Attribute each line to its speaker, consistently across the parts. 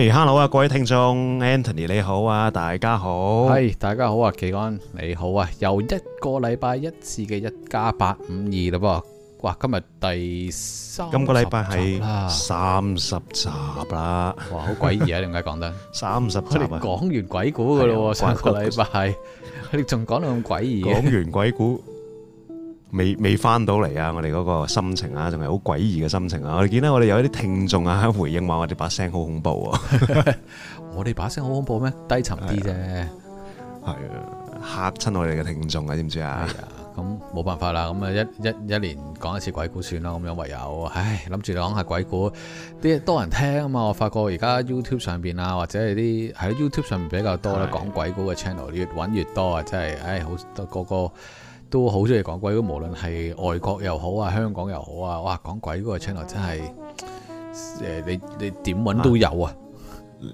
Speaker 1: 喂，Hello 啊，各位聽眾，Anthony 你好啊，大家好，係大家好啊，奇安你好啊，又一
Speaker 2: 個禮拜一次嘅一加八五二啦，噃，哇，今日第三，今個禮拜係三十集啦，哇，好詭異啊，點解講得三十集啊？講完鬼故噶咯，上個禮拜係，你仲講到咁詭異，講完
Speaker 1: 鬼故。未未翻到嚟啊！我哋嗰個心情啊，仲係好詭異嘅心情啊！我哋見到我哋有一啲聽眾啊，喺回應話我哋把聲好恐怖啊！我哋把聲好恐怖咩？低沉啲啫，係啊，嚇親我哋嘅聽眾啊！知唔知啊？
Speaker 2: 咁冇辦法啦！咁啊，一一一年講一次鬼故算啦，咁樣唯有。唉，諗住講下鬼故，啲多人聽啊嘛！我發覺而家 YouTube 上邊啊，或者係啲喺 YouTube 上面比較多啦，講鬼故嘅 channel 越揾越多啊！真係，唉，好多個個。都好中意講鬼，無論係外國又好啊，香港又好啊，哇！講鬼嗰個 channel 真係，誒、呃、你你點揾都有啊。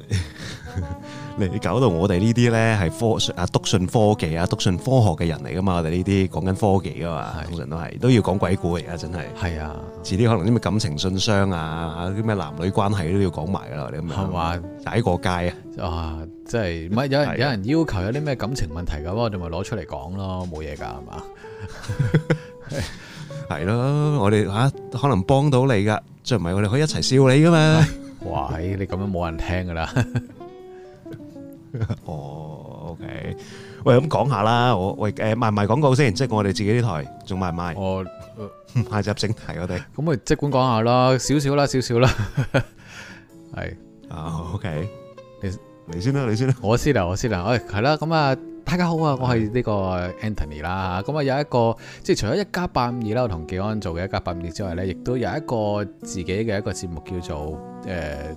Speaker 1: 你搞到我哋呢啲咧，係科啊篤信科技啊篤信科學嘅人嚟噶嘛？我哋呢啲講緊科技噶嘛，通常都係都要講鬼故嚟啊！真係係啊，遲啲可能啲咩感情信箱啊，啲咩男女關係都要講埋噶啦，你咁樣係嘛？踩過街啊，即係唔係有
Speaker 2: 有人要求有啲咩感情問題噶，我哋咪攞出嚟講咯，冇嘢噶係嘛？
Speaker 1: 係咯，我哋吓可能幫到你噶，即係唔係我哋可以一齊笑你噶嘛？哇，你咁樣冇人聽噶啦！哦，OK，喂，咁講下啦，我喂，誒，賣唔賣廣告先？即係我哋自己呢台仲賣唔賣？我下集整題我哋，咁咪即管講下啦，少少啦，少
Speaker 2: 少啦，係，啊，OK，你你先啦，你先啦，我先啦，我先啦，誒，係啦，咁啊，大家好啊，我係呢個 Anthony 啦，咁啊有一個，即係除咗一家八五二啦，我同記安做嘅一家八五二之外咧，亦都有一個自己嘅一個節目叫做誒。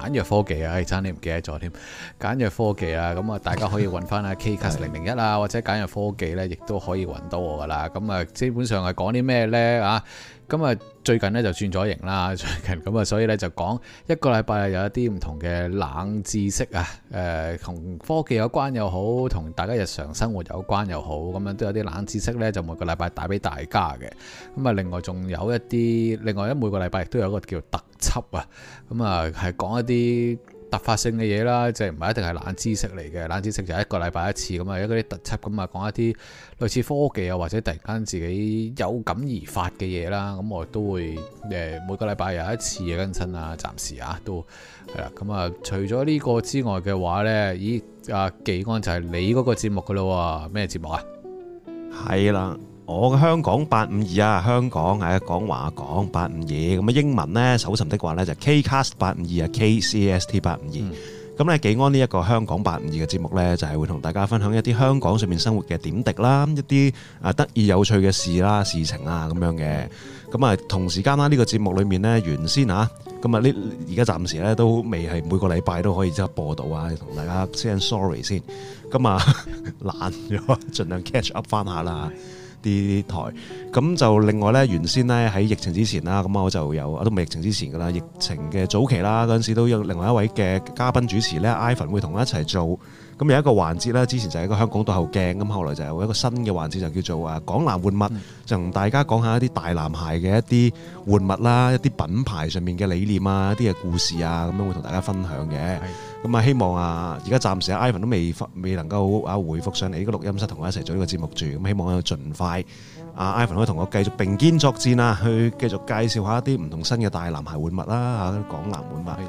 Speaker 2: 簡約科技啊，唉、哎，差啲唔記得咗添。簡約科技啊，咁啊，大家可以揾翻啊 K C A S 對 S 零零一啊，或者簡約科技呢，亦都可以揾到我噶啦。咁啊，基本上係講啲咩呢？啊？咁啊，最近咧就轉咗型啦，最近咁啊，所以咧就講一個禮拜啊，有一啲唔同嘅冷知識啊，誒、呃，同科技有關又好，同大家日常生活有關又好，咁樣都有啲冷知識咧，就每個禮拜帶俾大家嘅。咁啊，另外仲有一啲，另外咧每個禮拜亦都有一個叫特輯啊，咁、嗯、啊，係講一啲突發性嘅嘢啦，就唔係一定係冷知識嚟嘅，冷知識就一個禮拜一次咁啊，有啲特輯咁啊，講一啲類似科技啊，或者突然間自己有感而發嘅嘢啦，咁我都會誒每個禮拜有一次嘅更新啊，暫時啊都係啦，咁啊、嗯、除咗呢個之外嘅話呢，咦
Speaker 1: 啊技安就係你嗰個節目噶啦，咩節目啊？係啦。我嘅香港八五二啊，香港係講華講八五二咁啊，英文咧，搜尋的話咧就 KCast 八五二啊，K C S T 八五二。咁咧，幾安呢一個香港八五二嘅節目咧，就係會同大家分享一啲香港上面生活嘅點滴啦，一啲啊得意有趣嘅事啦、事情啊咁樣嘅。咁啊，同時間啦，呢個節目裏面咧，原先啊，咁啊呢而家暫時咧都未係每個禮拜都可以即刻播到啊，同大家先 sorry 先。咁啊，懶咗，盡量 catch up 翻下啦。啲台咁，就另外呢，原先呢喺疫情之前啦，咁我就有都未疫情之前噶啦，疫情嘅早期啦，嗰陣時都有另外一位嘅嘉賓主持呢，Ivan 會同我一齊做。咁有一個環節啦，之前就係一個香港倒後鏡咁，後來就有一個新嘅環節，就叫做啊港男換物，就同大家講下一啲大男孩嘅一啲換物啦，一啲品牌上面嘅理念啊，一啲嘅故事啊，咁樣會同大家分享嘅。咁啊，希望啊，而家暫時阿 Ivan 都未，未能夠啊回覆上嚟呢個錄音室，同我一齊做呢個節目住。咁希望啊，可以盡快啊 Ivan 可以同我繼續並肩作戰啊，去繼續介紹下一啲唔同新嘅大男孩換物啦嚇，港男換物。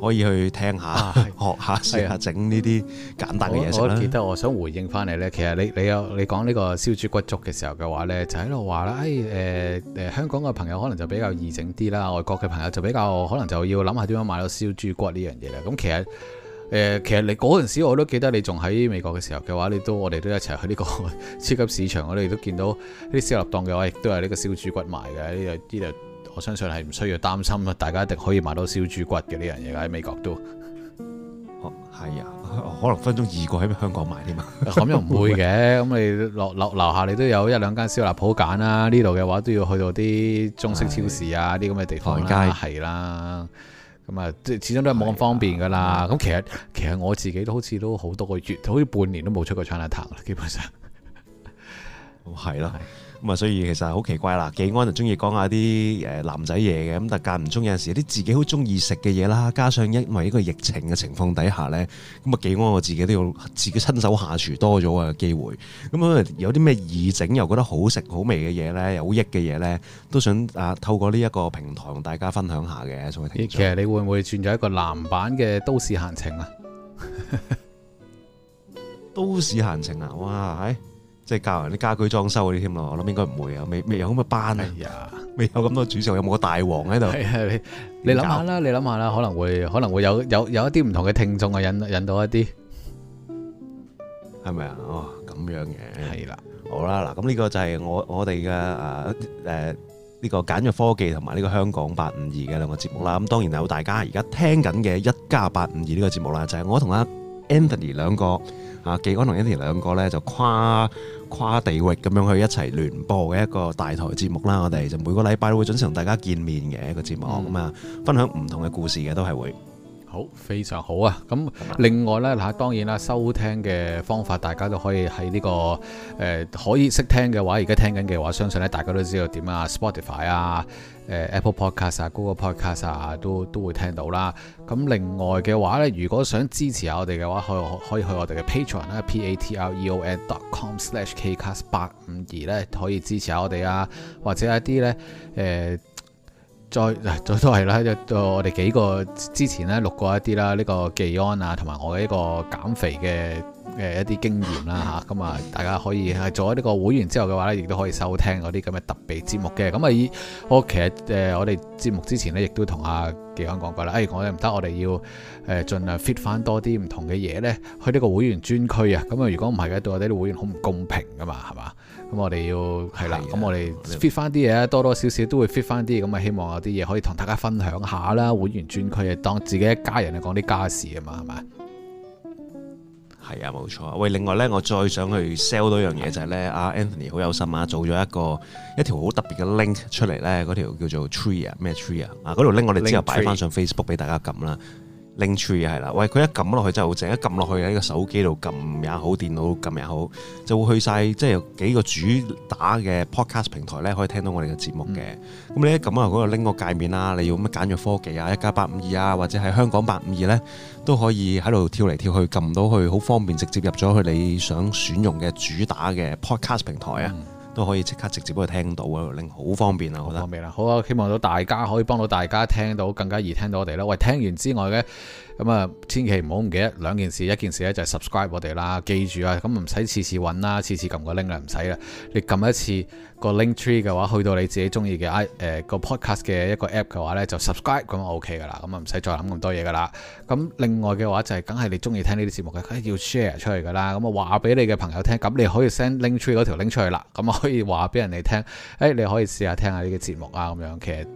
Speaker 1: 可以去聽下、啊、學下、試下整呢啲簡單嘅嘢食啦。記得我想
Speaker 2: 回應翻你呢，其實你你有你講呢個燒豬骨粥嘅時候嘅話呢，就喺度話啦，誒、哎、誒、呃呃，香港嘅朋友可能就比較易整啲啦，外國嘅朋友就比較可能就要諗下點樣買到燒豬骨呢樣嘢啦。咁其實誒、呃，其實你嗰陣時我都記得你仲喺美國嘅時候嘅話，你都我哋都一齊去呢、這個超級市場，我哋都見到啲燒臘檔嘅話，亦都係呢個燒豬骨賣嘅呢度。我相信係唔需要擔心啊！大家一定可以買到燒豬骨嘅呢樣嘢喺美國都。
Speaker 1: 哦，係啊，可能分鐘二個喺香港買添嘛，咁又唔會嘅，
Speaker 2: 咁你落樓樓下你都有一兩間燒臘鋪揀啦。呢度嘅話都要去到啲中式超市啊啲咁嘅地方梗係啦。咁啊，即係界、啊、始終都係冇咁方便㗎啦。咁、啊、其實其實我自己好都好似都好多個月，好似半年都冇出過餐廳塔啦，基本
Speaker 1: 上。哦、啊，係咯。咁啊，所以其實好奇怪啦，紀安就中意講下啲誒男仔嘢嘅，咁但間唔中有陣時啲自己好中意食嘅嘢啦，加上因為呢個疫情嘅情況底下咧，咁啊，紀安我自己都要自己親手下廚多咗嘅機會，咁啊有啲咩易整又覺得好食好味嘅嘢咧，又好益嘅嘢咧，都想啊透過呢一個平台同大家分享下嘅。咦，其實你會唔會存在一個男版嘅都市閒情啊？都市閒情啊，哇！即係教人啲家居裝修嗰啲添咯，我諗應該唔會啊，未未有咁嘅班啊，未有咁多主持，有冇個大王喺度？係啊，你你諗下啦，你諗下啦，可能會可能會有有有一啲唔同嘅聽眾啊，引引到一啲係咪啊？哦，咁樣嘅係啦，好啦，嗱咁呢個就係我我哋嘅誒誒呢個簡約科技同埋呢個香講八五二嘅兩個節目啦。咁當然有大家而家聽緊嘅一家八五二呢個節目啦，就係我同阿 Anthony 兩個。啊！記安同 e 田兩個咧就跨跨地域咁樣去一齊聯播嘅一個大台節目啦，我哋就每個禮拜都會準時同大家見面嘅一、這個節目，咁啊、嗯嗯，分享唔同嘅故事嘅都係會。好，非
Speaker 2: 常好啊！咁另外呢，嗱當然啦，收聽嘅方法，大家都可以喺呢個誒可以識聽嘅話，而家聽緊嘅話，相信呢大家都知道點啊，Spotify 啊，誒 Apple Podcast 啊，Google Podcast 啊，都都會聽到啦。咁另外嘅話呢，如果想支持下我哋嘅話，可可以去我哋嘅 Patreon 啦，P A T R E O N dot com slash Kcast 八五二咧，可以支持下我哋啊，或者一啲呢。誒。再再都係啦，一我哋幾個之前咧錄過一啲啦、啊，呢個技安啊同埋我一個減肥嘅誒一啲經驗啦、啊、嚇，咁啊大家可以係做咗呢個會員之後嘅話咧，亦都可以收聽嗰啲咁嘅特別節目嘅，咁啊我其實誒、呃、我哋節目之前咧，亦都同阿技安講過啦，誒我哋唔得，我哋要誒、呃、盡量 fit 翻多啲唔同嘅嘢咧，去呢個會員專區啊，咁、嗯、啊如果唔係嘅，對我哋啲會員好唔公平噶嘛，係嘛？咁我哋要係啦，咁的的我哋 fit 翻啲嘢多多少少都會 fit 翻啲嘢，咁啊希望有啲嘢可以同大家分享下啦。會員專區啊，當自己一家人嚟講啲家
Speaker 1: 事啊嘛，係咪？係啊，冇錯啊。喂，另外咧，我再想去 sell 多樣嘢就係、是、咧，阿 Anthony 好有心啊，做咗一個一條好特別嘅 link 出嚟咧，嗰條叫做 tree 啊，咩 tree 啊？啊，嗰條 link 我哋之後擺翻上 Facebook 俾大家撳啦。Linktree 係啦，喂！佢一撳落去就好正，一撳落去喺、這個手機度撳也好，電腦撳也，也好，就會去晒。即係幾個主打嘅 podcast 平台咧，可以聽到我哋嘅節目嘅。咁、嗯、你一撳落嗰度拎個界面啊，你要乜簡約科技啊，一家八五二啊，52，或者係香講八五二咧，都可以喺度跳嚟跳去撳到去，好方便，直接入咗去你想選用嘅主打嘅 podcast 平台啊。嗯都可以即刻直接俾佢聽到啊，令好方便啊，好方便啦，
Speaker 2: 好啊！希望到大家可以幫到大家聽到，更加易聽到我哋啦。喂，聽完之外咧，咁啊，千祈唔好唔記得兩件事，一件事咧就係 subscribe 我哋啦，記住啊，咁唔使次次揾啦，次次撳個拎啦，唔使啦，你撳一次。個 link tree 嘅話，去到你自己中意嘅 I 誒個 podcast 嘅一個 app 嘅話呢，就 subscribe 咁 OK 噶啦，咁啊唔使再諗咁多嘢噶啦。咁另外嘅話就係、是，梗係你中意聽呢啲節目嘅，梗係要 share 出嚟噶啦。咁啊話俾你嘅朋友聽，咁你可以 send link tree 嗰條 link 出嚟啦。咁啊可以話俾人哋聽，誒、哎、你可以試下聽下呢個節目啊咁樣。其實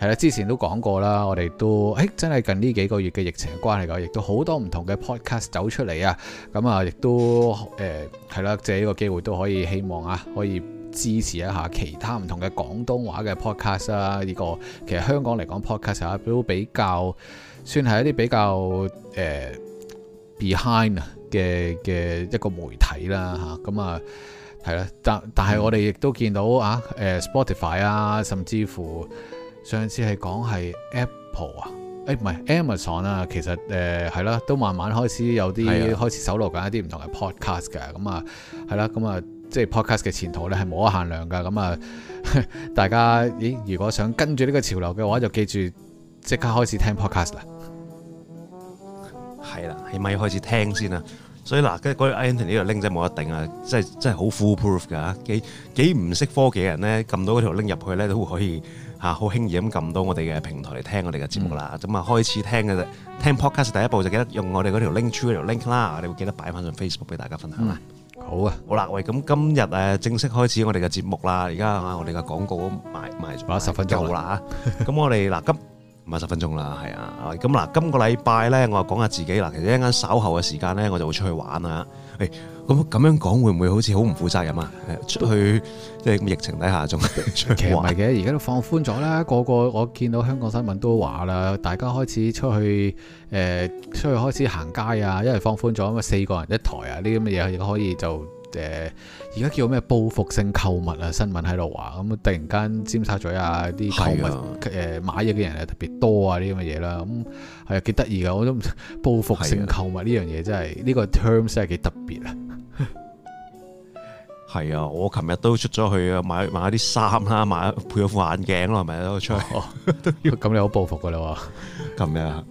Speaker 2: 係啦，之前都講過啦，我哋都誒真係近呢幾個月嘅疫情關係，我亦都好多唔同嘅 podcast 走出嚟啊。咁啊亦都誒係啦，借呢個機會都可以希望啊可以。支持一下其他唔同嘅廣東話嘅 podcast 啦，呢個其實香港嚟講 podcast 啊，都比較算係一啲比較誒、呃、behind 嘅嘅一個媒體啦吓，咁啊係啦、嗯嗯，但但係我哋亦都見到啊誒、呃、Spotify 啊，甚至乎上次係講係 Apple 啊、哎，誒唔係 Amazon 啊，其實誒係啦，都慢慢開始有啲、啊、開始搜羅緊一啲唔同嘅 podcast 嘅。咁啊係啦，咁、嗯、啊。嗯嗯嗯嗯嗯嗯即係 podcast 嘅前途咧係冇得限量㗎，咁、嗯、啊大家，咦？如果想
Speaker 1: 跟住呢個潮流嘅話，就記住即刻開始聽 podcast 啦。係啦，起碼要開始聽先啦。所以嗱，跟、那、嗰個 a n t 呢條 link 真係冇得頂啊，真係真係好 full proof 㗎。幾幾唔識科技嘅人咧，撳到嗰條 link 入去咧，都會可以嚇好輕易咁撳到我哋嘅平台嚟聽我哋嘅節目啦。咁啊、嗯，開始聽嘅，聽 podcast 第一步就記得用我哋嗰條 link，through，嗰條 link 啦。你會記得擺翻上 Facebook 俾大家分享。嗯好啊，好啦，喂，咁今日誒正式開始我哋嘅節目啦，而家啊我哋嘅廣告埋埋咗十分鐘啦吓，咁我哋嗱今唔係 十分鐘啦，係啊，咁嗱今個禮拜咧，我講下自己啦，其實一陣間稍後嘅時間咧，我就會出去玩啦，誒、哎。咁咁樣講會唔會好似好唔負責任啊？出去即係疫情底下仲出去玩？唔係嘅，而家都放寬咗
Speaker 2: 啦。個個我見到香港新聞都話啦，大家開始出去誒、呃，出去開始行街啊。因為放寬咗，咁啊四個人一台啊，呢啲咁嘅嘢亦可以就誒。呃、而家叫咩報復性購物啊？新聞喺度話咁突然間，尖沙咀啊啲購物誒的買嘢嘅人啊特別多啊，呢啲咁嘅嘢啦。咁係啊幾得意㗎！我都報復性購物呢樣嘢真係呢的個 terms 真係幾特別啊！
Speaker 1: 係啊，我琴日都出咗去買買一啲衫啦，買配咗副眼鏡咯，係咪都出都要咁，你好報復㗎啦喎！咁樣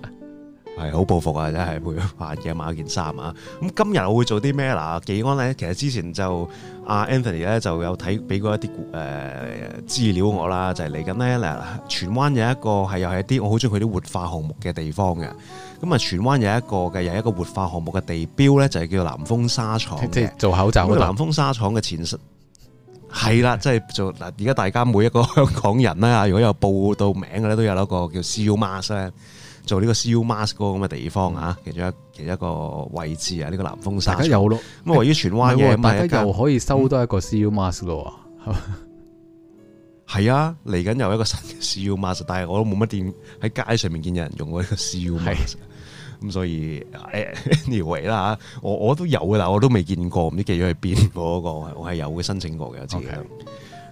Speaker 1: 係好報復啊！真係配咗副眼鏡買咗件衫啊！咁今日我會做啲咩嗱？幾安咧？其實之前就阿 Anthony 咧就有睇俾過一啲誒資料我啦，就係嚟緊咧嗱，荃灣有一個係又係一啲我好中意佢啲活化項目嘅地方嘅。咁啊，荃灣有一個嘅，有一個活化項目嘅地標咧，就係叫做南豐紗廠嘅，即係做口罩。南豐沙廠嘅前身係啦，的即係做嗱。而家大家每一個香港人咧，如果有報到名嘅咧，都有一個叫 CU Mask 咧，做呢個 CU Mask 嗰個咁嘅地方啊。嗯、其中一其一個位置啊，呢、這個南豐沙廠。咁啊，位於荃灣嘅，大家又可以收
Speaker 2: 多一個 CU Mask 咯。
Speaker 1: 係啊、嗯，嚟緊又一個新 CU Mask，但係我都冇乜點喺街上面見有人用過呢個 CU Mask。咁所以，anyway 啦吓，我我都有嘅，但我都未見過，唔知寄咗去邊。我嗰個我係有嘅，申請過嘅。咁啊 Okay.、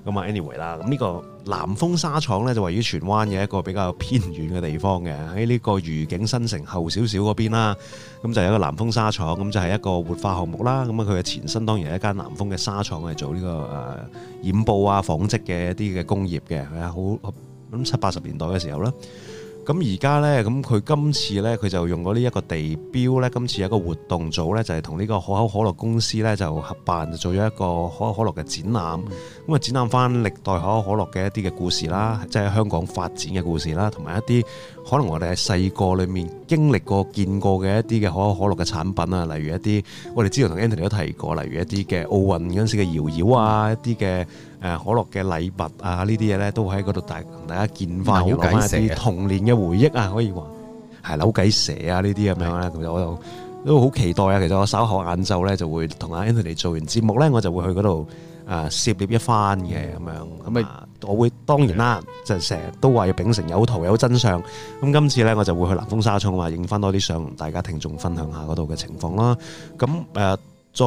Speaker 1: 嗯、anyway 啦，咁呢個南豐紗廠咧就位於荃灣嘅一個比較偏遠嘅地方嘅，喺呢個愉景新城後少少嗰邊啦。咁就有一個南豐紗廠，咁就係一個活化項目啦。咁啊，佢嘅前身當然係一間南豐嘅紗廠，係做呢、呢個誒、啊、染布啊、紡織嘅一啲嘅工業嘅，係啊好咁七八十年代嘅時候啦。咁而家呢，咁佢今次呢，佢就用咗呢一個地標呢，今次有一個活動組呢，就係同呢個可口可樂公司呢，就合辦，做咗一個可口可樂嘅展覽。咁啊，展覽翻歷代可口可樂嘅一啲嘅故事啦，即係香港發展嘅故事啦，同埋一啲可能我哋喺細個裏面經歷過見過嘅一啲嘅可口可樂嘅產品啊，例如一啲我哋之前同 Anthony 都提過，例如一啲嘅奧運嗰陣時嘅搖搖啊，一啲嘅。誒、啊、可樂嘅禮物啊，呢啲嘢咧都喺嗰度大同大家見翻，見翻啲童年嘅回憶啊，可以話係扭計蛇啊呢啲咁樣啦。咁的就我又都好期待啊！其實我稍後晏晝咧就會同阿 Anthony 做完節目咧，我就會去嗰度啊涉獵一番嘅咁樣。咁、嗯、啊，我會當然啦，就成日都話要秉承有圖有真相。咁今次咧，我就會去南風沙涌啊，影翻多啲相，同大家聽眾分享下嗰度嘅情況啦。咁誒。再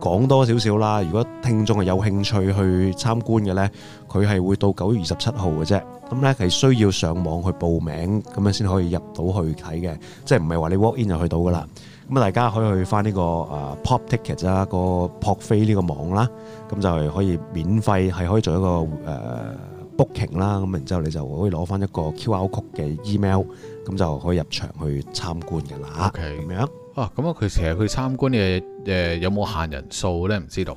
Speaker 1: 講多少少啦，如果聽眾係有興趣去參觀嘅呢，佢係會到九月二十七號嘅啫。咁呢，係需要上網去報名，咁樣先可以入到去睇嘅，即係唔係話你 walk in 就去到噶啦。咁啊，大家可以去翻呢個啊 Pop Ticket 啊個 Pop 飛呢個，個網啦，咁就係可以免費係可以做一個誒、uh, booking 啦。咁然之後你就可以攞翻一個 QR code 嘅 email，咁就可以入場去參觀嘅啦。
Speaker 2: OK，咁樣。哦，咁啊佢成日去參觀嘅誒有冇限人數咧？唔知道。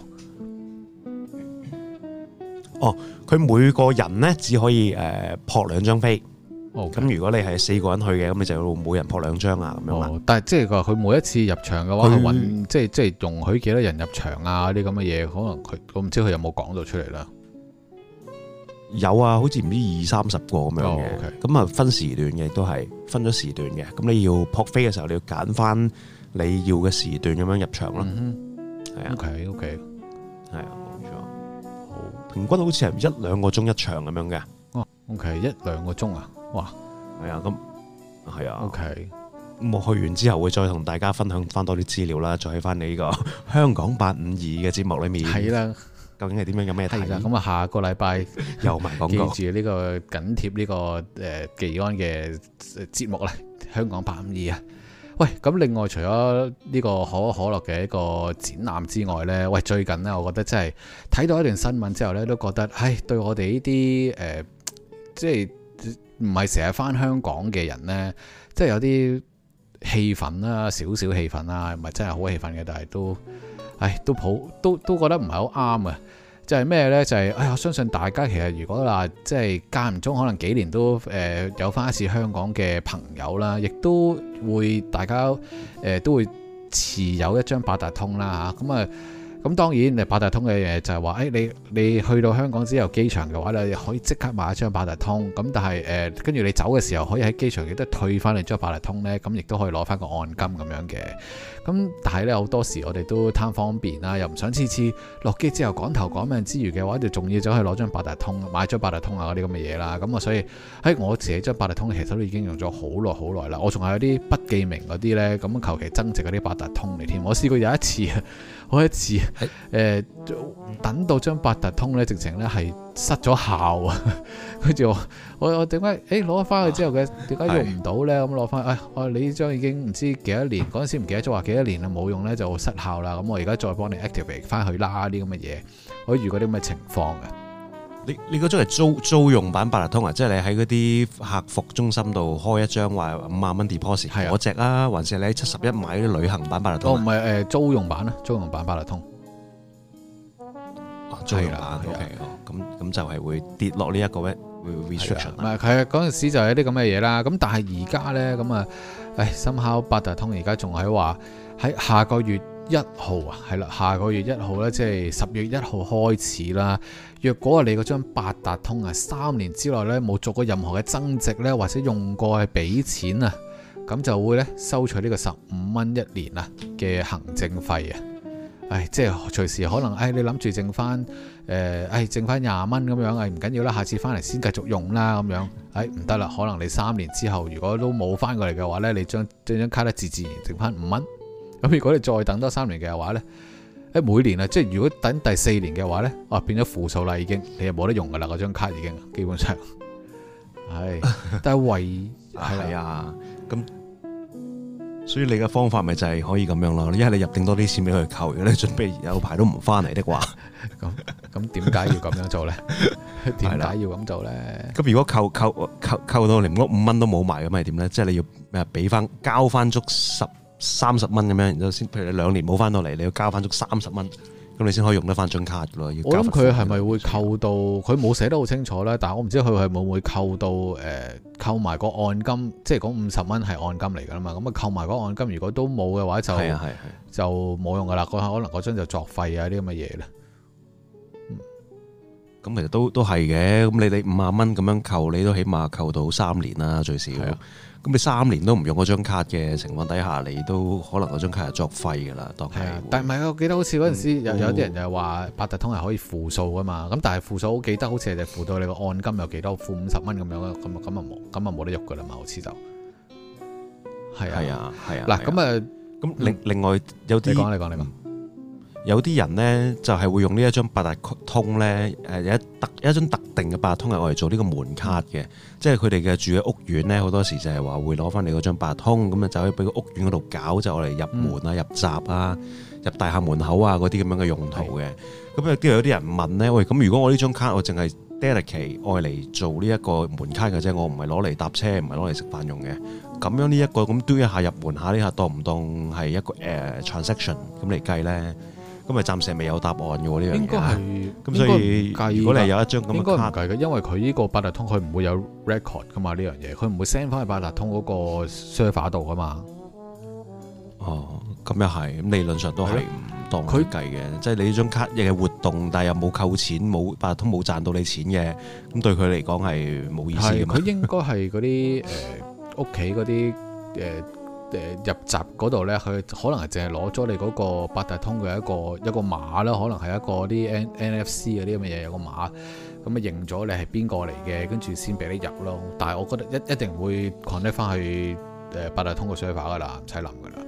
Speaker 1: 哦，佢每個人咧只可以誒撲兩張飛。哦，咁如果你係四個人去嘅，咁你就會每人撲兩張啊咁、哦、樣
Speaker 2: 但係即係佢每一次入場嘅話，佢揾他即係即係容許幾多人入場啊？啲咁嘅嘢，可能佢我唔知佢有冇講到出嚟啦。
Speaker 1: 有啊，好似唔知二三十個咁樣嘅，咁啊、oh, okay. 分時段嘅都係分咗時段嘅，咁你要撲飛嘅時候，你要揀翻你要嘅時段咁樣入場啦。係啊，O K O K，係啊，冇 Okay, okay.、啊、錯，好，平均好似係一兩個鐘一場咁樣嘅。哦，O K，一兩個鐘啊，哇，係啊，咁係啊，O K，我去完之後會再同大家分享翻多啲資料啦，再喺翻你呢、這個香港八五二嘅節目裡面。係啦。究竟係點樣有咩睇？咁啊、嗯，下個禮拜又埋講，記住呢個緊
Speaker 2: 貼呢個誒，技、呃、安嘅節目咧，香講八五二啊。喂，咁另外除咗呢個可口可樂嘅一個展覽之外呢，喂，最近呢，我覺得真係睇到一段新聞之後呢，都覺得，唉，對我哋呢啲誒，即係唔係成日返香港嘅人呢，即係有啲氣憤啦，少少氣憤啊，唔係真係好氣憤嘅，但係都。唉，都好都都覺得唔係好啱啊，就係咩呢？就係、是、唉，我相信大家其實如果話即係間唔中，可能幾年都誒、呃、有翻一次香港嘅朋友啦，亦都會大家、呃、都會持有一張八達通啦嚇咁啊！嗯啊。咁當然，誒八達通嘅嘢就係話，誒、哎、你你去到香港之後機場嘅話咧，你可以即刻買一張八達通。咁但係誒，跟、呃、住你走嘅時候，可以喺機場亦都退翻嚟張八達通咧。咁亦都可以攞翻個按金咁樣嘅。咁但係咧好多時我哋都貪方便啦，又唔想次次落機之後趕頭趕命之餘嘅話，就仲要走去攞張八達通買張八達通啊嗰啲咁嘅嘢啦。咁啊，所以喺、哎、我自己張八達通其實都已經用咗好耐好耐啦。我仲係有啲不記名嗰啲咧，咁求其增值嗰啲八達通嚟添。我試過有一次。 我一次，誒、呃、等到張八達通咧，直情咧係失咗效啊！跟 住我，我我點解誒攞翻去之後嘅點解用唔到咧？咁攞翻去，我、哎啊、你呢張已經唔知幾多年，嗰陣 時唔記得咗話幾多年啦，冇用咧就失效啦。咁、嗯、我而家再幫你 activate 翻去啦啲咁嘅嘢，可以預過啲咁嘅情況嘅。
Speaker 1: 你你嗰張係租租用版八達通啊？即係你喺嗰啲客服中心度開一張話五萬蚊 deposit 係我隻啦，是的還是你喺七十一買啲旅行版八達通？哦，唔係誒租用版啊，租用版八達通。係啦，OK，咁咁就係會跌落呢、這、一個位。唔係、這
Speaker 2: 個，係啊的，嗰陣時就係啲咁嘅嘢啦。咁但係而家咧，咁啊，誒，深烤八達通而家仲喺話喺下個月一號啊，係啦，下個月一號咧，即係十月一號開始啦。若果你嗰張八達通啊，三年之內咧冇做過任何嘅增值咧，或者用過係俾錢啊，咁就會咧收取呢個十五蚊一年啊嘅行政費啊、哎。即係隨時可能，唉、哎，你諗住剩翻，誒、呃，唉、哎，剩翻廿蚊咁樣，唉、哎，唔緊要啦，下次翻嚟先繼續用啦咁樣，唉、哎，唔得啦，可能你三年之後如果都冇翻過嚟嘅話咧，你將張卡咧自自然剩翻五蚊，咁如果你再等多三年嘅話咧。每年啊，即係如果等第四年嘅話咧，哇、啊、變咗負數啦，已經你又冇得用噶啦，嗰張卡已經，基本上
Speaker 1: 係、哎，但係為係啊，咁所以你嘅方法咪就係可以咁樣咯，因為你入定多啲錢俾佢扣，如果你準備有排都唔翻嚟的話，咁咁點解要咁樣做咧？點 解 要咁做咧？咁、嗯、如果扣扣扣扣，扣到你五蚊都冇埋咁係點咧？即係、就是、你要誒俾翻交翻足十。三十蚊咁樣，然之後先，譬如你兩年冇翻到嚟，你要交翻足三十蚊，咁你先可以用得翻張卡咯。要我諗佢係
Speaker 2: 咪會扣到？佢冇寫得好清楚啦，但係我唔知佢係咪會扣到。誒、呃，扣埋嗰按金，即係嗰五十蚊係按金嚟噶嘛？咁啊，扣埋嗰按金，如果都冇嘅話，就、啊啊啊、就冇用噶啦。嗰可能嗰張就作廢啊啲咁嘅嘢咧。嗯，
Speaker 1: 咁其實都都係嘅。咁你哋五十蚊咁樣扣，你都起碼扣到三年啦，最少。咁你三年都唔用嗰張卡嘅情況底下，你都可能嗰張卡係作廢噶啦，當係。係啊，
Speaker 2: 但唔係，我記得好似嗰陣時有啲、嗯、人就係話，八達通係可以負數噶嘛。咁但係負數，我記得好似係負到你個按金有幾多，負五十蚊咁樣咯。咁啊咁啊冇，咁啊冇得喐噶啦嘛，好似就
Speaker 1: 係啊，係啊係啊。嗱，咁啊咁另另外有啲講，你講你講。有啲人咧就係、是、會用呢一張八達通咧，誒有一特一張特定嘅八,八達通，係我嚟做呢個門卡嘅，即係佢哋嘅住喺屋苑咧，好多時就係話會攞翻嚟嗰張八達通咁啊，就可以俾個屋苑嗰度搞，就我、是、嚟入門啊、入閘啊、入大廈門口啊嗰啲咁樣嘅用途嘅。咁是的 有啲有啲人問咧，喂，咁如果我呢張卡我淨係 delicate 愛嚟做呢一個門卡嘅啫，我唔係攞嚟搭車，唔係攞嚟食飯用嘅，咁樣呢、這、一個咁嘟一下入門下呢、這個、下當唔當係一個誒、uh, transaction 咁嚟計咧？咁咪暫時未有答案嘅喎呢樣嘢。應該係
Speaker 2: 咁，所以計。如果你有一張咁嘅卡，應該唔計
Speaker 1: 嘅，因為佢呢個八達通佢唔會有
Speaker 2: record 噶嘛呢樣嘢，佢唔會 send 翻去八達通嗰個 server 度噶嘛。
Speaker 1: 哦，咁又係，咁理論上都係唔當佢計嘅，即係你呢張卡亦係活動，但係又冇扣錢，冇八達通冇賺到你錢嘅，咁對佢嚟講係冇意思嘅嘛。佢
Speaker 2: 應該係嗰啲誒屋企嗰啲誒。誒入閘嗰度咧，佢可能係淨係攞咗你嗰個八達通嘅一個一個碼啦，可能係一個啲 N N F C 嗰啲咁嘅嘢，有個碼咁啊，認咗你係邊個嚟嘅，跟住先俾你入咯。但係我覺得一一定會 connect 翻去誒、呃、八達通個 server 噶啦，唔使諗噶啦。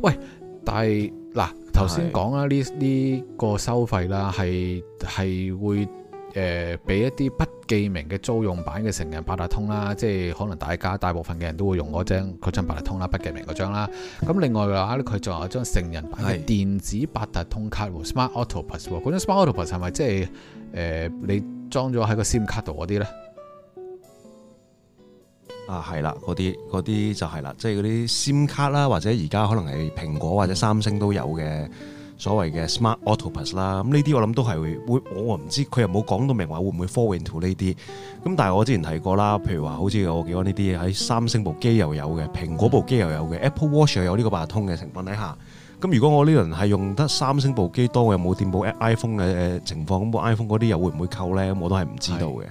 Speaker 2: 喂，但係嗱頭先講啊，呢呢的個收費啦，係係會誒俾、呃、一啲不記名嘅租用版嘅成人八達通啦，即係可能大家大部分嘅人都會用嗰張張八達通啦，不記名嗰張啦。咁另外嘅話咧，佢仲有張成人版嘅電子八達通卡是和 Smart Octopus。嗰張 Smart Octopus 係咪即係誒你裝咗喺個 SIM 卡度嗰啲咧？
Speaker 1: 啊，係啦，嗰啲嗰啲就係啦，即係嗰啲 SIM 卡啦，或者而家可能係蘋果或者三星都有嘅。所謂嘅 Smart Octopus 啦，咁呢啲我諗都係會，我唔知佢又冇講到明話會唔會 fall into 呢啲。咁但係我之前提過啦，譬如話好似我幾多呢啲喺三星部機又有嘅，蘋果部機又有嘅，Apple Watch 又有呢個八達通嘅情況底下，咁如果我呢輪係用得三星部機多，我又冇掂部 iPhone 嘅情況，咁部 iPhone 嗰啲又會唔會扣呢？我都係唔知道嘅。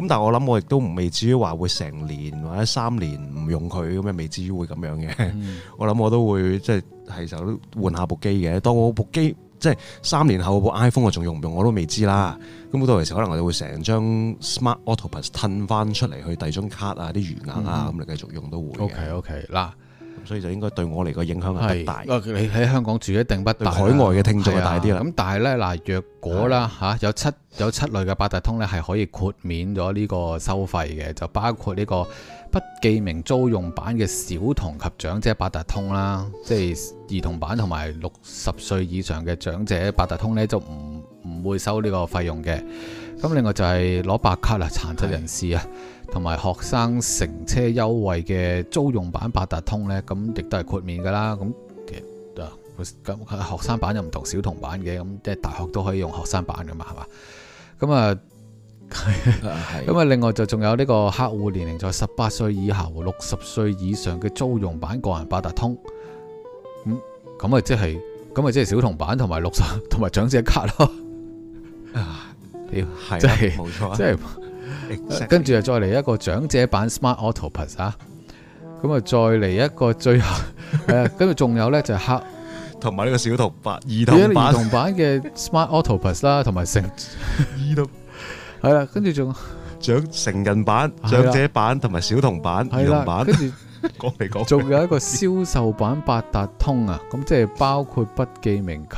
Speaker 1: 咁但係我諗我亦都未至於話會成年或者三年唔用佢咁樣，未至於會咁樣嘅。嗯、我諗我都會即係就換下部機嘅。當我部機即係三年後部 iPhone 我仲用唔用我都未知啦。咁到時可能我會成張 Smart Octopus 褪翻出嚟去第二張卡啊啲餘額啊咁、嗯、你繼續用都會。O K O K 嗱。所以就應該對我嚟講影響不大。
Speaker 2: 誒是，你喺香港住一定不大。海外嘅聽眾大啲啦。咁、啊、
Speaker 1: 但係咧，嗱，若果
Speaker 2: 啦嚇的、啊，有七有七類嘅八達通咧係可以豁免咗呢個收費嘅，就包括呢個不記名租用版嘅小童及長者八達通啦，即係兒童版同埋六十歲以上嘅長者八達通咧就唔唔會收呢個費用嘅。咁另外就係攞白卡啦，殘疾人士啊。同埋學生乘車優惠嘅租用版八達通呢，咁亦都係豁免噶啦。咁其實啊，咁學生版又唔同小童版嘅，咁即係大學都可以用學生版噶嘛，係嘛？咁啊，咁啊，另外就仲有呢個客戶年齡在十八歲以下、六十歲以上嘅租用版個人八達通。咁咁啊，即係咁啊，即係小童版同埋六十同埋長者卡咯。啊，係，係啦，冇錯，即係。Exactly. 跟住又再嚟一個長者版 Smart Octopus 啊，咁啊再嚟一個最後，誒、啊，跟住仲有咧就係黑同埋呢個小童白兒童版嘅 Smart Octopus 啦，二
Speaker 1: 同埋成兒童係啦，同 跟住仲有長成人版，長者版同埋小童版兒童版，跟住講嚟講去，仲有一個銷售版八
Speaker 2: 達通啊，咁即係包括不記名及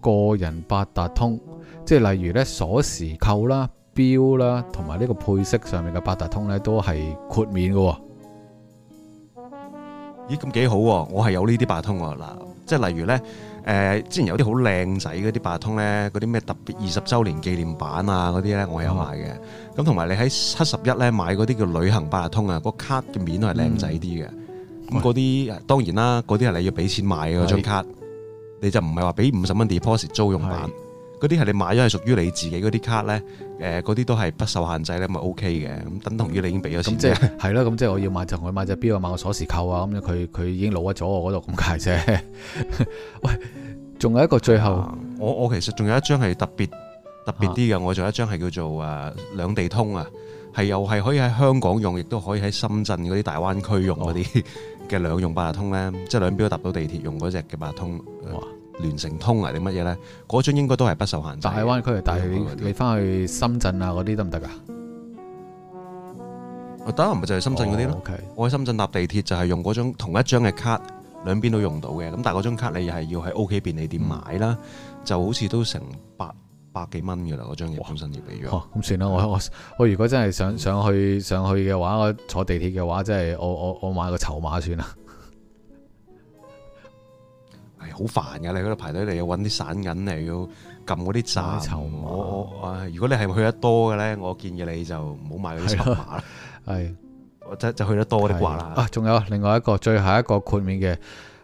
Speaker 2: 個人八達通，即係例如咧鎖匙扣啦。標啦，同埋呢個配色上面嘅八達通咧，都係
Speaker 1: 豁免嘅。咦，咁幾好，啊？我係有呢啲八達通啊，嗱，即係例如咧，誒、呃，之前有啲好靚仔嗰啲八達通咧，嗰啲咩特別二十周年紀念版啊，嗰啲咧，我有、嗯、有買嘅。咁同埋你喺七十一咧買嗰啲叫旅行八達通啊，個卡嘅面都係靚仔啲嘅。咁嗰啲當然啦，嗰啲係你要俾錢買嘅張是卡，你就唔係話俾五十蚊 deposit 租用版。是嗰啲係你買咗係屬於你自己嗰啲卡咧，誒，嗰啲都係不受限制咧，咪 O K 嘅，咁等同於你已經俾咗錢啫。嗯、即係係啦，咁即係我要買，同佢買隻表啊，買個鎖匙扣啊，咁樣佢佢已經攞咗我嗰度咁解啫。
Speaker 2: 喂、那個，仲 有一個最後，
Speaker 1: 啊、我我其實仲有一張係特別特別啲嘅，啊、我仲有一張係叫做誒、啊、兩地通啊，係又係可以喺香港用，亦都可以喺深圳嗰啲大灣區用嗰啲嘅兩用八達通咧，即係兩邊都搭到地鐵用嗰隻嘅八達通。哦聯成通啊定乜嘢咧？嗰張應該都係不受限制。大灣區嚟，但你你翻去深圳啊嗰啲得唔得噶？得唔係就係深圳嗰啲咯。哦 okay。我喺深圳搭地鐵就係用嗰張同一張嘅卡，兩邊都用到嘅。咁但係嗰張卡你係要喺 OK 便利店買啦，嗯、就好似都成百百幾蚊嘅啦。嗰張嘢信身畀咗。咁、哦、算啦的。我我我如果真係想上去上去嘅話，坐地鐵嘅話，真、就、係、是、我我我買個籌碼算啦。好煩噶，你喺度排隊嚟要揾啲散銀嚟要撳嗰啲站。我，如果你係去得多嘅咧，我建議你就唔好買嗰啲籌碼啦。係，
Speaker 2: 即係就去得多啲掛啦。啊，仲有另外一個，最後一個豁免嘅，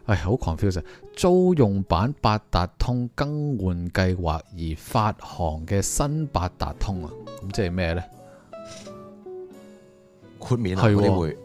Speaker 2: 唉、哎，好 confuse 嘅，租用版八達通更換計劃而發行嘅新八達通啊，咁即係咩咧？豁
Speaker 1: 免去。的會，的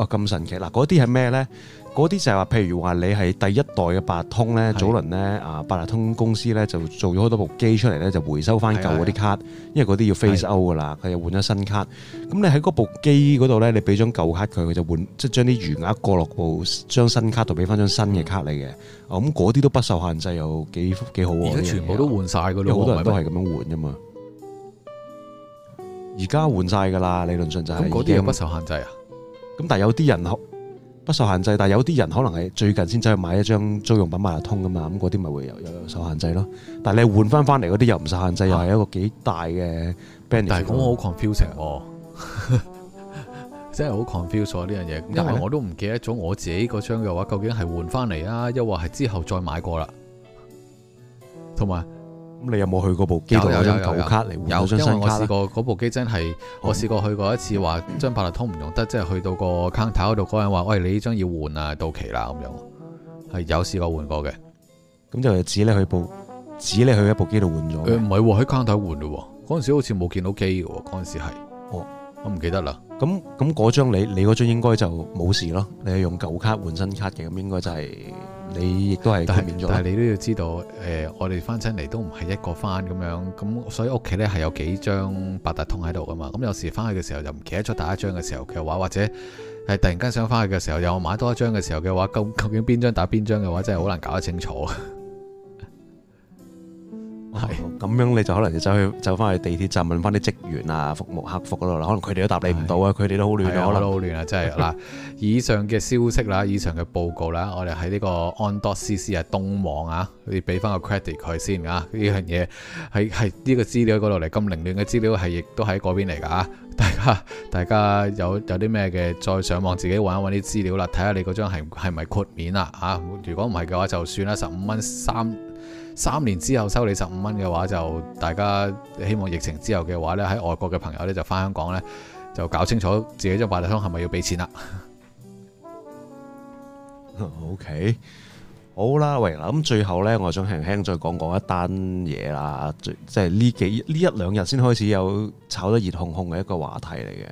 Speaker 1: 啊咁神奇嗱，嗰啲係咩咧？嗰啲就係話，譬如話你係第一代嘅八達通咧，的早輪咧啊，八達通公司咧就做咗好多部機出嚟咧，就回收翻舊嗰啲卡，的因為嗰啲要 face O 噶啦，佢又的換咗新卡。咁你喺部機嗰度咧，你俾張舊卡佢，佢就換即係將啲餘額過落部新張新卡度，俾翻張新嘅卡你嘅。咁嗰啲都不受限制又，又幾幾好啊！而家全部都換晒，噶啦，有好多人都係咁樣換啫嘛。而家嗎換晒噶啦，理論上就係。嗰啲又不受限制啊？咁但係有啲人不受限制，但係有啲人可能係最近先走去買一張租用品買通噶嘛，咁嗰啲咪會有又受限制咯。但係你換翻翻嚟嗰啲又唔受限制，的又係一個幾大嘅、哦。但係咁好 confusing，
Speaker 2: 真係好 confusing 呢、啊、樣嘢，因為我都唔記得咗我自己嗰張嘅話究竟係換翻嚟啊，又或係之後再買過啦，同埋。
Speaker 1: 咁你有冇去過部機度有舊卡嚟換？有，因為我試過
Speaker 2: 嗰部機真係，嗯、我試過去過一次話，張八達通唔用得，即係去到個坑頭嗰度嗰人話，喂、哎，你呢張要換啊，到期啦咁樣，係有試過換過嘅。
Speaker 1: 咁就指你去，指你去部指你去一部機度換咗。佢唔係喎，喺坑頭換嘅喎，嗰時好似冇見到機嘅喎，嗰陣時係。我唔記得啦。咁咁嗰張你你嗰張應該就冇事咯。你係用舊卡換新卡嘅，咁應該就係、是、你亦都係但係你都要知道，誒、呃，我哋翻親嚟都唔
Speaker 2: 係一個翻咁樣，咁所以屋企呢係有幾張八達通喺度㗎嘛。咁有時翻去嘅時候就唔記得咗打一張嘅時候嘅話，或者係突然間想翻去嘅時候又買多一張嘅時候嘅話，究究竟邊張打邊張嘅話，真係好難搞得清楚啊。
Speaker 1: 係咁、哦、是樣你就可能就走去走翻去地鐵站問翻啲職員啊、服務客服嗰度啦，可能佢哋都答你唔到啊，佢哋都好亂啊，好的想亂啊，真係嗱。 以上嘅消息啦，以上嘅報
Speaker 2: 告啦，我哋喺呢個 on.cc 啊，東網啊，你俾翻個 credit 佢先啊。呢樣嘢係係呢個資料嗰度嚟，咁凌亂嘅資料係亦都喺嗰邊嚟㗎。大家大家有有啲咩嘅，再上網自己揾一揾啲資料啦，睇下你嗰張係咪豁免啦嚇、啊。如果唔係嘅話，就算啦，十五蚊三。三年之後收你十五蚊嘅話，就大家希望，疫情之後嘅話呢，喺外國嘅朋友呢，就翻香港呢，
Speaker 1: 就搞清楚自己張八達通係咪要俾錢啦。OK，好啦，喂，咁最後呢，我想輕輕再講講一單嘢啦，即係呢幾呢一兩日先開始有炒得熱烘烘嘅一個話題嚟嘅，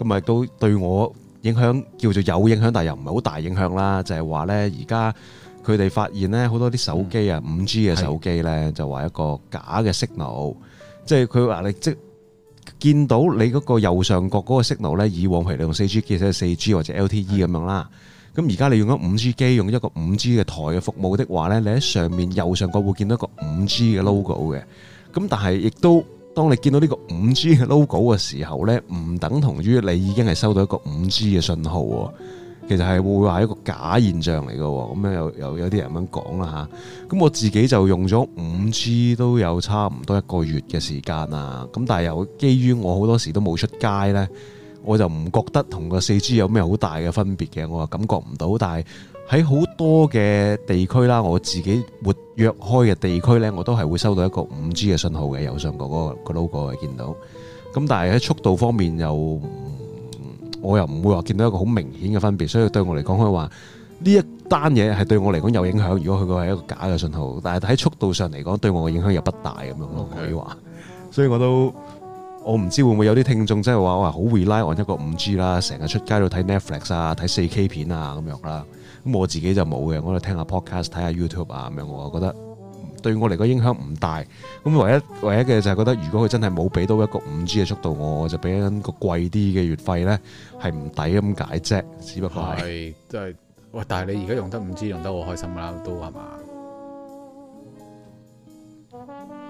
Speaker 1: 咁咪 Okay. 都對我影響叫做有影響，但又唔係好大影響啦，就係、是、話呢，而家。佢哋發現咧，好多啲手機啊，五、嗯、G 嘅手機咧，是的 就話一個假嘅 signal，即係佢話你即見到你嗰個右上角嗰個 signal 咧，以往譬如你用四 G 機，即係四 G 或者 LTE 咁是的 樣啦。咁而家你用咗五 G 機，用一個五 G 嘅台嘅服務的話咧，你喺上面右上角會見到一個五 G 嘅 logo 嘅。咁但係亦都，當你見到呢個五 G 嘅 logo 嘅時候咧，唔等同於你已經係收到一個五 G 嘅信號喎。其實係會話一個假現象嚟嘅，咁樣有有啲人咁講啦吓。咁、啊、我自己就用咗五 G 都有差唔多一個月嘅時間啦。咁但係又基於我好多時都冇出街呢，我就唔覺得同個四 G 有咩好大嘅分別嘅。我啊感覺唔到。但係喺好多嘅地區啦，我自己活躍開嘅地區呢，我都係會收到一個五 G 嘅信號嘅。由上角、嗰個、嗰個 logo 嘅見到。咁但係喺速度方面又。我又唔會話見到一個好明顯嘅分別，所以對我嚟講，佢話呢一單嘢係對我嚟講有影響。如果佢個係一個假嘅訊號，但係喺速度上嚟講，對我嘅影響又不大咁 Okay. 樣咯。可以話，所以我都我唔知會唔會有啲聽眾即係話我話好 rely on 一個五 G 啦，成日出街度睇 Netflix 啊，睇四 K 片啊咁樣啦。咁我自己就冇嘅，我就聽下 podcast，睇下 YouTube 啊咁樣，我覺得。對我嚟講影響唔大，咁唯一唯一嘅就係覺得，如果佢真係冇俾到一個五 G 嘅速度我，我就俾緊個貴啲嘅月費咧，係唔抵咁解啫。只不過係，即
Speaker 2: 係，喂，但係你而家用得五 G 用得好開心啦，都係嘛？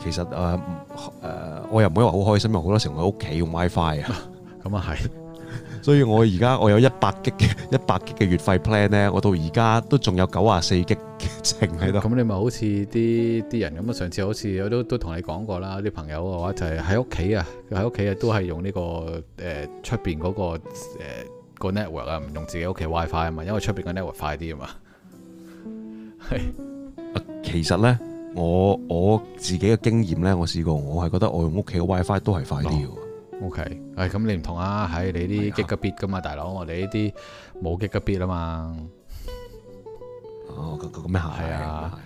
Speaker 1: 其實誒誒、呃呃，我又唔會話好開心，好多時我喺屋企用 WiFi 啊，咁啊係。所以我而家我有一百 G 嘅一百 G 嘅月費 plan 咧，我到而家都仲有九啊四 G 嘅剩喺度。咁、嗯嗯
Speaker 2: 嗯、你咪好似啲啲人咁啊？上次好似我都都同你講過啦，啲朋友嘅話就係喺屋企啊，喺屋企啊都係用呢、呢個誒出邊嗰個誒、呃、個 network 啊，唔用自己屋企 WiFi 啊嘛，因為出邊個 network 快啲啊嘛。
Speaker 1: 係 其實咧，我我自己嘅經驗咧，我試過我係覺得我用屋企嘅 WiFi 都係快啲。O、okay. K，哎，咁你唔同
Speaker 2: 啊，喺你啲激個 bit 噶嘛，啊、大佬，我哋呢啲冇激個 bit 啊嘛。哦，咁咁咩係啊？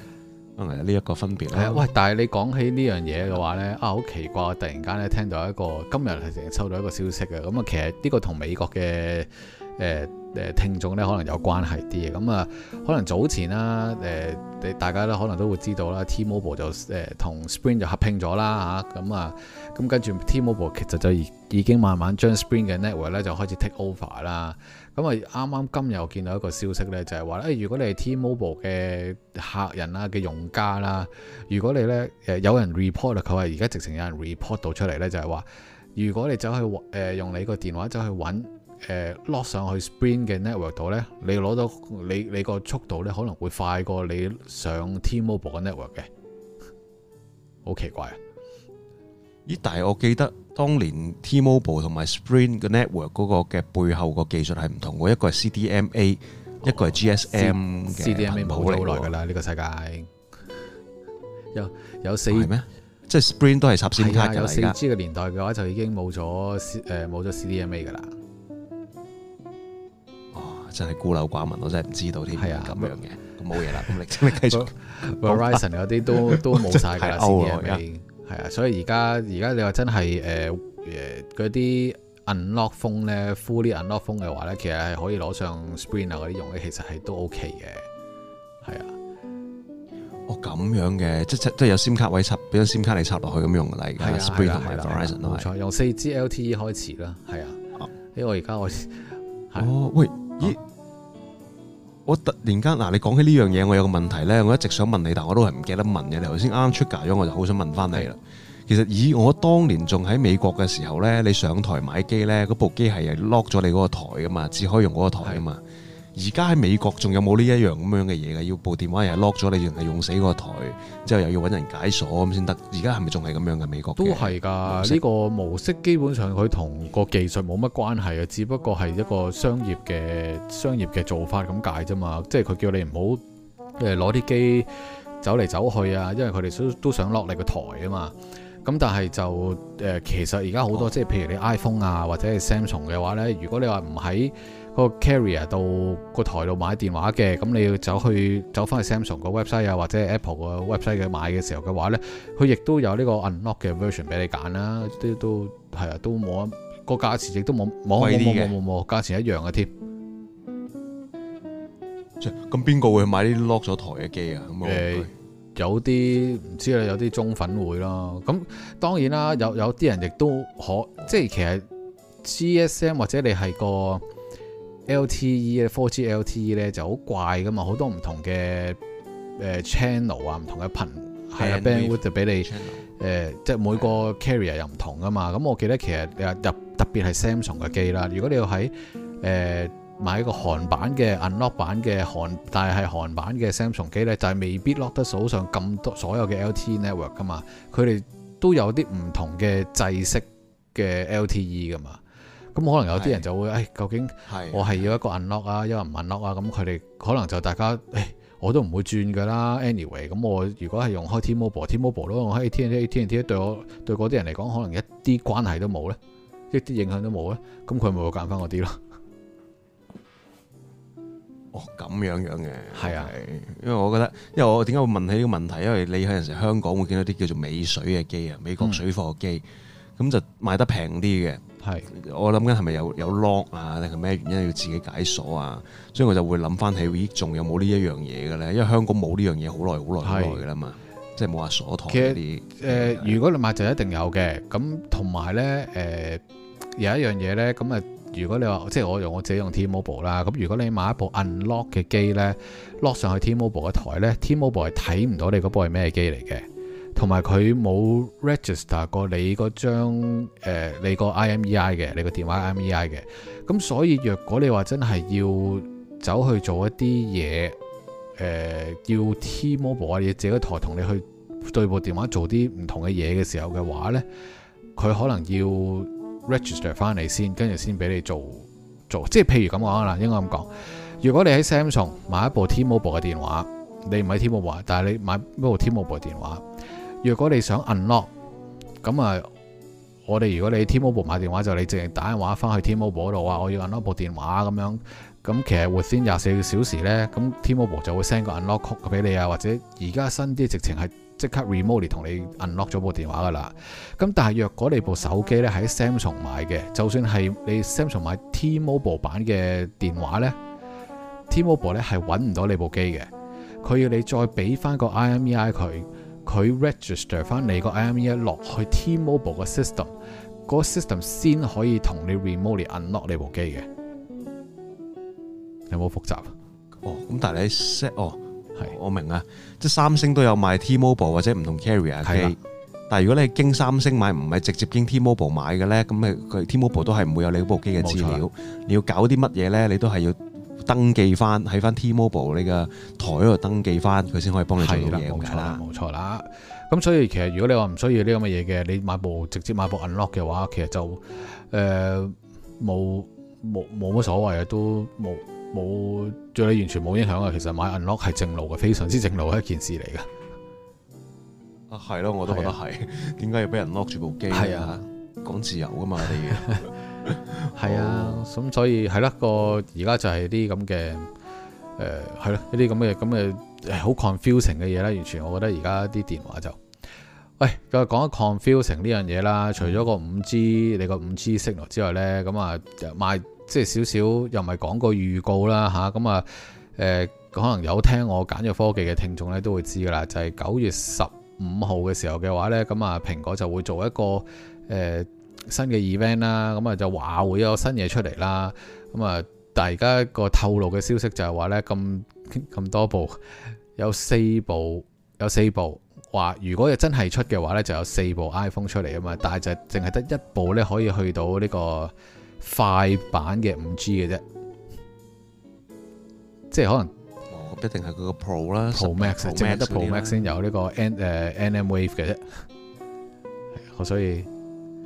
Speaker 2: 可能呢一個分別咧、哎？喂，但係你講起呢樣嘢嘅話咧，啊，好、啊、奇怪！突然間咧聽到一個今日係成日收到一個消息嘅，咁啊，其實呢個同美國嘅誒誒聽眾咧可能有關係啲嘅，咁啊，可能早前啦，誒、呃，你大家都可能都會知道啦，T-Mobile 就誒同、呃、Spring 就合併咗啦，吓咁啊。啊啊。咁跟住，T-Mobile 其實就已經慢慢將 Spring 嘅 network 咧就開始 take over 啦。咁啊，啱啱今日我見到一個消息咧，就係話，誒，如果你係 T-Mobile 嘅客人啦、嘅用家啦，如果你咧誒有人 report 啦，佢話而家直情有人 report 到出嚟咧，就係話，如果你走去誒、呃、用你個電話走去揾誒、呃、lock 上去 Spring 嘅 network 度咧，你攞到你你個速度咧可能會快過你上 T-Mobile 嘅 network 嘅，好奇怪啊！
Speaker 1: 咦，但係我記得當年 T-Mobile 同埋 Sprint 嘅 network 嗰個嘅背後個技術係唔同喎，一個係 CDMA，一個係 GSM。CDMA 冇咗好耐㗎啦，呢個世界
Speaker 2: 有有四？
Speaker 1: 係咩？即係 Sprint 都係插 SIM 卡嘅。有四 G
Speaker 2: 嘅年代嘅話，就已經冇咗誒，冇咗
Speaker 1: CDMA 㗎啦。哦，真係孤陋寡聞，我真係唔知道添，係啊，咁樣嘅。冇嘢啦，咁你你繼續。Verizon 嗰啲都都冇曬啦，CDMA。
Speaker 2: 係啊，所以而家而家你真，呃、話真係誒誒嗰啲 unlock phone 咧，full 啲 unlock phone 嘅話咧，其實係可以攞上 spring 啊，嗰啲用咧，其實係都 OK 嘅。係啊，
Speaker 1: 哦咁樣嘅，即即係有 sim 卡位插，俾咗 sim 卡你插落去咁用嚟噶，spring 同埋 verizon 都係。冇錯，
Speaker 2: 用四 G LTE 開始啦，係啊，因為我而家我，
Speaker 1: 哦喂，咦、啊？我突然間嗱、啊，你講起呢樣嘢，我有個問題咧，我一直想問你，但我都係唔記得問你。頭先啱啱出街咗，我就好想問翻你。其實以我當年仲喺美國嘅時候咧，你上台買機咧，嗰部機係 lock 咗你嗰個台㗎嘛，只可以用嗰個台㗎嘛。而家喺美國仲有冇呢一樣咁樣嘅嘢嘅？要部電話又 lock 咗，你仲係用死個台，之後又要揾人解鎖咁先得。而家係咪仲係咁樣嘅，美國都係㗎？呢
Speaker 2: 個模式基本上佢同
Speaker 1: 個技術冇
Speaker 2: 乜關係啊，只不過係一個商業嘅商業嘅做法咁解啫嘛。即係佢叫你唔好誒攞啲機走嚟走去啊，因為佢哋都都想落你個台啊嘛。咁但係就誒、呃，其實而家好多、oh. 即係譬如你 iPhone 啊或者係 Samsung 嘅話咧，如果你話唔喺個 carrier 到、個台度買電話嘅，咁你要走去走翻去 Samsung 個 website 啊，或者 Apple 個 website 去買嘅時候嘅話咧，佢亦都有呢個 unlock 嘅 version 俾你揀啦，都都係啊，都冇啊個價錢亦都冇冇冇冇冇冇價錢一樣嘅添。咁邊個會買啲 lock 咗台嘅機啊？誒、呃對，有啲唔知啊，有啲中粉會囉。咁當然啦，有有啲人亦都可，即係其實 GSM 或者你係個。LTE 咧，4G LTE 咧就好怪噶嘛，好多唔同嘅誒、呃、 channel 啊，唔同嘅頻係啊 bandwidth 就俾你誒，即 係的 每個 carrier 的又唔同噶嘛。咁我記得其實入特別係 Samsung 嘅機啦，如果你要喺誒、呃、買一個韓版嘅 unlock 版嘅韓，但係韓版嘅 Samsung 機咧，就係、是、未必 lock 得手上咁多所有嘅 LTE network 噶嘛。佢哋都有啲唔同嘅制式嘅 LTE 噶嘛。咁可能有啲人就會誒是、哎，究竟我係要一個 unlock 啊的，一個唔 unlock 啊？咁佢哋可能就大家誒、哎，我都唔會轉噶啦。anyway，咁我如果係用開 T-Mobile，T-Mobile 咯，用開 AT&T、啊、AT&T 對我對嗰啲人嚟講，可能一啲關係都冇咧，一啲影響都冇咧。
Speaker 1: 咁佢咪會揀翻我啲咯？哦，咁樣樣嘅，係是啊，因為我覺得，因為我點解會問起呢個問題？因為你喺陣時香港會見到啲叫做美水嘅機啊，美國水貨機，咁、嗯、就賣得平啲嘅。係，是我諗緊係咪有有 lock 啊，定係咩原因要自己解鎖啊？所以我就會諗翻起，咦，仲有冇呢一樣嘢嘅咧？因為香港冇呢樣嘢好耐好耐好耐嘅啦嘛，即係冇話鎖台嗰啲。誒，如果你買就一定有嘅。咁同埋咧，誒有、呃、有一樣嘢咧，
Speaker 2: 咁啊，如果你話即係我用我自己用 T-Mobile 啦，咁如果你買一部 unlock 嘅機咧，lock 上去 T-Mobile 嘅台咧，T-Mobile 係睇唔到你嗰部係咩機嚟嘅。同埋佢冇 register 過你嗰張你個 IMEI 嘅，你個、誒、電話 IMEI 嘅。咁所以，若果你話真係要走去做一啲嘢，誒要 T-Mobile 啊，要借一台同你去對部電話做啲唔同嘅嘢嘅時候嘅話咧，佢可能要 register 翻嚟先，跟住先俾你做做。即係譬如咁講啦，應該咁講。如果你喺 Samsung 買一部 T-Mobile 嘅電話，你唔係 T-Mobile，但係你買一部 T-Mobile 嘅電話。若果你想 unlock，咁啊，我哋如果你喺 T-Mobile 買電話，就你淨係打電話翻去 T-Mobile 度啊，obile, 我要 unlock 部電話咁樣。咁其實 within 廿四個小時咧，咁 T-Mobile 就會 send 個 unlock code 俾你啊，或者而家新啲直情係即刻 remote 同你 unlock 咗部電話噶啦。咁但係若果你部手機咧喺 Samsung 買嘅，就算係你 Samsung 買 T-Mobile 版嘅電話咧，T-Mobile 咧係揾唔到你部機嘅，佢要你再俾翻個 IMEI 佢。佢 register 翻你個 IMEI 落去 T-Mobile 嘅 system，個 system 先可以同你 remote
Speaker 1: unlock 你部機嘅。有冇複雜？哦，咁但係你 set 哦，係是我明啊，即係三星都有賣 T-Mobile 或者唔同 carrier 機的，但係如果你經三星買唔係直接經 T-Mobile 買嘅咧，咁誒佢 T-Mobile 都係唔會有你部機嘅資料。啊、你要搞啲乜嘢咧？你都係要。登記翻喺翻 T-Mobile 你個台度登記翻，佢先可以幫你做嘅嘢㗎。冇錯啦，咁了所以其實如果你
Speaker 2: 話唔需要呢咁嘅嘢嘅，你買部直接買部 unlock 嘅話，其實就誒冇冇冇乜所謂啊，都冇冇對你完全冇影響啊。其實買 unlock 係正路嘅，非常之正路嘅一件事嚟嘅。
Speaker 1: 啊，係咯，我都覺得係。點解的要俾人 lock 住部機？係啊的，講自由啊嘛，啲嘢。
Speaker 2: 係啊，咁，哦嗯，所以係啦，個而家就係啲咁嘅，誒、呃，係啦，啊，一啲咁嘅咁嘅好 confusing 嘅嘢啦，完全我覺得而家啲電話就，喂，哎，又講下 confusing 呢樣嘢啦，除咗個五 G 你個五 G signal 之外呢，咁啊，賣即係少少，又唔係講個預告啦吓，咁啊，誒、啊呃，可能有聽我簡約科技嘅聽眾呢，都會知噶啦，就係、是、九月十五號嘅時候嘅話呢，咁啊，蘋果就會做一個誒。呃新嘅 event 啦，咁啊就話會有新嘢出嚟啦，咁啊，大家個透露嘅消息就係話咧，咁咁多部有四部有四部話，如果真係出嘅話咧，就有四部 iPhone 出嚟啊嘛，但係就淨係得一部咧可以去到呢個快版嘅五 G 嘅啫，即係可能冇、哦、一定係佢個 Pro 啦，Pro Max 即係得 Pro Max 先只 Max 有呢才 個 n 誒、uh, nm wave 嘅啫，
Speaker 1: 我 所以。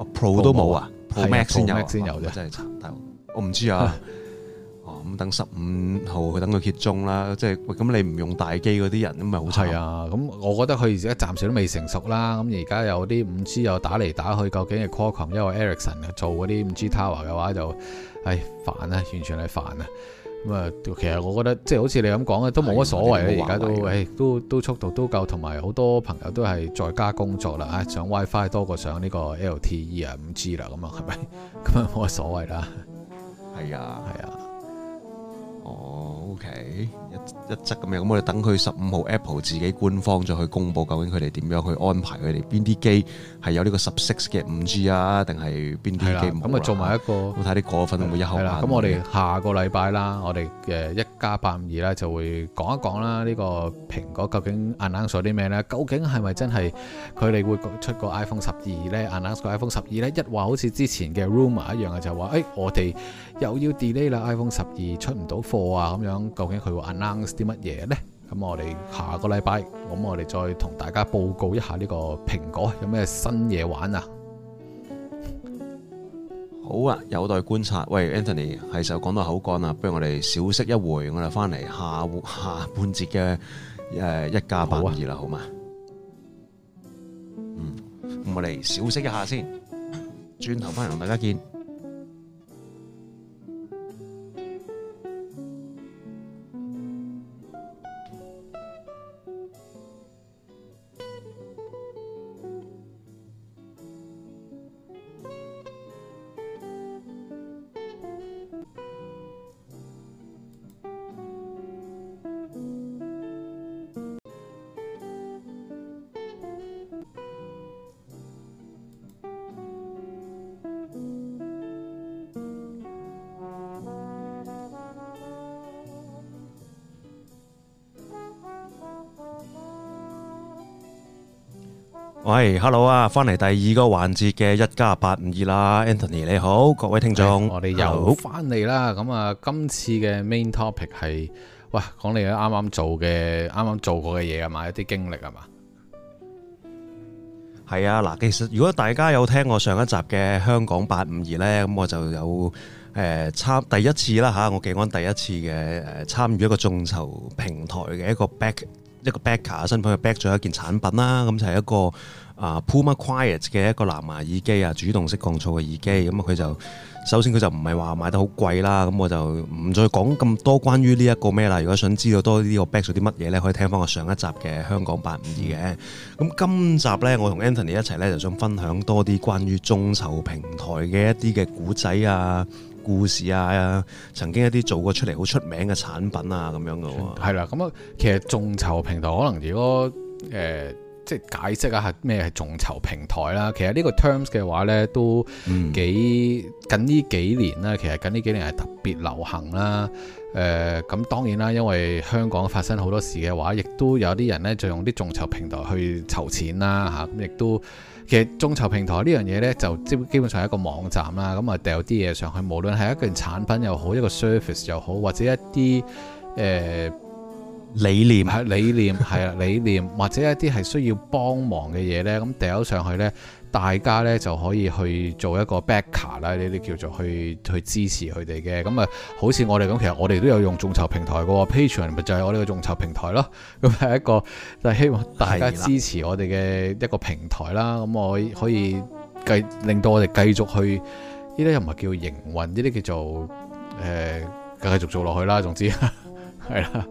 Speaker 1: Oh, Pro, Pro 都冇啊，Pro Max 先有，先有啫，真係慘。我唔知啊。 哦，咁等十五號佢等佢揭盅啦。即係咁，喂，你唔用大機嗰啲人咁咪好慘。啊，咁、嗯、我覺得佢而家暫時都未成熟啦。咁而
Speaker 2: 家有啲五 G 又打嚟打去，究竟係 Qualcomm，因為 Ericsson 做嗰啲五 G Tower 嘅話就，唉煩啊，完全係煩啊。咁啊，其實我覺得即係好似你咁講嘅，都冇乜所謂啊！而家、哎、呀都誒、哎，都都速度都夠，同埋好多朋友都係在家工作啦，啊、哎，上 WiFi 多過上呢個 LTE 啊，5G 啦，咁啊，係咪？咁啊，冇乜所謂啦。
Speaker 1: 係啊、哎呀，係啊、哎。哦，OK，一一則咁樣，咁我哋等佢十五號 Apple 自己官方再去公布究竟佢哋點樣去安排佢哋邊啲機係有呢個十 six 嘅五 G 啊，定係邊啲機？咁啊，嗯、做埋一個，好睇啲過分會唔會一毫萬？咁我哋
Speaker 2: 下個禮拜啦，我哋嘅一家八五二咧就會講一講啦，呢個蘋果究竟 announce 咗啲咩咧？究竟係咪真係佢哋會出個 iPhone 十二咧？announce 個 iPhone 十二咧，一話好似之前嘅 rumor 一樣嘅，就話誒、欸、我哋。又要 delay 啦！iPhone 十二出唔到貨啊，咁樣究竟佢會 announce 啲乜嘢呢？咁我哋下個禮拜，咁我哋再同大家報告一下呢個蘋果
Speaker 1: 有咩新嘢玩啊！好啊，有待觀察。喂，Anthony 係、嗯、時候講到口乾啦，不如我哋小息一回，我哋翻嚟下下半節嘅誒一加八二啦，好嘛？好啊、嗯，咁我哋小息一下先，轉頭翻嚟同大家見。h e llo 啊，翻嚟，hey, 第二個環節嘅一家八五二啦，Anthony 你好，各位聽眾，我哋
Speaker 2: Hey, 又翻嚟啦。咁啊 Hello?，今次嘅 main topic 係，喂，講你啱啱
Speaker 1: 做嘅，啱啱做過嘅嘢啊，嘛，一啲經歷啊，嘛。係啊，嗱，其實如果大家有聽我上一集嘅香講八五二呢，咁我就有誒參第一次啦吓，我記安第一次嘅誒參與一個眾籌平台嘅一個 back 一個 backer 身份去 back 咗一件產品啦，咁就係一個。啊，Puma Quiet 嘅一個藍牙耳機啊，主動式降噪嘅耳機，咁啊，佢就首先佢就唔係話買得好貴啦，咁我就唔再講咁多關於呢一個咩啦。如果想知道多啲我 back 咗啲乜嘢咧，可以聽翻我上一集嘅香港版五二香講852嘅。咁今集咧，我同 Anthony 一齊咧就想分享多啲關於眾籌平台嘅一啲嘅古仔啊、故事啊，曾經一啲做過出嚟好出名嘅產品啊咁樣嘅喎。係啦，咁啊，
Speaker 2: 其實眾籌平台可能如果……誒、呃。即解釋啊，係咩係眾籌平台啦？其實呢個 terms 嘅話呢，都幾近呢幾年啦。其實近呢幾年係特別流行啦。誒、呃，咁當然啦，因為香港發生好多事嘅話，亦都有啲人呢就用啲眾籌平台去籌錢啦。嚇、啊，咁亦都其實眾籌平台呢樣嘢呢，就基基本上係一個網站啦。咁、嗯、啊，掉啲嘢上去，無論係一件產品又好，一個 service 又好，或者一啲誒。呃理念係 理念係啊，理念，或者一啲係需要幫忙嘅嘢呢。咁掉咗上去呢，大家呢就可以去做一個 backer 啦，呢啲叫做去去支持佢哋嘅。咁啊，好似我哋咁，其實我哋都有用眾籌平台嘅 Patreon 咪就係我呢個眾籌平台咯。咁係一個就希望大家支持我哋嘅一個平台啦。咁 我可以繼令到我哋繼續去呢啲又唔係叫營運，呢啲
Speaker 1: 叫做誒繼、呃、繼續做落去啦。總之係啦。 是的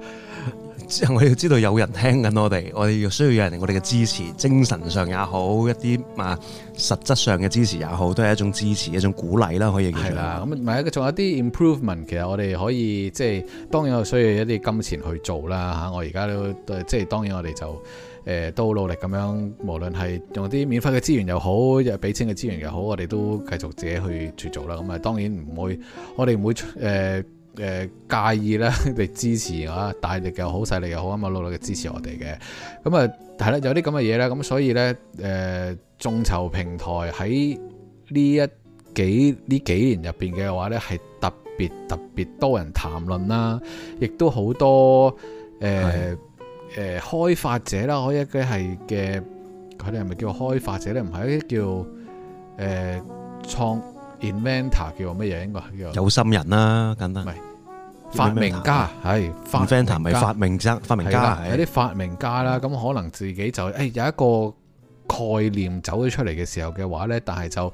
Speaker 1: 之後我要知道有人聽緊我哋，我哋要需要有人嚟，我哋嘅支持，精神上也好，一啲啊實質上嘅支持也好，都係一種支持，一種鼓勵啦，可以係啦。咁唔係
Speaker 2: 啊，仲有啲 improvement，其實我哋可以即係，當然我需要一啲金錢去做啦吓。我而家都即係，當然我哋就誒都努力咁樣，無論係用啲免費嘅資源又好，又俾錢嘅資源又好，我哋都繼續自己去做做啦。咁啊，當然唔會，我哋唔會誒。呃誒介意咧嚟支持啊，大力又好，細力又好啊嘛，努力嘅支持我哋嘅，咁啊係啦，有啲咁嘅嘢咧，咁所以咧誒，眾籌平台喺呢一幾呢幾年入邊嘅話咧，係特別特別多人談論啦，亦都好多誒誒、呃的呃、開發者啦，可以一句係嘅，佢哋係咪叫做開發者咧？唔係，啲叫誒創。呃創 inventor 叫乜嘢？應該叫有
Speaker 1: 心人啦、啊，簡單。發明家係 inventor 發明家？vent 是發明家有啲
Speaker 2: 發明家啦，咁的可能自己就誒、哎、有一個概念走咗出嚟嘅時候嘅話呢，但係就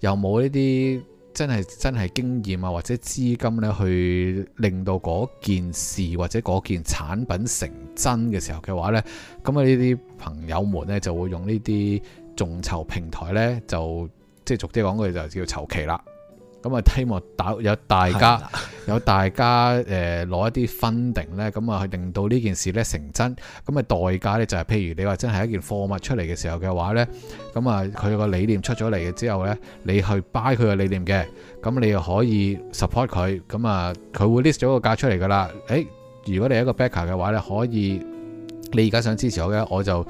Speaker 2: 又冇呢啲真係真係經驗啊，或者資金呢去令到嗰件事或者嗰件產品成真嘅時候嘅話呢。咁啊呢啲朋友們呢，就會用呢啲眾籌平台呢。就。即係俗啲講，佢就叫籌旗啦。咁啊，希望大是的 有大家，有大家誒攞一啲 funding 咧。咁啊，去令到呢件事咧成真。咁啊、就是，代價咧就係譬如你話真係一件貨物出嚟嘅時候嘅話咧，咁啊，佢個理念出咗嚟嘅之後咧，你去 Buy 佢個理念嘅，咁你又可以 Support 佢。咁啊，佢會 list 咗個價出嚟噶啦。誒，如果你係一個 backer 嘅話咧，可以，你而家想支持我嘅，我就。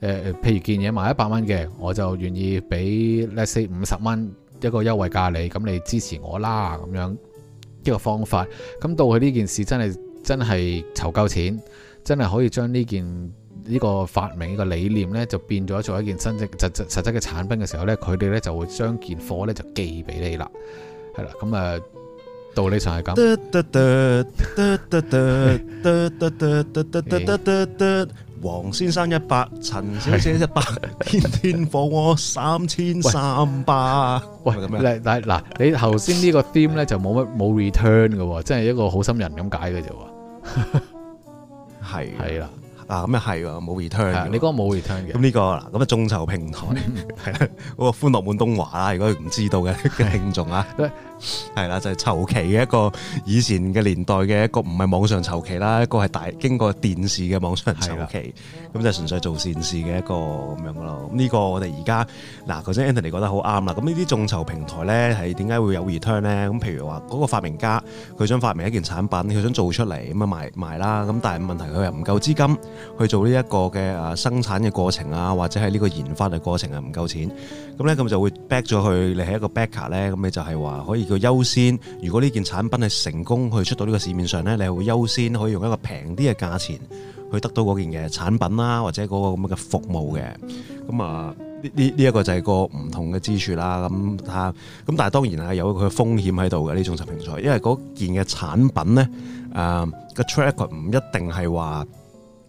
Speaker 2: 誒、呃、譬如件嘢賣一百蚊嘅，我就願意俾 let's say 五十蚊一個優惠價你，咁你支持我啦，咁樣一、呢個方法。咁、嗯、到佢呢件事真係真係籌夠錢，真係可以將呢件呢、呢個發明呢個理念呢，就變咗做一件真正實質嘅產品嘅時候呢，佢哋呢就會將件貨呢，就寄俾你啦，係啦，咁、嗯、啊
Speaker 1: 道理上係咁。黃先生一百，陳小姐一百，天天放我三千三百。喂，咁樣嗱，嗱，
Speaker 2: 你頭先呢個 theme 咧就冇乜冇 return 嘅，真係一個好心人咁解嘅啫。
Speaker 1: 係係啦，啊咁又係喎，冇 return 你嗰個冇 return 嘅。咁呢個嗱，咁啊眾籌平台係啦，嗰個歡樂滿東華啦，如果佢唔知道嘅嘅聽眾啊。係啦，就係、是、籌期嘅一個以前嘅年代嘅一個唔係網上籌期啦，一個係大經過電視嘅網上籌期，咁的就純粹做善事嘅一個咁樣噶咯。呢、這個我哋而家嗱，頭先 Anthony 覺得好啱啦。咁呢啲眾籌平台咧係點解會有 return 咧？咁譬如話嗰個發明家，佢想發明一件產品，佢想做出嚟咁啊賣賣啦。咁但係問題佢又唔夠資金去做呢一個嘅啊生產嘅過程啊，或者係呢個研發嘅過程啊唔夠錢。咁咧咁就會 back 咗去，你係一個 backer 咧，咁你就係話可以。個優先，如果呢件產品係成功去出到呢個市面上呢，你係會優先可以用一個平啲嘅價錢去得到嗰件嘅產品啦，或者嗰個咁嘅服務嘅。咁、嗯、啊，呢呢、這個、一個就係個唔同嘅之處啦。咁、嗯、啊，咁但係當然係有佢嘅風險喺度嘅呢種平台，因為嗰件嘅產品呢，誒、呃、個 track 唔、er、一定係話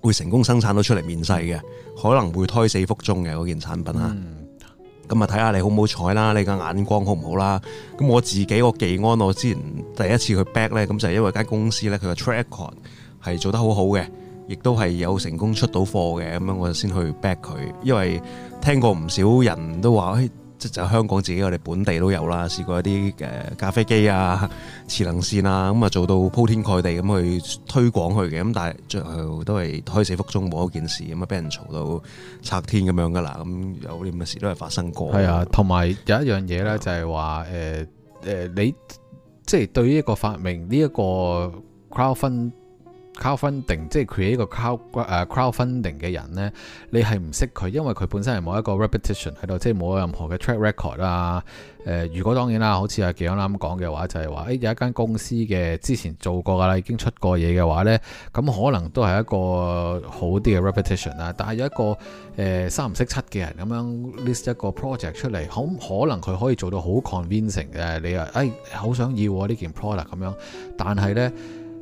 Speaker 1: 會成功生產到出嚟面世嘅，可能會胎死腹中嘅嗰件產品吓。嗯咁啊，睇下你好唔好彩啦，你嘅眼光好唔好啦。咁我自己個技安我之前第一次去 back 呢，咁就係因為間公司呢，佢嘅 track record 係做得好好嘅，亦都係有成功出到貨嘅。咁樣我就先去 back 佢，因為聽過唔少人都話誒。即係香港自己，我哋本地都有啦，試過一啲誒咖啡機啊、磁能線啊，咁啊做到鋪天蓋地咁去推廣佢嘅，咁但係最後都係胎死腹中冇一件事，咁啊俾人嘈到拆天咁樣噶啦，咁有啲咁嘅事都係發生過。係啊，同埋有，有一樣嘢咧，就係話誒誒，你
Speaker 2: 即係對於一個發明呢一、這個 crowd 分。crowdfunding 即係佢係一個 crow 誒 crowdfunding 嘅人呢。你係唔識佢，因為佢本身係冇一個 repetition 喺度，即係冇任何嘅 track record 啦。誒，如果當然啦，好似阿健啱啱講嘅話，就係話誒有一間公司嘅之前做過㗎啦，已經出過嘢嘅話呢，咁可能都係一個好啲嘅 repetition 啦。但係有一個誒、呃、三唔識七嘅人咁樣 list 一個 project 出嚟，可可能佢可以做到好 convincing 嘅你啊，誒、哎、好想要啊呢件 product 咁樣，但係呢。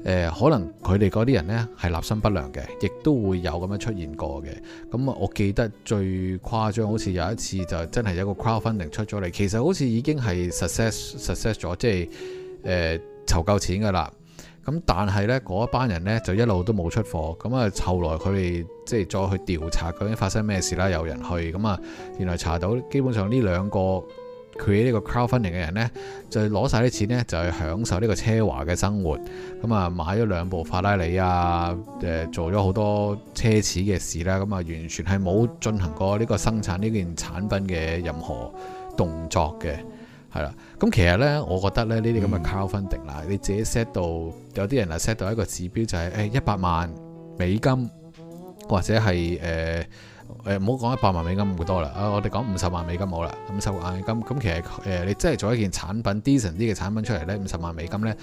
Speaker 2: 誒可能佢哋嗰啲人呢，係立心不良嘅，亦都會有咁樣出現過嘅。咁啊，我記得最誇張，好似有一次就真係有個 crowdfunding 出咗嚟，其實好似已經係 success success 咗，即係誒、呃、籌夠錢㗎啦。咁但係呢嗰一班人呢，就一路都冇出貨。咁啊，後來佢哋即係再去調查究竟發生咩事啦，有人去咁啊，原來查到基本上呢兩個。佢呢個 crowdfunding 嘅人呢， 就攞晒啲錢呢，就去享受呢個奢華嘅生活。咁啊，買咗兩部法拉利啊，誒，做咗好多奢侈嘅事啦。咁啊，完全係冇進行過呢個生產呢件產品嘅任何動作嘅，係啦。咁其實呢，我覺得咧，呢啲咁嘅 crowdfunding 啦、嗯，你自己 set 到有啲人啊 set 到一個指標就係誒一百萬美金，或者係誒，呃誒唔好講一百萬美金咁多啦，啊我哋講五十萬美金好啦，五十萬美金咁其實誒、呃、你真係做一件產品，decent 啲嘅產品出嚟咧，五十萬美金咧，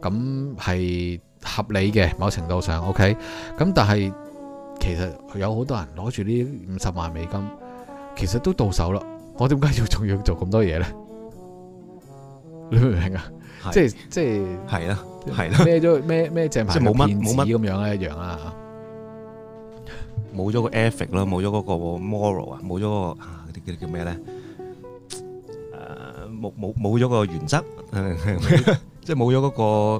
Speaker 2: 咁係合理嘅某程度上，OK，咁但係其實有好多人攞住呢五十萬美金，其實都到手啦，我點解要仲要做咁多嘢咧？你明唔明啊？即係即係係啦係咩都咩咩正牌乜騙子咁
Speaker 1: 樣子一樣啊！冇咗個 ethic 咯，冇咗嗰個 moral 啊，冇咗個啊嗰啲叫叫咩咧？誒，冇冇冇咗個原則，即係冇咗嗰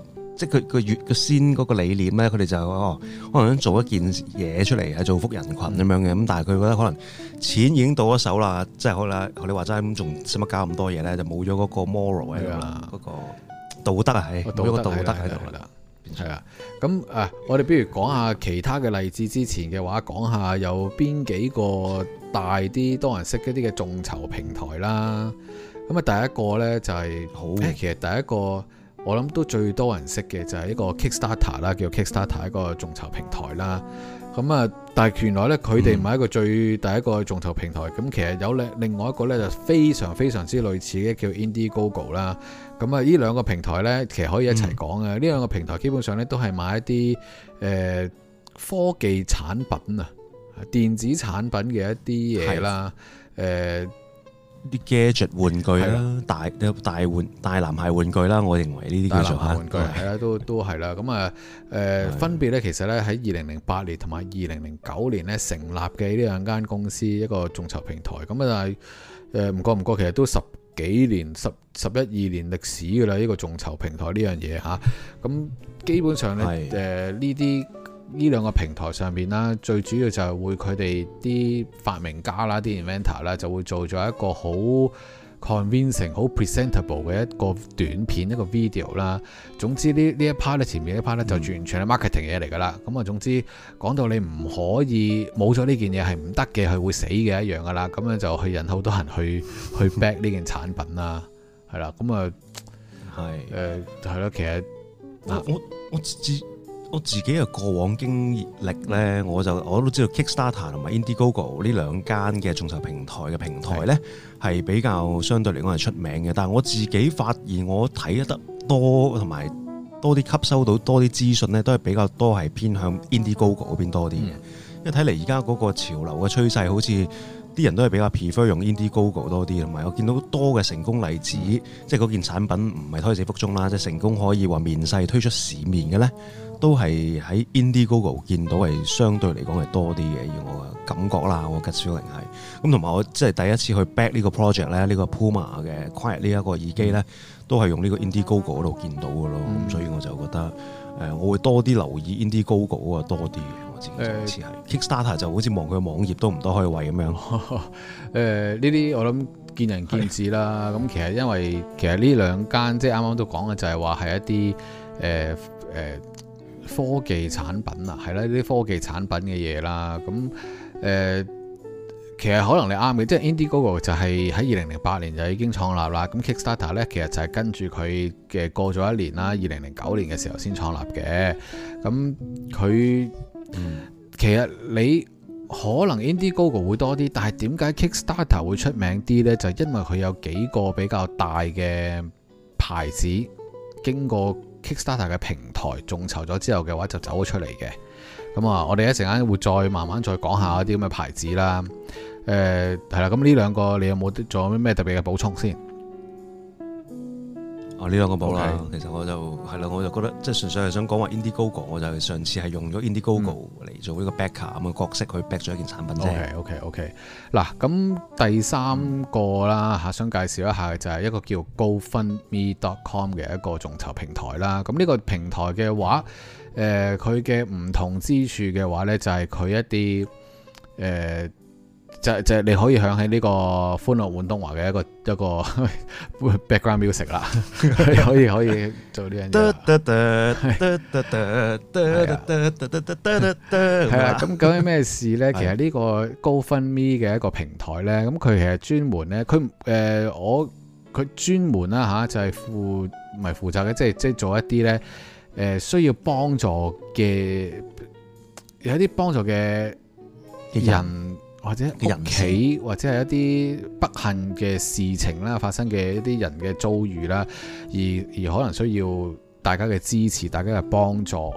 Speaker 1: 個，即係佢佢越佢先嗰個理念咧，佢哋就哦，可能想做一件嘢出嚟係造福人群咁樣嘅，咁但係佢覺得可能錢已經到咗手啦，即係可能學你話齋咁，仲使乜搞咁多嘢咧？就冇咗嗰個 moral 喺度啦，嗰個道德啊，冇嗰個道德喺度啦。係啊，咁誒，我哋不如講下其他嘅
Speaker 2: 例子。之前嘅話，講下有邊幾個大啲多人識一啲嘅眾籌平台啦。咁啊，第一個呢，就係、是、好，欸、其實第一個我諗都最多人識嘅就係一個 Kickstarter 啦，叫 Kickstarter 一個眾籌平台啦。咁啊，但係原來咧，佢哋唔係一個最第一個眾籌平台。咁、嗯、其實有另另外一個咧，就非常非常之類似嘅，叫 Indiegogo 啦。咁啊，呢兩個平台咧，其實可以一齊講嘅。呢兩、嗯、個平台基本上咧，都係買一啲誒、呃、科技產品啊，電子產品嘅一啲嘢啦，誒的。呃
Speaker 1: 啲 gadget 玩具啦的，大大玩大男孩玩具啦。我認為呢啲叫做玩具，
Speaker 2: 係啊， 都都係啦。咁啊，誒、呃、是的 分別咧，其實咧喺二零零八年同埋二零零九年咧成立嘅呢兩間公司，一個眾籌平台。咁啊，就係唔過唔過，其實都十幾年十十一二年歷史㗎啦。呢、這個眾籌平台呢樣嘢嚇，咁基本上咧，誒呢啲。是的 呃呢兩個平台上面啦，最主要就係會佢哋啲發明家啦，啲 inventor 啦， 啊、invent 就會做咗一個好 convincing、好 presentable 嘅一個短片一個 video 啦。總之呢呢一 part 咧，前面一 part 咧就完全係 marketing 嘢嚟噶啦。咁啊，總之講到你唔可以冇咗呢件嘢係唔得嘅，係會死嘅一樣噶啦。咁樣就去引好多人去去 back 呢 件產品啦，係啦。咁啊，係誒
Speaker 1: 係咯，其實我我知。啊 我自己嘅過往經歷,歷呢，我就我都知道 Kickstarter 同埋 Indiegogo 呢兩間嘅眾籌平台嘅平台呢，係是比較相對嚟講係出名嘅。但係我自己發現，我睇得多同埋多啲吸收到多啲資訊呢，都係比較多係偏向 Indiegogo 嗰邊多啲嘅。嗯、因為睇嚟而家嗰個潮流嘅趨勢，好似啲人都係比較 prefer 用 Indiegogo 多啲，同埋我見到多嘅成功例子，嗯、即係嗰件產品唔係胎死腹中啦，即係成功可以話面世推出市面嘅呢。都係喺 i n d i e g o o g l e 見到係相對嚟講係多啲嘅，以我嘅感覺啦，我吉小玲係咁同埋我即係第一次去 back 呢個 project 咧，呢個 Puma 嘅 Quiet 呢一個耳機咧，都係用呢個 i n d i e g o o g l e 度見到嘅咯，咁、嗯、所以我就覺得誒、呃，我會多啲留意 Indiegogo o 啊多啲嘅，我自己好似係 Kickstarter 就好似望佢網頁都唔多開位咁樣。誒呢啲
Speaker 2: 我諗見仁見智啦。咁的其實因為其實呢兩間即係啱啱都講嘅就係話係一啲誒誒。呃呃呃科技產品啊，係啦，呢啲科技產品嘅嘢啦，咁誒、呃，其實可能你啱嘅，即係 Indiegogo 就係喺二零零八年就已經創立啦，咁 Kickstarter 咧其實就係跟住佢嘅過咗一年啦，二零零九年嘅時候先創立嘅，咁佢其實你可能 Indiegogo 會多啲，但係點解 Kickstarter 會出名啲呢？就係、因為佢有幾個比較大嘅牌子經過。Kickstarter 嘅平台眾籌咗之後嘅話，就走咗出嚟嘅。咁啊，我哋一陣間會再慢慢再講一下啲咁嘅牌子啦。誒、呃，係啦，咁呢兩個你有冇啲仲有咩特別嘅補充先？
Speaker 1: 呢兩、啊、個冇啦，Okay. 其實我就係啦，嗯嗯、我就覺得即係純粹係想講話 Indiegogo，我就上次係用咗 Indiegogo 嚟做呢個 backer 咁嘅、嗯、角色，去 back 咗一件產品啫。OK，OK，OK、okay, okay, okay。嗱，咁第三
Speaker 2: 個啦，嚇、嗯，想介紹一下就係一個叫 GoFundMe.com 嘅一個眾籌平台啦。咁呢個平台嘅話，誒、呃，佢嘅唔同之處嘅話咧，就係、是、佢一啲誒。呃就就你可以響起呢個歡樂滿東華嘅一個一個 background music 啦， 可以可以做呢樣嘢。
Speaker 1: 係 是啊，咁究竟
Speaker 2: 咩事咧？ 啊、其實呢個 GoFundMe 嘅一個平台咧，咁佢其實專門咧，佢誒、呃、我佢專門啦、啊、吓就係負唔係負責嘅，即係即係做一啲咧誒需要幫助嘅，有一啲幫助嘅人。或者屋企或者係一啲不幸嘅事情啦，發生嘅一啲人嘅遭遇啦，而而可能需要大家嘅支持，大家嘅幫助，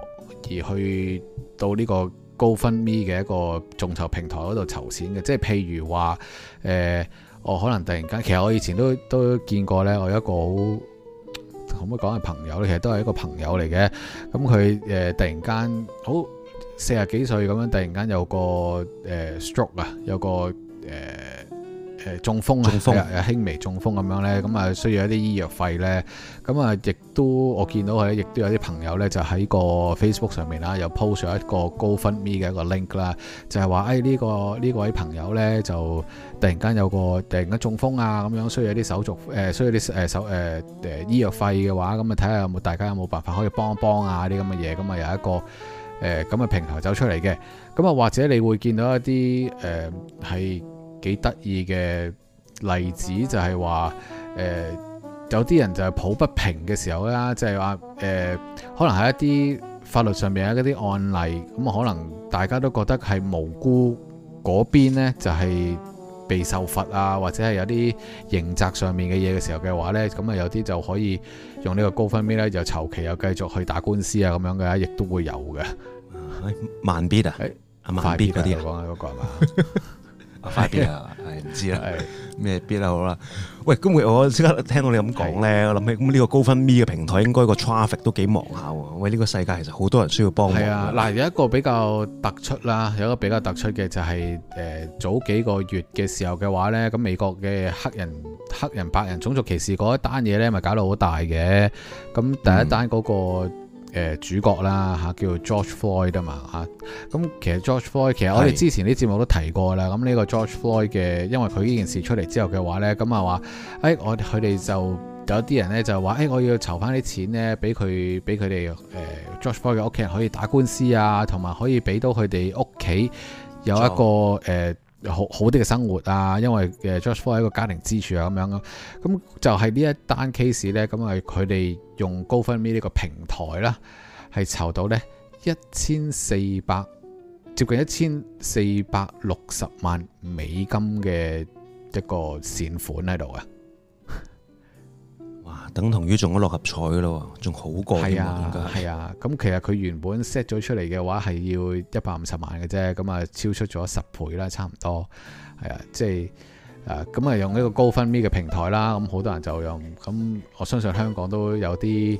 Speaker 2: 而去到呢個 GoFundMe 嘅一個眾籌平台嗰度籌錢嘅，即係譬如話，誒、呃，我可能突然間其實我以前都都見過咧，我有一個好，可唔可以講係朋友咧，其實都係一個朋友嚟嘅，咁佢誒突然間好。哦四十幾歲咁樣，突然間有個誒 stroke 啊，有個誒誒、呃、中風啊風，輕微中風咁樣呢。咁啊需要一啲醫藥費呢。咁啊亦都我見到佢，亦都有啲朋友呢，就喺個 Facebook 上面啊，又 post 上一個 GoFundMe 嘅一個 link 啦，就係話誒呢個呢位、這個、朋友呢，就突然間有個突然間中風啊咁樣，需要一啲手續誒，需要啲誒手誒誒、呃呃、醫藥費嘅話，咁啊睇下有冇大家有冇辦法可以幫一幫、幫啊啲咁嘅嘢，咁啊有一個。誒咁嘅平台走出嚟嘅，咁啊或者你會見到一啲誒係幾得意嘅例子，就係話誒有啲人就係抱不平嘅時候啦，即係話誒可能喺一啲法律上面啊嗰啲案例，咁、嗯、可能大家都覺得係無辜嗰邊咧就係、是。被受罰啊，或者係有啲刑責上面嘅嘢嘅時候嘅話咧，咁啊有啲就可以用呢個高分邊咧，就籌期又繼續去打官司啊，咁樣嘅，亦都會有嘅、哎。慢啲 i t 啊，
Speaker 1: 阿萬 bit 嗰啲嚟講啊，嗰個係嘛？
Speaker 2: 快啲啊！係唔、啊啊、知
Speaker 1: 啦，咩、啊、必啦，好啦。喂，咁我即刻聽到你咁講咧，啊、我諗起咁呢個 GoFundMe 嘅平台應該個 traffic 都幾忙下喎。喂，呢、這個世界其實好多人需要幫忙啊，嗱，
Speaker 2: 有一個比較突出啦，有一個比較突出嘅就係、是、誒、呃、早幾個月嘅時候嘅話咧，咁美國嘅黑人黑人白人種族歧視嗰一單嘢咧，咪、就是、搞到好大嘅。咁第一單嗰、那個。嗯誒，主角啦吓，叫做 George Floyd 啊嘛吓，咁其實 George Floyd，其實我哋之前啲節目都提過啦。咁呢的個 George Floyd 嘅，因為佢呢件事出嚟之後嘅話呢，咁啊話，誒、哎，我佢哋就有啲人呢，就話，誒，我要籌翻啲錢呢，俾佢，俾佢哋，誒，George Floyd 嘅屋企人可以打官司啊，同埋可以俾到佢哋屋企有一個誒。的有好好啲嘅生活啊，因為嘅 Joshua 喺一個家庭支柱啊咁樣咁，咁就係呢一單 case 咧，咁啊佢哋用 GoFundMe 呢個平台啦，係籌到咧一千四百接近一千四百六十萬美金嘅一個善款喺度啊！
Speaker 1: 等同於中咗六合彩咯，仲
Speaker 2: 好過。係啊，係啊。咁其實佢原本 set 咗出嚟嘅話係要一百五十萬嘅啫，咁啊超出咗十倍啦，差唔多。係啊，即係誒，咁啊用呢個 GoFundMe 嘅平台啦，咁好多人就用。咁我相信香港都有啲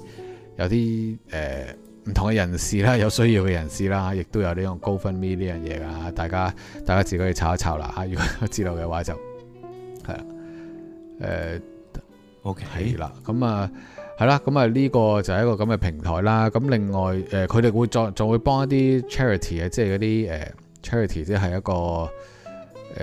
Speaker 2: 有啲誒唔同嘅人士啦，有需要嘅人士啦，亦都有呢種 GoFundMe 呢樣嘢噶。大家大家自己去查一查啦。吓，如果知道嘅話就係啦，誒、啊。呃 OK 啦，咁啊，係啦，咁啊，呢個就係一個咁嘅平台啦。咁另外，誒，佢哋會再仲會幫一啲 charity 啊，即係嗰啲誒 charity，即係一個誒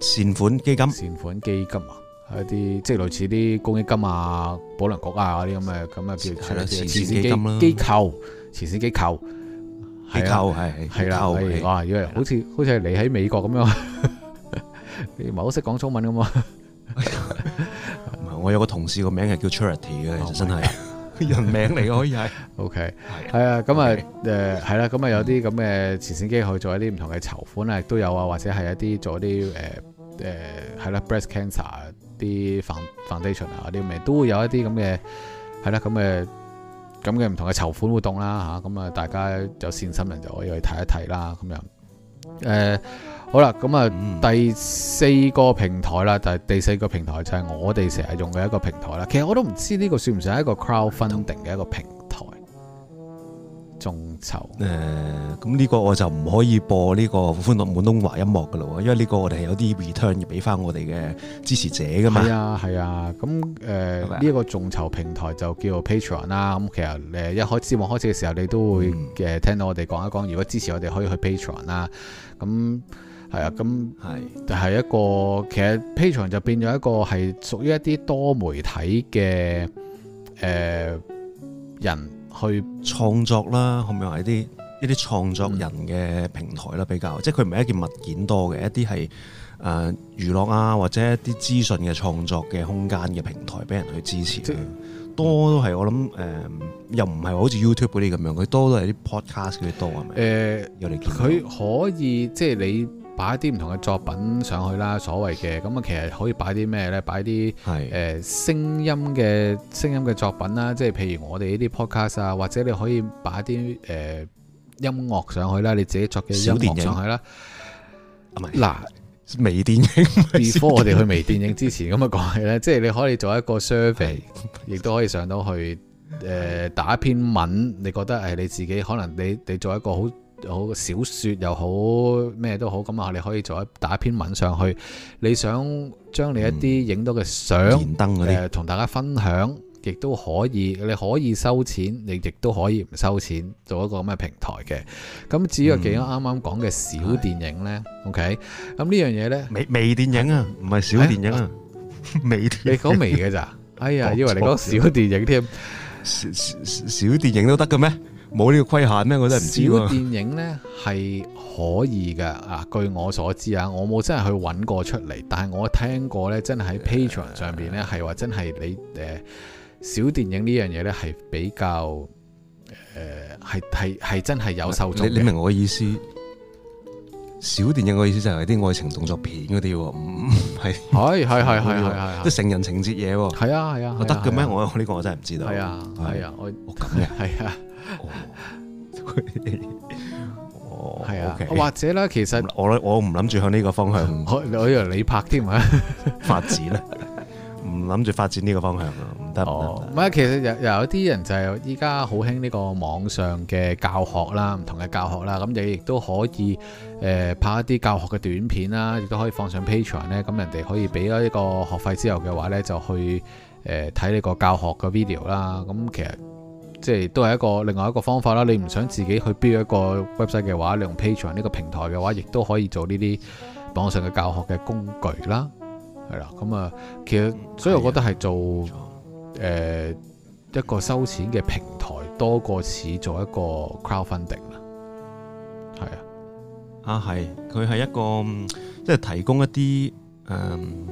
Speaker 2: 善款基金。善款基金啊，係一啲即係類似啲公益金啊、保良局啊嗰啲咁嘅，咁啊，譬如慈善基金啦、機構、慈善機構，機構係係啦，如果係好似好似係你喺美國咁樣，你唔係好識講中文咁嘛。
Speaker 1: 我有個同事個名係叫 Charity，okay。嘅，其實真係
Speaker 2: 人名嚟嘅可以係。OK，係、mm、啊，咁、hmm。啊，誒係啦，咁啊有啲咁嘅慈善機構做一啲唔同嘅籌款啊，亦都有啊，或者係一啲做一啲誒誒係啦 breast cancer 啲 foundation 啊啲咁都會有一啲咁嘅係啦咁嘅咁嘅唔同嘅籌款活動啦吓，咁啊大家有善心人就可以去睇一睇啦，咁樣誒。好啦、啊，咁、嗯、啊，第四個平台啦，第第四個平台就係我哋成日用嘅一個平台啦。其實我都唔知呢個算唔算係一個 crowdfunding 嘅一個平台？
Speaker 1: 眾籌。誒，咁呢個我就唔可以播呢個歡樂滿東華音樂嘅咯，因為呢個我哋係有啲 return 要俾翻我哋嘅支持者噶嘛。係啊，
Speaker 2: 係啊。咁、嗯、誒，呢一、啊、個眾籌平台就叫做 Patreon 啦、嗯。咁、嗯、其實誒一開節目開始嘅時候，你都會誒聽到我哋講一講，如果支持我哋可以去 Patreon 啦。咁係啊，咁係就係一個，其實 Patreon 就變咗一個係屬於一啲多媒體嘅誒、呃、
Speaker 1: 人去創作啦，可唔可以話一啲一啲創作人嘅平台啦比較，嗯、即係佢唔係一件物件多嘅，一啲係誒娛樂啊或者一啲資訊嘅創作嘅空間嘅平台俾人去支持即多都係我諗誒、呃，又唔係好似 YouTube 嗰啲咁樣，佢多都係啲 podcast 嗰啲多係
Speaker 2: 咪？誒，佢、呃、可以即係你。擺一啲唔同嘅作品上去啦，所謂嘅咁啊，其實可以擺啲咩呢？擺啲誒聲音嘅聲音嘅作品啦，即係譬如我哋呢啲 podcast 啊，或者你可以擺啲誒音樂上去啦，你自己作嘅音樂上去啦。嗱來微電影 before 我哋去微電影之前咁啊講嘅咧， 即係你可以做一個 survey，亦都 可以上到去誒、呃、打一篇文，你覺得誒你自己可能你你做一個好。好小說又好咩都好咁啊！你可以做一打一篇文上去，你想將你一啲影到嘅相，同、嗯呃、大家分享，亦都可以。你可以收錢，你亦都可以唔收錢，做一個咁嘅平台嘅。咁至於我哋啱啱講嘅小電影呢？OK，咁呢樣嘢呢？微微電影啊，唔係
Speaker 1: 小電影啊，哎、呀微， 微電影 你講微嘅咋？錯哎呀，以為你講小電影添，小小小電影都得嘅咩？冇呢個規限咩？我真係唔知啊。小
Speaker 2: 電影呢係可以嘅啊！據我所知啊，我冇真係去揾過出嚟，但係我聽過呢真係喺 Patreon 上邊呢，係話是、啊、真係你誒，小電影呢樣嘢呢，係比較誒係係真係有受眾。你明我
Speaker 1: 意思？小電影嘅意思就係啲愛情動作片嗰啲，係係係係係係即成人情節嘢，係啊係啊，得嘅咩？是啊是啊我呢個我真係唔知道。係啊係啊，啊，我係啊。哦，係啊，或者啦，其實我我唔諗住向呢個方向，我以為你拍添啊，發展咧，唔諗住發展呢個方向，唔得。其實有有
Speaker 2: 一啲人就係依家好興呢個網上嘅教學啦，唔同嘅教學啦，咁你亦都可以誒、呃、拍一啲教學嘅短片啦，亦都可以放上 Patreon 咧，咁人哋可以俾咗一個學費之後嘅話咧，就去誒睇呢個教學嘅 video 啦，咁其實。即係都係一個另外一個方法啦。你唔想自己去 build 一個 website 嘅話，你用 Patreon 呢個平台嘅話，亦都可以做呢啲網上嘅教學嘅工具啦。係啦，咁啊，其實所以我覺得係做誒的、呃、一個收錢嘅平台，多過似做一個 crowdfunding 啦。係
Speaker 1: 啊，啊係，佢係一個即係提供一啲誒。嗯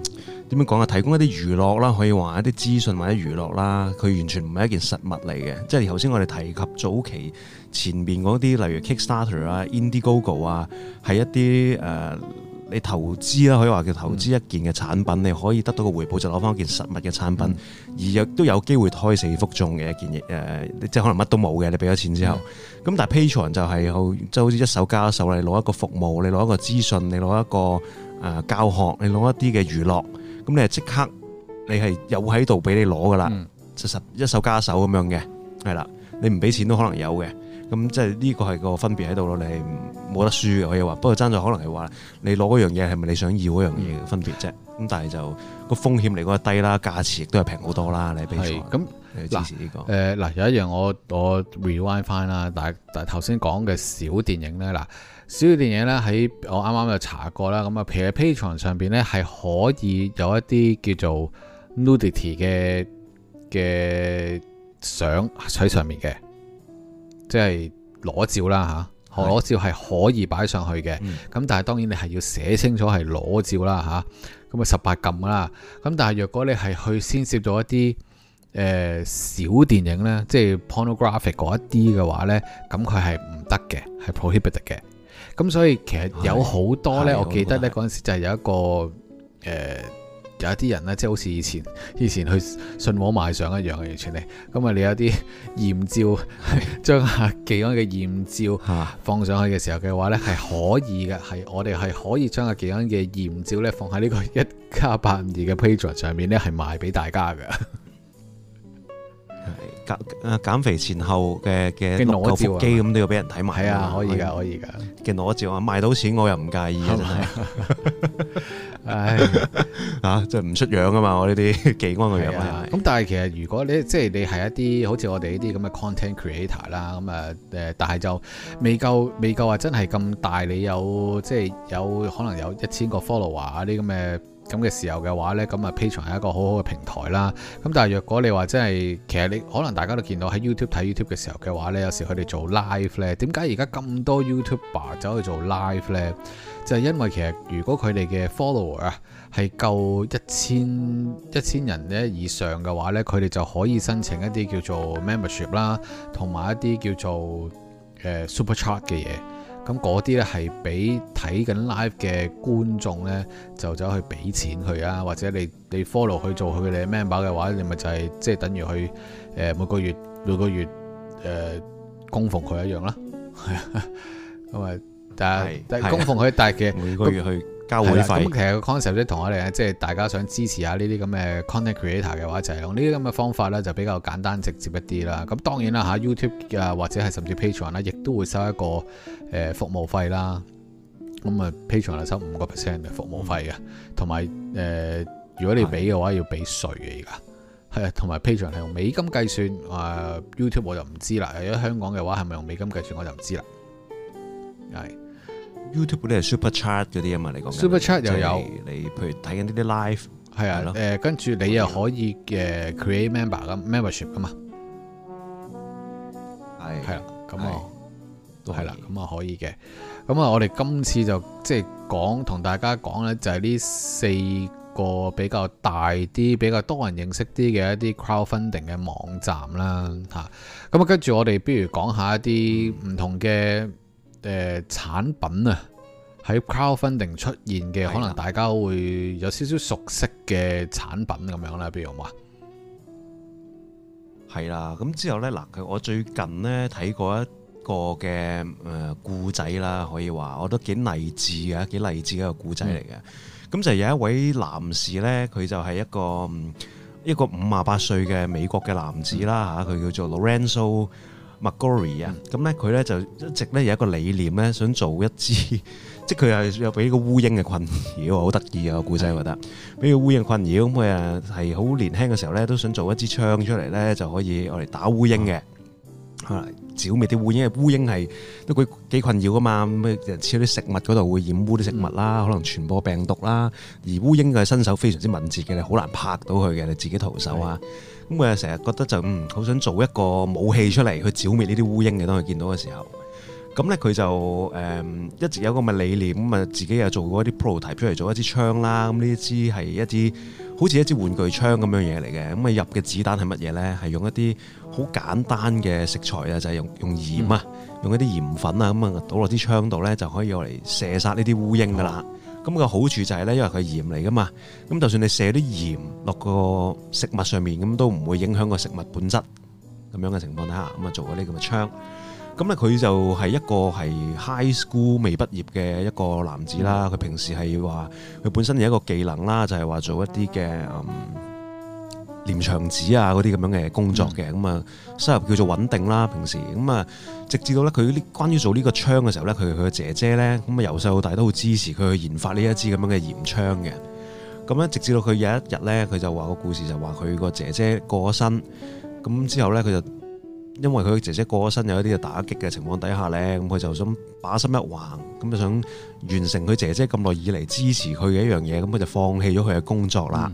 Speaker 1: 點樣講啊？提供一啲娛樂啦，可以話一啲資訊或者娛樂啦，佢完全唔係一件實物嚟嘅。即係頭先我哋提及早期前面嗰啲，例如 Kickstarter 啊 Ind、Indiegogo、呃、啊，係一啲誒你投資啦，可以話叫投資一件嘅產品，嗯、你可以得到個回報就攞翻一件實物嘅產品，嗯、而又都有機會胎死腹中嘅一件嘢、呃、即係可能乜都冇嘅，你俾咗錢之後。咁、嗯、但係 Patreon 就係、是、好，就好似一手交手你攞一個服務，你攞一個資訊，你攞一個誒教學，你攞一啲嘅娛樂。咁你係即刻，你係有喺度俾你攞噶啦，嗯、其實一手加一手咁樣嘅，係啦，你唔俾錢都可能有嘅。咁即係呢個係個分別喺度咯，你係冇得輸嘅可以話。不過爭在可能係話，你攞嗰樣嘢係咪你想要嗰樣嘢嘅分別啫。咁、嗯、但係就個風險嚟講低啦，價錢亦都係平好多啦。你比賽咁。嗱，誒、
Speaker 2: 這個，嗱、啊呃，有一樣我我 rewind 翻啦，大， 但係頭先講嘅小電影咧，嗱，小電影咧喺我啱啱有查過啦，咁啊，譬如 Patreon 上邊咧係可以有一啲叫做 nudity 嘅嘅相喺上面嘅，即係裸照啦嚇，啊、是裸照係可以擺上去嘅，咁、嗯、但係當然你係要寫清楚係裸照啦嚇，咁啊十八禁啦，咁、啊、但係若果你係去先攝咗一啲。誒、呃、小電影咧，即係 pornographic 嗰一啲嘅話咧，咁佢係唔得嘅，係 prohibited 嘅。咁所以其實有好多咧，的我記得咧嗰陣時就係有一個誒、呃、有一啲人咧，即係好似以前以前去信網賣相一樣嘅完全嚟。咁啊，你有啲豔照，將 阿幾蚊嘅豔照放上去嘅時候嘅話咧，係、啊、可以嘅，係我哋係可以將阿幾蚊嘅豔照咧放喺呢個一加八五二嘅 page 上面咧，係賣俾大家嘅。
Speaker 1: 減肥前後嘅嘅裸照啊，咁都要俾人睇埋。係啊，可以㗎，可以㗎。嘅裸照啊，賣到錢我又唔介意啊，真係。唉，即係唔出樣啊嘛！我呢啲幾安嘅樣，
Speaker 2: 咁但係其實如果你，即係你係一啲好似我哋呢啲咁嘅 content creator 啦，咁啊，誒，但係就未夠未夠話真係咁大，你有即係有可能有一千個 follower 啊啲咁嘅。咁嘅時候嘅話呢，咁啊 Patreon 係一個好好嘅平台啦。咁但係若果你話真係，其實你可能大家都見到喺 YouTube 睇 YouTube 嘅時候嘅話呢，有時佢哋做 live 呢，點解而家咁多 YouTuber 走去做 live 呢？就係因為其實如果佢哋嘅 follower 啊係夠一千一千人呢以上嘅話呢，佢哋就可以申請一啲叫做 membership 啦，同埋一啲叫做誒 superchat 嘅嘢。咁嗰啲咧係俾睇緊 live 嘅觀眾咧，就走去俾錢佢啊，或者你你 follow 去做佢嘅 member 嘅話，你咪就係即係等於去誒每個月每個月誒、呃、供奉佢一樣啦。咁啊，但係是供奉佢大嘅每個月去。都交會費咁、嗯、其實個 concept 即同我哋咧，即係大家想支持下呢啲咁嘅 content creator 嘅話，就係、是、用呢啲咁嘅方法咧，就比較簡單直接一啲啦。咁、嗯、當然啦嚇，YouTube 啊或者係甚至 patreon 啦，亦都會收一個誒、呃、服務費啦。咁啊 patreon 係收五個 percent 嘅服務費嘅，同埋誒如果你俾嘅話要俾稅嘅，而家係啊，同埋 patreon 係用美金計算啊、呃。YouTube 我就唔知啦，如果香港嘅話係咪用美金計算我就唔知啦。係。
Speaker 1: YouTube 嗰啲係 SuperChat 嗰啲啊嘛，你講 SuperChat、就是、又有你，譬如睇緊呢啲 live
Speaker 2: 係啊，誒跟住你又可以嘅 create member 咁 membership 咁嘛？係係啦，咁 啊都係啦，咁啊可以嘅，咁啊我哋今次就即係、就是、講同大家講咧，就係呢四個比較大啲、比較多人認識啲嘅一啲 crowdfunding 嘅網站啦吓，咁啊跟住我哋不如講下一啲唔同嘅。 誒、呃、產品啊，喺 crowdfunding 出現嘅，的可能大家會有少少熟
Speaker 1: 悉嘅產品咁樣啦，譬如話係啦，咁之後咧嗱，佢我最近咧睇過一個嘅誒故仔啦，可以話我都幾勵志嘅，幾勵志嘅一個故仔嚟嘅。咁、嗯、就有一位男士咧，佢就係一個一個五十八歲嘅美國嘅男子啦嚇，佢、嗯、叫做 Lorenzo。MacGory 啊，咁咧佢咧就一直咧有一個理念咧，想做一支， 即係佢係又俾個烏蠅嘅困擾，好得意啊個故仔，的覺得俾個烏蠅困擾，咁佢啊係好年輕嘅時候咧，都想做一支槍出嚟咧，就可以我嚟打烏蠅嘅，係、嗯。剿滅啲烏蠅，烏蠅係都佢幾困擾噶嘛，咁啊，似啲食物嗰度會染污啲食物啦，可能傳播病毒啦。而烏蠅嘅身手非常之敏捷嘅，你好難拍到佢嘅，你自己徒手啊。咁佢又成日覺得就嗯，好想做一個武器出嚟去剿滅呢啲烏蠅嘅。當佢見到嘅時候，咁咧佢就誒一直有個咪理念，咁咪自己又做過一啲 prototype 出嚟，做一支槍啦。咁呢支係一支。好似一支玩具槍咁樣嘢嚟嘅，咁啊入嘅子彈係乜嘢呢？係用一啲好簡單嘅食材啊，就係、是、用用鹽啊，嗯、用一啲鹽粉啊，咁啊倒落啲槍度呢，就可以用嚟射殺呢啲烏蠅噶啦。咁、嗯、個好處就係、是、呢，因為佢係鹽嚟噶嘛，咁就算你射啲鹽落個食物上面，咁都唔會影響個食物本質咁樣嘅情況底下，咁啊做咗呢咁嘅槍。咁咧，佢就係一個係 high school 未畢業嘅一個男子啦。佢平時係話，佢本身有一個技能啦，就係話做一啲嘅嗯廉長子啊嗰啲咁樣嘅工作嘅。咁啊，收入叫做穩定啦。平時咁啊，直至到咧佢呢關於做呢個槍嘅時候咧，佢佢嘅姐姐咧，咁啊由細到大都好支持佢去研發呢一支咁樣嘅鹽槍嘅。咁咧直至到佢有一日咧，佢就話個故事就話佢個姐姐過咗身，咁之後咧佢就。因為佢姐姐過身，有一啲嘅打擊嘅情況底下呢，咁佢就想把心一橫，咁就想完成佢姐姐咁耐以嚟支持佢嘅一樣嘢，咁佢就放棄咗佢嘅工作啦。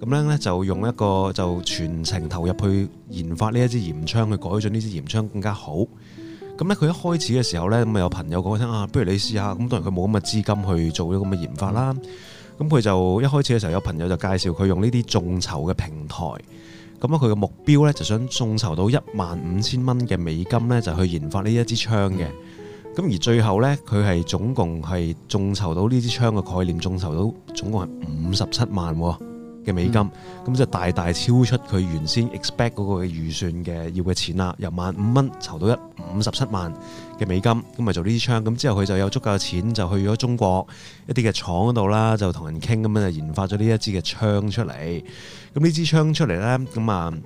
Speaker 1: 咁呢、嗯嗯，就用一個就全程投入去研發呢一支鹽槍，去改進呢支鹽槍更加好。咁、嗯、呢，佢一開始嘅時候呢，咁有朋友講佢聽啊，不如你試下。咁當然佢冇咁嘅資金去做呢咁嘅研發啦。咁佢、嗯嗯、就一開始嘅時候，有朋友就介紹佢用呢啲眾籌嘅平台。咁佢嘅目標咧，就想眾籌到一萬五千蚊嘅美金咧，就去研發呢一支槍嘅。咁而最後呢，佢係總共係眾籌到呢支槍嘅概念，眾籌到總共係五十七萬嘅美金。咁、嗯、就大大超出佢原先 expect 嗰個預算嘅要嘅錢啦。由萬五蚊籌到一五十七萬嘅美金，咁咪做呢支槍。咁之後佢就有足夠嘅錢，就去咗中國一啲嘅廠嗰度啦，就同人傾咁樣就研發咗呢一支嘅槍出嚟。咁呢支槍出嚟咧，咁、嗯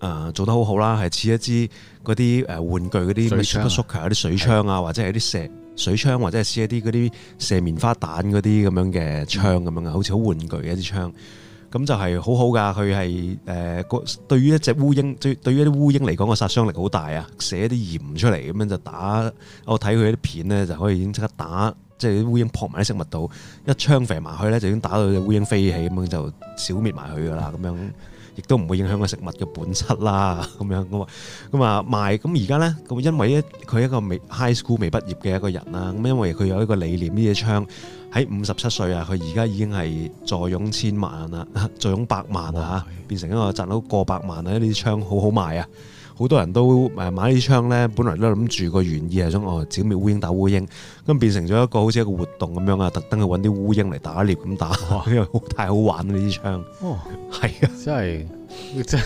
Speaker 1: 呃、啊，誒做得好好啦，係似一支嗰啲誒玩具嗰啲，唔係 shotgun 啊，啲水槍啊，或者係啲射水槍，或者係似一啲嗰啲射棉花彈嗰啲咁樣嘅槍咁樣嘅，好似好玩具嘅一支槍。咁就係好好㗎，佢係誒，對於一隻烏蠅，最對於一啲烏蠅嚟講，個殺傷力好大啊！射一啲鹽出嚟，咁樣就打。我睇佢啲片咧，就可以已經即刻打。即係啲烏蠅撲埋啲食物度，一槍飛埋去咧，就已經打到隻烏蠅飛起咁樣，就消滅埋佢噶啦。咁樣亦都唔會影響個食物嘅本質啦。咁樣咁啊，咁啊賣。咁而家咧，咁因為一佢一個未 high school 未畢業嘅一個人啦。咁因為佢有一個理念，呢隻槍喺五十七歲啊，佢而家已經係坐擁千萬啦，坐擁百萬啊嚇，哇 變成一個賺到過百萬啊！呢啲槍好好賣啊！好多人都誒買呢啲槍咧，本來都諗住個原意係想哦剿滅烏蠅，打烏蠅，咁變成咗一個好似一個活動咁樣啊，特登去揾啲烏蠅嚟打一獵咁打，哦、因為好太好玩呢啲槍。哦，係啊，真係是 真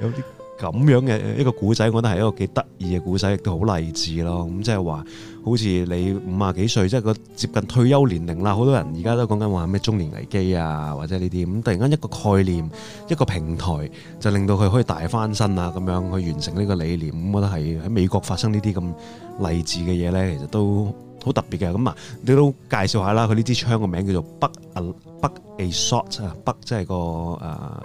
Speaker 1: 有啲。咁樣嘅一個古仔，我覺得係一個幾得意嘅古仔，亦都好勵志咯。咁即係話，好似你五啊幾歲，即係個接近退休年齡啦。好多人而家都講緊話咩中年危機啊，或者呢啲咁突然間一個概念、一個平台，就令到佢可以大翻身啊咁樣去完成呢個理念。咁我覺得係喺美國發生呢啲咁勵志嘅嘢咧，其實都好特別嘅。咁啊，你都介紹下啦，佢呢支槍個名叫做 Bug 啊 Bug A Salt 啊 Bug，即係個誒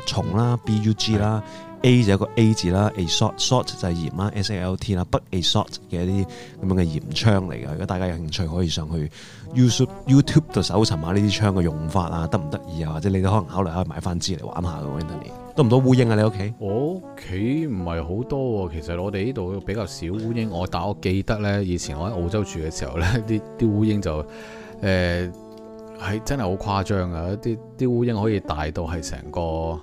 Speaker 1: 蟲啦 B U G 啦。A 就有個 A 字啦，A shot shot 就係鹽啦，S A L T 啦，不 A shot 嘅一啲咁樣嘅鹽槍嚟嘅。如果大家有興趣，可以上去 YouTube, YouTube 度搜尋下呢啲槍嘅用法啊，得唔得意啊？或者你都可能考慮下買翻支嚟玩下嘅。Anthony，多唔多烏蠅啊？你屋企？我屋企唔係好
Speaker 2: 多，其實我哋呢度比較少烏蠅。我但我記得咧，以前我喺澳洲住嘅時候咧，啲啲烏蠅就誒係、呃、真係好誇張啊！啲啲烏蠅可以大到係成個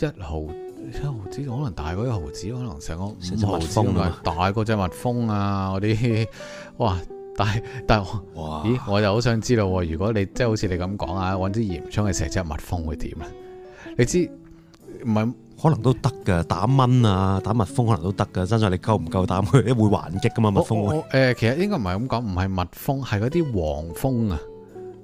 Speaker 2: 一毫。一毫子可能大過一毫子，可能成個五毫釐咁大，嗰隻蜜蜂啊嗰啲，哇！但係但係，哇咦！我就好想知道，如果你即係好似你咁講啊，揾支鹽槍去成
Speaker 1: 隻蜜蜂會點啊？你知唔係？可能都得噶，打蚊啊，打蜜蜂可能都得噶。真上你夠唔夠膽？因為會還擊噶嘛，蜜蜂會。呃、其實應該唔係咁講，唔係蜜蜂，係嗰啲黃蜂啊。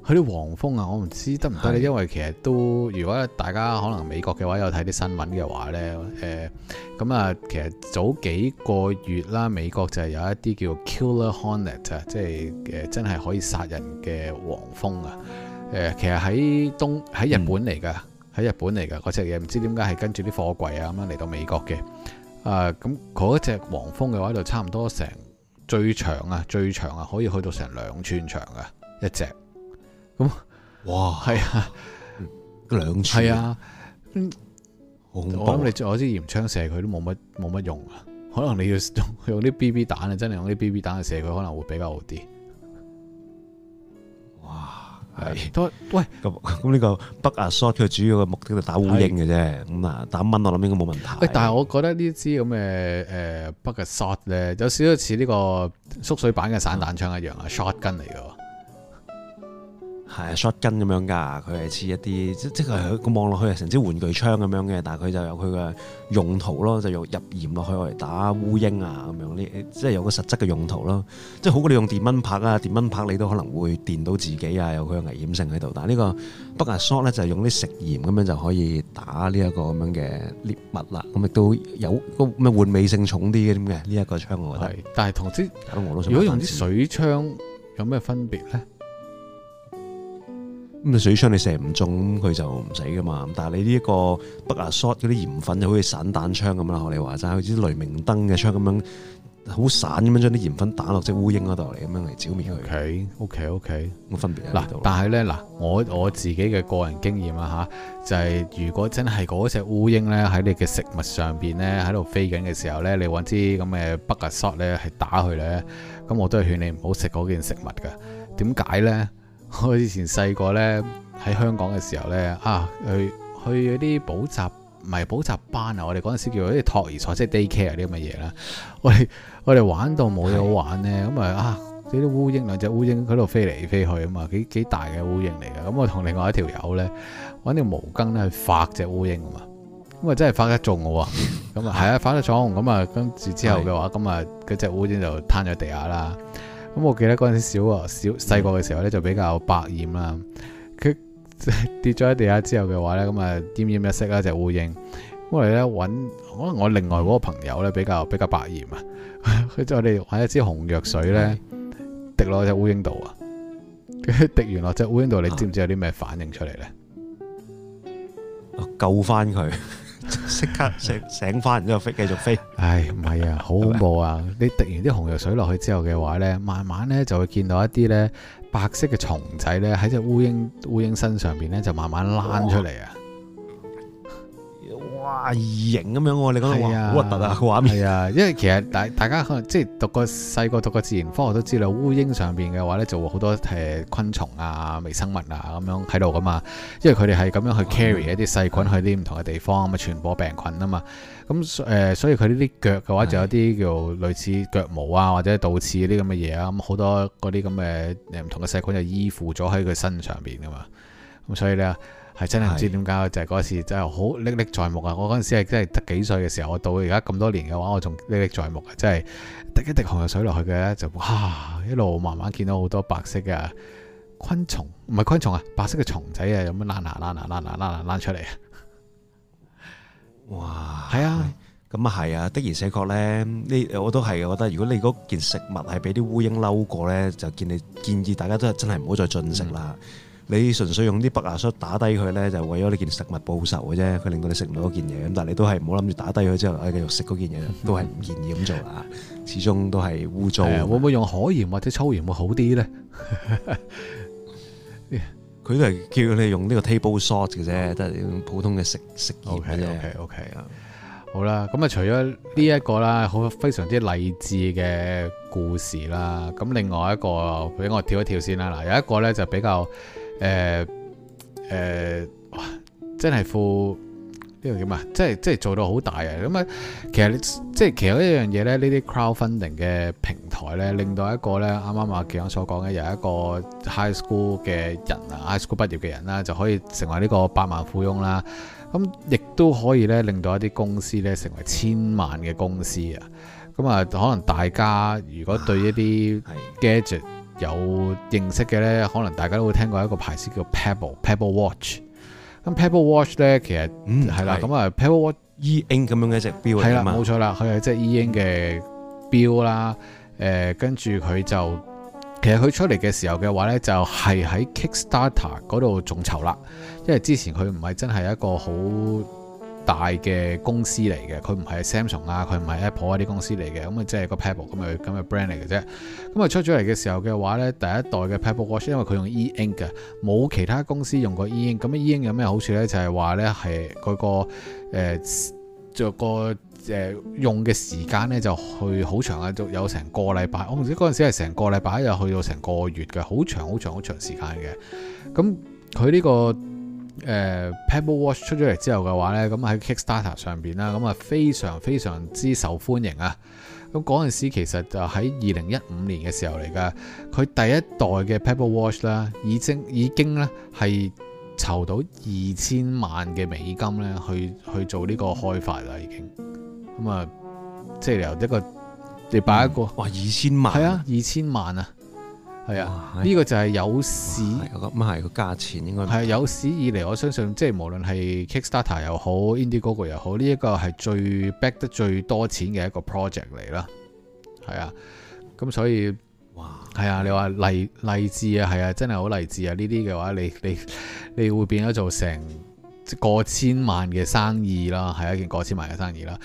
Speaker 2: 佢啲黃蜂啊，我唔知得唔得咧。的因為其實都如果大家可能美國嘅話，有睇啲新聞嘅話呢，誒咁啊，其實早幾個月啦，美國就係有一啲叫 Killer Hornet 啊，即係誒、呃、真係可以殺人嘅黃蜂啊。誒、呃、其實喺東喺日本嚟㗎，喺、嗯、日本嚟㗎嗰隻嘢，唔知點解係跟住啲貨櫃啊咁樣嚟到美國嘅啊。咁、嗯、嗰隻黃蜂嘅話就差唔多成最長啊，最長啊，可以去到成兩吋長啊，一隻。咁，那哇，係啊，兩處啊，我諗你我支鹽槍，射佢都冇乜冇乜用啊，可能你要用啲 B B 彈啊，真係用啲 B B 彈去射佢可能會比較好啲。
Speaker 1: 哇，係、啊，都多喂，咁咁呢個北亞 shot 佢主要嘅目的就打烏蠅嘅啫，咁啊打蚊我諗應該冇問題、
Speaker 2: 啊。但係我覺得呢支咁嘅誒北亞 shot 咧，有少少似呢個縮水版嘅散彈槍一
Speaker 1: 樣啊 shotgun 嚟嘅。係啊，shot gun 咁樣㗎，佢係似一啲即即係佢望落去係成支玩具槍咁樣嘅，但係佢就有佢嘅用途咯，就用入鹽落去嚟打烏蠅啊咁樣，呢即係有個實質嘅用途咯，即係好過你用電蚊拍啊，電蚊拍你都可能會電到自己啊，有佢嘅危險性喺度。但係呢個不過 shot 咧就係、係、用啲食鹽咁樣就可以打呢一個咁樣嘅獵物啦，咁亦都有、個咩換味性重啲嘅呢一、呢個槍，我覺得。係，但係同啲如果用啲水槍
Speaker 2: 有咩分別咧？
Speaker 1: 咁水槍你射唔中，佢就唔死噶嘛。但係你呢一個 bucket shot 嗰啲鹽粉就好似散彈槍咁啦，學你話齋，好似雷明燈嘅槍咁樣，好散咁樣將啲鹽粉打落隻烏蠅嗰度嚟，咁樣嚟剿滅佢。O K，O K，O K，我分別喺度。嗱，但係咧，嗱，我我自己嘅個人經
Speaker 2: 驗啊，吓就係、是、如果真係嗰隻烏蠅咧喺你嘅食物上邊咧喺度飛緊嘅時候咧，你揾支咁嘅 bucket shot 咧係打佢咧，咁我都係勸你唔好食嗰件食物噶。點解咧？我以前細個咧喺香港嘅時候咧啊，去去啲補習唔係補習班啊，我哋嗰陣時叫啲託兒所，即係 daycare 啲、啊、咁嘅嘢啦。我哋我哋玩到冇嘢好玩咧，咁啊是啊！啲烏蠅兩隻烏蠅喺度飛嚟飛去啊嘛，幾幾大嘅烏蠅嚟㗎。咁我同另外一條友咧揾條毛巾咧去發隻烏蠅啊嘛，咁啊真係發得中嘅喎，咁啊係啊發得中咁啊，跟住之後嘅話咁啊嗰隻烏蠅就攤咗地下啦。咁我記得嗰陣時小啊小細個嘅時候咧就比較百厭啦，佢跌咗喺地下之後嘅話咧，咁啊奄奄一息啦隻烏蠅，咁、我哋咧揾可能我另外嗰個朋友咧比較比較百厭啊，佢就我哋買一支紅藥水咧滴落隻烏蠅度啊，佢 滴完落隻烏蠅度，你知唔知有啲咩反應出嚟咧、啊？
Speaker 1: 救翻佢。即 刻醒醒翻，然之後飛繼續飛。
Speaker 2: 唉，唔係啊，好恐怖啊！ 你滴完啲紅藥水落去之後嘅話呢，慢慢呢就會見到一啲呢白色嘅蟲仔呢，喺隻烏蠅烏蠅身上邊呢，就慢慢爬出嚟啊！哦哇，異形咁樣喎，你覺得哇，好核突啊個畫面。係啊，因為其實大家 其實大家可能即係讀過細個讀過自然科學都知道，烏蠅上邊嘅話咧，就會好多誒昆蟲啊、微生物啊咁樣喺度噶嘛。因為佢哋係咁樣去 carry 一啲細菌去啲唔同嘅地方，咁、哦、啊傳播病菌啊嘛。咁誒，所以佢呢啲腳嘅話，就有啲叫類似腳毛啊，或者倒刺啲咁嘅嘢啊。咁、嗯、好多嗰啲咁嘅唔同嘅細菌就依附咗喺佢身上邊噶嘛。咁所以咧。係真係唔知點解是，就係嗰時真係好歷歷在目啊！00: 00: 2, 我嗰陣時係真係得幾歲嘅時候，我到而家咁多年嘅話，我仲歷歷在目啊！真係滴一滴紅藥水落去嘅，就哇一路慢慢見到好多白色嘅昆蟲，唔係昆蟲啊，白色嘅蟲仔啊，有乜拉拉拉
Speaker 1: 拉拉拉拉出嚟啊！哇、嗯，係啊，咁啊係啊，的而且確咧，呢我都係，我覺得，如果你嗰件食物係俾啲烏蠅嬲過咧，就建議建議大家都係真係唔好再進食啦。嗯你純粹用啲白牙梳打低佢咧，就為咗呢件食物報仇嘅啫，佢令到你食唔到嗰件嘢。咁但係你都係唔好諗住打低佢之後，唉、哎、繼續食嗰件嘢，都係唔建議咁做啦。始終都係污糟。會唔會用海鹽或者粗鹽會好啲咧？佢 都係叫你用呢個 table salt 嘅啫，都係用普通嘅食食鹽嘅啫。OK OK OK 啊，好啦，咁啊除咗
Speaker 2: 呢一個啦，好非常之勵志嘅故事啦。咁另外一個，俾我跳一跳先啦。嗱，有一個咧就比較。誒誒、呃呃，真係富呢個叫咩？即係真係做到好大啊！咁啊，其實即係其實一樣嘢咧，呢啲 crowdfunding 嘅平台咧，令到一個咧啱啱阿安所講嘅，有一個 high school 嘅人啊，high school 畢業嘅人啦，就可以成為呢個百萬富翁啦。咁亦都可以咧，令到一啲公司咧，成為千萬嘅公司啊。咁啊，可能大家如果對一啲 gadget，啊。有認識嘅咧，可能大家都會聽過一個牌子叫 Pebble，Pebble Pe Watch, Pe Watch。咁 Pebble Watch 咧，其實嗯係啦，咁啊 Pebble Watch 依英咁樣嘅隻表啊，係啦，冇錯啦，係啊，即係依英嘅表啦。誒，跟住佢就其實佢出嚟嘅時候嘅話咧，就係喺 Kickstarter 嗰度眾籌啦，因為之前佢唔係真係一個好大嘅公司嚟嘅，佢唔係 Samsung 啊，佢唔係 Apple 啊啲公司嚟嘅，咁、嗯、啊即係 Pe 個 Pebble 咁啊咁啊 brand 嚟嘅啫。咁、嗯、啊出咗嚟嘅時候嘅話呢，第一代嘅 Pebble Watch 因為佢用 e ink 嘅，冇其他公司用過 e ink 咁 e ink 有咩好處呢？就係話呢，係佢、嗰個着著、呃這個、呃、用嘅時間呢，就去好長嘅，有成個禮拜。我唔知嗰陣時係成個禮拜，又去到成個月嘅，好長好長好長時間嘅。咁佢呢個。誒、uh, Pebble Watch 出咗嚟之後嘅話呢，咁喺 Kickstarter 上邊啦，咁啊非常非常之受歡迎啊！咁嗰陣時其實就喺二零一五年嘅時候嚟噶，佢第一代嘅 Pebble Watch 啦，已經已經咧係籌到二千萬嘅美金呢，去去做呢個開發啦，已經咁啊，即係由一個你擺一個，一個哇二千萬，係啊，二千萬啊！係啊，呢哇個就係有史咁係個價錢，應該係有史以嚟，我相信即係無論係 Kickstarter 又好，Indiegogo 又好，呢一、這個係最 back 得最多錢嘅一個 project 嚟啦。係哇啊，咁所以係啊，話你話勵勵志啊，係啊，真係好勵志啊！呢啲嘅話，你你你會變咗做成過千萬嘅生意啦，係一件過千萬嘅生意啦，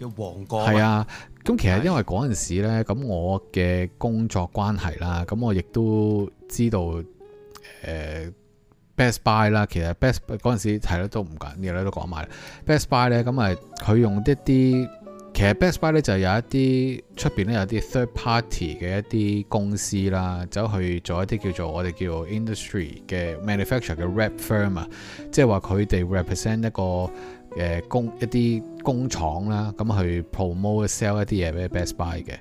Speaker 1: 嘅王國係啊。的咁其實因為
Speaker 2: 嗰陣時咧，咁我嘅工作關係啦，咁我亦都知道，誒、呃、Best Buy 啦，其實 Best 嗰陣時係咧都唔緊，啲嘢都講埋。Best Buy 咧，咁啊佢用一啲，其實 Best Buy 咧就是、有一啲出邊咧有啲 third party 嘅一啲公司啦，走去做一啲叫做我哋叫做 industry 嘅 manufacturer 嘅 rep firm 啊，即係話佢哋 represent 一個。誒工一啲工廠啦，咁去 promote sell 一啲嘢俾 best buy 嘅。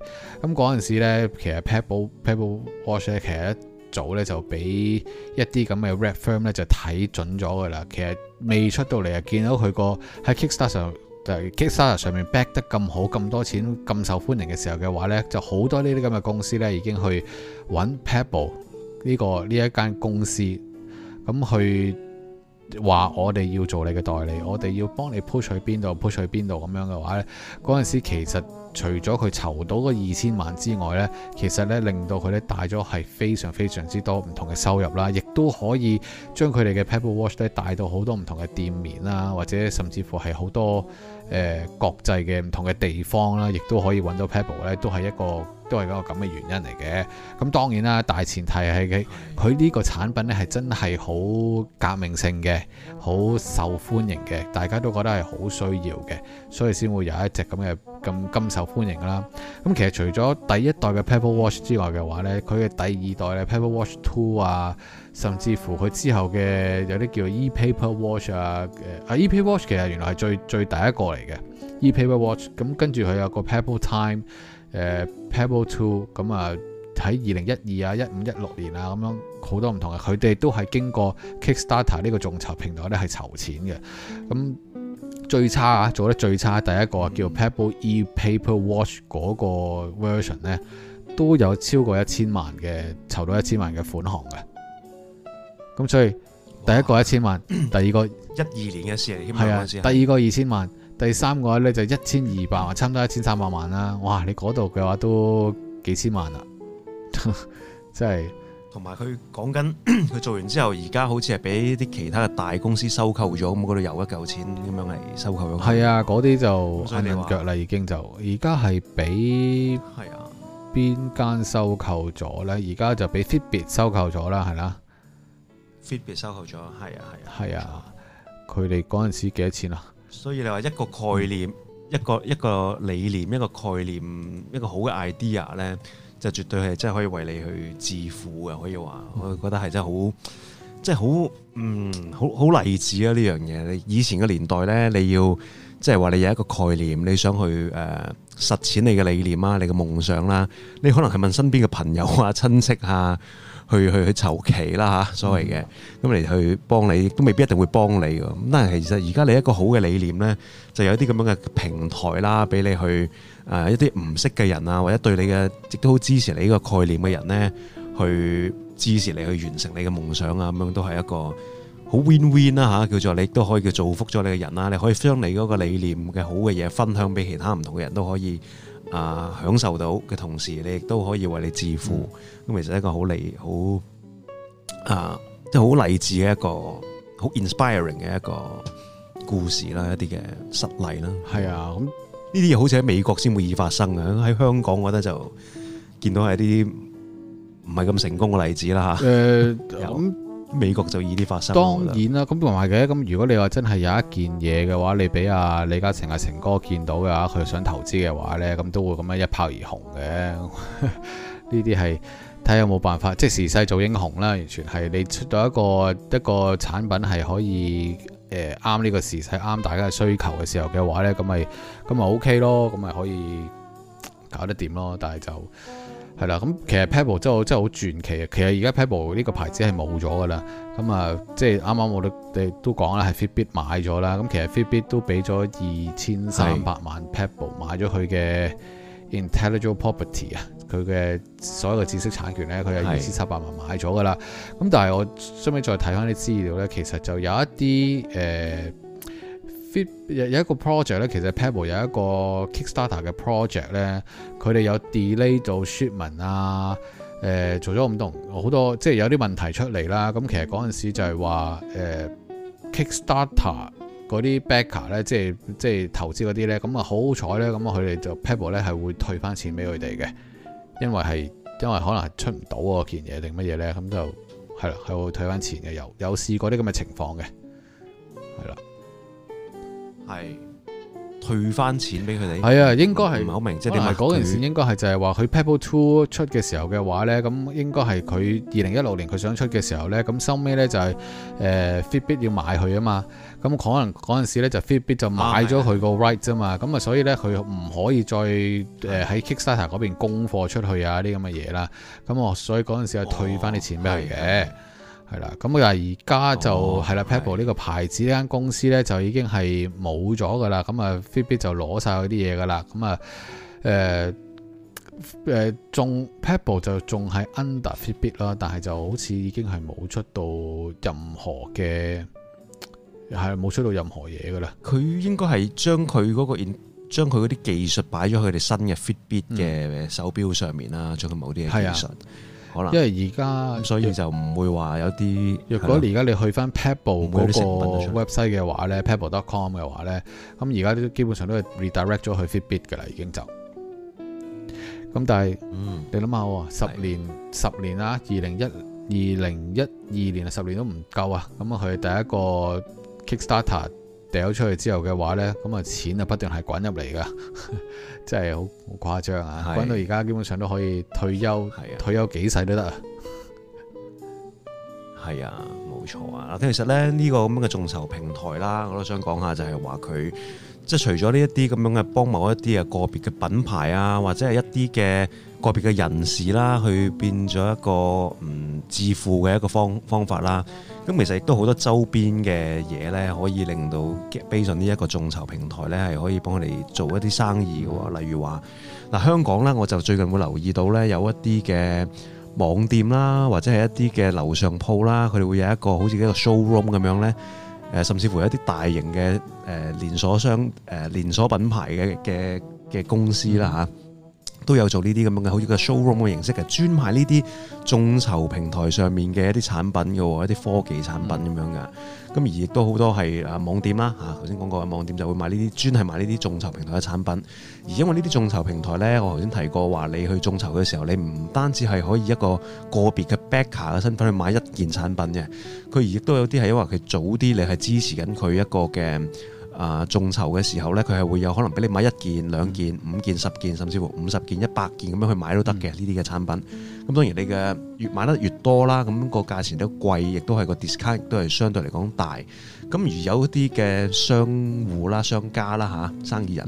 Speaker 2: 咁嗰陣時咧，其實 Pebble Pebble Watch 咧，其實一早咧就俾一啲咁嘅 rap firm 咧就睇準咗噶啦。其實未出到嚟啊，見到佢、嗰個喺 Kickstarter 上、就係、Kickstarter 上面 back 得咁好，咁多錢，咁受歡迎嘅時候嘅話咧，就好多呢啲咁嘅公司咧已經去揾 Pebble 呢、呢個呢一間公司咁去。話我哋要做你嘅代理，我哋要幫你 push 去邊度，push 去邊度咁樣嘅話咧，嗰陣時其實除咗佢籌到嗰二千萬之外呢，其實呢，令到佢呢，帶咗係非常非常之多唔同嘅收入啦，亦都可以將佢哋嘅 Pebble Watch 咧帶到好多唔同嘅店面啦，或者甚至乎係好多誒、呃、國際嘅唔同嘅地方啦，亦都可以揾到 Pebble 咧，都係一個。都係一個咁嘅原因嚟嘅。咁當然啦，大前提係佢佢呢個產品咧係真係好革命性嘅，好受歡迎嘅，大家都覺得係好需要嘅，所以先會有一隻咁嘅咁咁受歡迎啦。咁其實除咗第一代嘅 Pebble Watch 之外嘅話呢，佢嘅第二代咧 Pebble Watch Two 啊，甚至乎佢之後嘅有啲叫 E-Paper Watch 啊，啊，E-Paper Watch 其實原來係最最第一個嚟嘅 E-Paper Watch。咁跟住佢有個 Pebble Time。誒 Pebble Two 咁啊，喺二零一二啊、一五一六年啊咁樣好多唔同嘅，佢哋都係經過 Kickstarter 呢個眾籌平台咧係籌錢嘅。咁最差啊，做得最差，第一個叫做 Pebble E Paper Watch 嗰個 version 呢，都有超過一千萬嘅籌到一千萬嘅款項嘅。咁所以第一個一千萬，第二個
Speaker 1: 一二年嘅事，係啊，第二個
Speaker 2: 二千萬。第三個話咧就一千二百萬差唔多一千三百萬啦，哇！你嗰度嘅話都幾千萬啦，即 係是。同埋佢
Speaker 1: 講緊佢做完之後，而家好似係俾啲其他嘅大公司收購咗，咁嗰度又一嚿錢咁樣嚟收購咗。係啊，
Speaker 2: 嗰啲就冇人腳啦，已經就而家係俾係啊邊間收購咗咧？而家就俾 Fitbit 收購咗啦，係啦、
Speaker 1: 啊。Fitbit 收購咗，係啊係啊。
Speaker 2: 係啊，佢哋嗰陣時幾多錢啊？
Speaker 1: 所以你話一個概念，一個一個理念，一個概念，一個好嘅 idea 呢，就絕對係真係可以為你去致富嘅，可以話，我覺得係真係好，即係好，嗯，好好勵志啊呢樣嘢。你以前嘅年代呢，你要即係話你有一個概念，你想去誒、呃、實踐你嘅理念啊，你嘅夢想啦，你可能係問身邊嘅朋友啊、親戚啊。 去去去籌期啦嚇，所謂嘅咁嚟去幫你，都未必一定會幫你嘅。咁但係其實而家你一個好嘅理念咧，就有啲咁樣嘅平台啦，俾你去誒、呃、一啲唔識嘅人啊，或者對你嘅亦都好支持你呢個概念嘅人咧，去支持你去完成你嘅夢想啊，咁樣都係一個好 win win 啦、啊、嚇，叫做你都可以叫做福咗你嘅人啦、啊，你可以將你嗰個理念嘅好嘅嘢分享俾其他唔同嘅人都可以。啊！享受到嘅同時，你亦都可以為你致富，咁、嗯、其實一個好利，好啊，即係好勵志嘅一個好 inspiring 嘅一個故事啦，一啲嘅實例啦，係啊、嗯！咁呢啲嘢好似喺美國先會易發生啊，喺香港我覺得就見到係一啲唔係咁成功嘅例子啦吓。誒，咁。美國就易啲發生。當然啦，咁同埋嘅。咁
Speaker 2: 有如果你話真係有一件嘢嘅話， 你俾阿李嘉誠阿誠哥見到嘅話，佢想投資嘅話呢，咁都會咁樣一炮而紅嘅。呢啲係睇下有冇辦法，即時勢造英雄啦。完全係你出到一個一個產品係可以誒啱呢個時勢啱大家嘅需求嘅時候嘅話呢。咁咪咁咪 OK 咯，咁咪可以搞得掂咯。但係就。係啦，咁其實 Pebble 真係真係好傳奇啊！其實而家 Pebble 呢個牌子係冇咗噶啦，咁、嗯、啊，即係啱啱我都都都講啦，係 Fitbit 買咗啦。咁、嗯、其實 Fitbit 都俾咗二千三百萬 Pebble 是的 買咗佢嘅 intellectual property 啊，佢嘅所有嘅知識產權咧，佢係二千七百萬買咗噶啦。咁是的 但係我最尾再睇翻啲資料咧，其實就有一啲誒。呃有有一個 project 咧 pro、呃，其實 Pebble 有一個 Kickstarter 嘅 project 咧，佢哋有 delay 到 shipment 啊，誒做咗咁多，好多，即係有啲問題出嚟啦。咁其實嗰陣時就係話誒 Kickstarter 嗰啲 backer 咧，即係即係投資嗰啲咧，咁啊好彩咧，咁佢哋就 Pebble 咧係會退翻錢俾佢哋嘅，因為係因為可能係出唔到嗰件嘢定乜嘢咧，咁就係啦，係會退翻錢嘅。有有試過啲咁嘅情況嘅，
Speaker 1: 係啦。係退翻錢俾佢哋，係啊，應該
Speaker 2: 係。唔係好明，即係，唔係嗰陣時應該係就係話佢 Pebble Two 出嘅時候嘅話咧，咁應該係佢二零一六年佢想出嘅時候咧，咁收尾咧就係、是、誒、呃、Fitbit 要買佢啊嘛，咁可能嗰陣時咧就 Fitbit 就買咗佢個 right 啫嘛，咁啊所以咧佢唔可以再誒喺、呃、Kickstarter 嗰邊供貨出去啊啲咁嘅嘢啦，咁我所以嗰陣時就退翻啲錢俾佢嘅。哦。係啦，咁又係而家就係啦 Pebble 呢個牌子呢間公司咧就已經係冇咗噶啦，咁啊 Fitbit 就攞晒嗰啲嘢噶啦，咁啊誒誒仲 Pebble 就仲係、呃、under Fitbit 啦，但係就好似已經係冇出到任何嘅，
Speaker 1: 係冇出到任何嘢噶啦。佢應該係將佢嗰個將佢嗰啲技術擺咗佢哋新嘅 Fitbit 嘅手錶上面啦，將佢某啲嘅技術。可能，因為而家所以就唔會話有啲。若果而
Speaker 2: 家你去翻 Pebble 嗰個 website 嘅話咧，Pebble.com 嘅話咧，咁而家都基本上都係 redirect 咗去 Fitbit 嘅啦，已經就。咁但係，嗯，你諗下喎，十、啊嗯、年十年啦，二零一二零一二年十年都唔夠啊，咁啊佢第一個 Kickstarter。掟出去之後嘅話咧，咁啊錢啊不斷係滾入嚟噶， 真係好好誇張啊！滾的到而家基本上都可以退休，的退休幾世都得啊！
Speaker 1: 係啊，冇錯啊。其實呢、這個咁樣嘅眾籌平台啦，我都想講下就，就係話佢即係除咗呢一啲咁樣嘅幫某一啲嘅個別嘅品牌啊，或者係一啲嘅個別嘅人士啦、啊，去變咗一個唔、嗯、致富嘅一個方方法啦、啊。咁其實亦都好多周邊嘅嘢呢，可以令到基 a s 呢一個眾籌平台呢，係可以幫我哋做一啲生意嘅喎。例如話，嗱香港呢，我就最近會留意到呢有一啲嘅。網店啦，或者係一啲嘅樓上鋪啦，佢哋會有一個好似一個 showroom 咁樣咧，誒，甚至乎一啲大型嘅誒連鎖商誒連鎖品牌嘅嘅嘅公司啦嚇、啊，都有做呢啲咁樣嘅，好似個 showroom 嘅形式嘅，專賣呢啲眾籌平台上面嘅一啲產品嘅喎，一啲科技產品咁樣㗎。嗯咁而亦都好多係啊網店啦吓，頭先講過嘅網店就會買呢啲專係買呢啲眾籌平台嘅產品。而因為呢啲眾籌平台呢，我頭先提過話，你去眾籌嘅時候，你唔單止係可以一個個別嘅 backer 嘅身份去買一件產品嘅，佢而亦都有啲係因為佢早啲你係支持緊佢一個嘅啊、呃、眾籌嘅時候呢，佢係會有可能俾你買一件、兩件、五件、十件，甚至乎五十件、一百件咁樣去買都得嘅呢啲嘅產品。咁當然你嘅越買得越多啦，咁個價錢都貴，亦都係個 discount 亦都係相對嚟講大。咁而有啲嘅商戶啦、商家啦嚇生意人，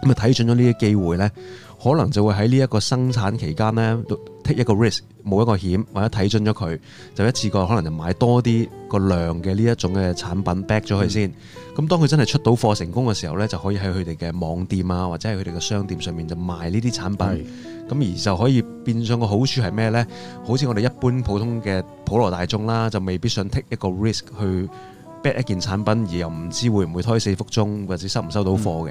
Speaker 1: 咁啊睇準咗呢啲機會咧，可能就會喺呢一個生產期間咧，take 一個 risk，冒一個險，或者睇準咗佢，就一次過可能就買多啲個量嘅呢一種嘅產品 back 咗佢先。咁當佢真係出到貨成功嘅時候呢，就可以喺佢哋嘅網店啊，或者係佢哋嘅商店上面就賣呢啲產品，咁是而就可以變相個好處係咩呢？好似我哋一般普通嘅普羅大眾啦，就未必想 take 一個 risk 去 back 一件產品，而又唔知會唔會胎死腹中，或者收唔收到貨嘅。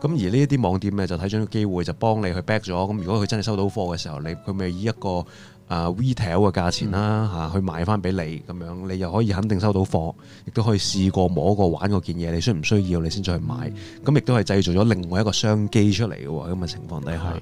Speaker 1: 咁、嗯、而呢一啲網店咧就睇準個機會就幫你去 back 咗。咁如果佢真係收到貨嘅時候，你佢咪以一個。啊，retail 嘅價錢啦，啊、嚇、啊，去買翻俾你咁樣，你又可以肯定收到貨，亦都可以試過摸過玩過件嘢，你需唔需要你先再去買咁，亦都係製造咗另外一個商機出嚟嘅喎。咁嘅情況底下，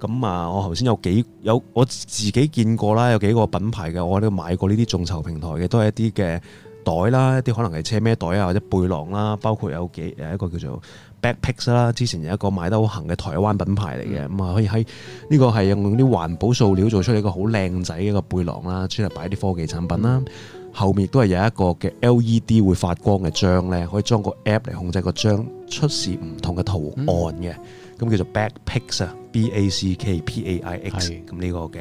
Speaker 1: 咁是啊，我頭先有幾有我自己見過啦，有幾個品牌嘅，我呢買過呢啲眾籌平台嘅，都係一啲嘅袋啦，一啲可能係車咩袋啊，或者背囊啦，包括有幾誒一個叫做。Backpacks 啦，back ix, 之前有一個賣得好行嘅台灣品牌嚟嘅，咁啊可以喺呢個係用啲環保塑料做出一個好靚仔嘅一個背囊啦，出嚟擺啲科技產品啦。嗯、後面都係有一個嘅 LED 會發光嘅章咧，可以裝個 app 嚟控制個章出示唔同嘅圖案嘅，咁、嗯、叫做 Backpaix 啊，B-A-C-K-P-A-I-X，咁呢個嘅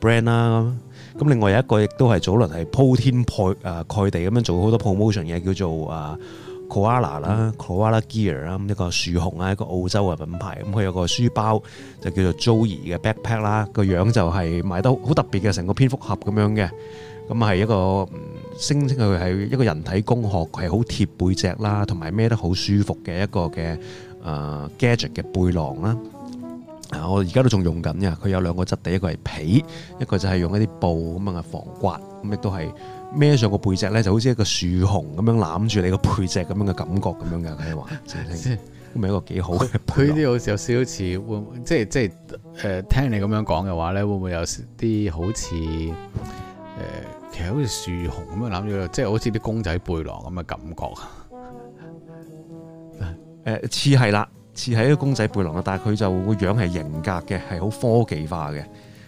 Speaker 1: brand 啦。咁另外有一個亦都係早輪係鋪天蓋啊蓋地咁樣做好多 promotion 嘅，叫做啊。呃 Koala 啦，Koala Gear 啦，咁一個樹熊啊，一個澳洲嘅品牌，咁佢有個書包就叫做 Joey 嘅 backpack 啦，個樣就係賣得好特別嘅，成個蝙蝠俠咁樣嘅，咁、嗯、係一個聲稱佢係一個人體工學，係好貼背脊啦，同埋孭得好舒服嘅一個嘅誒、呃、gadget 嘅背囊啦。我而家都仲用緊嘅，佢有兩個質地，一個係皮，一個就係用一啲布咁樣嘅防刮，咁亦都係孭上個背脊咧，就好似一個樹熊咁樣攬住你個背脊咁樣嘅感覺咁樣嘅，係嘛？咁咪 一個幾好嘅背囊。
Speaker 2: 佢呢啲好似有少少似，即係即係誒、呃，聽你咁樣講嘅話咧，會唔會有啲好似
Speaker 1: 誒、呃，其實好似樹熊咁樣攬住，即係好似啲公仔背囊咁嘅感覺啊？誒、 呃，似係啦。似喺一個公仔背囊啊，但係佢就個樣係型格嘅，係好科技化嘅。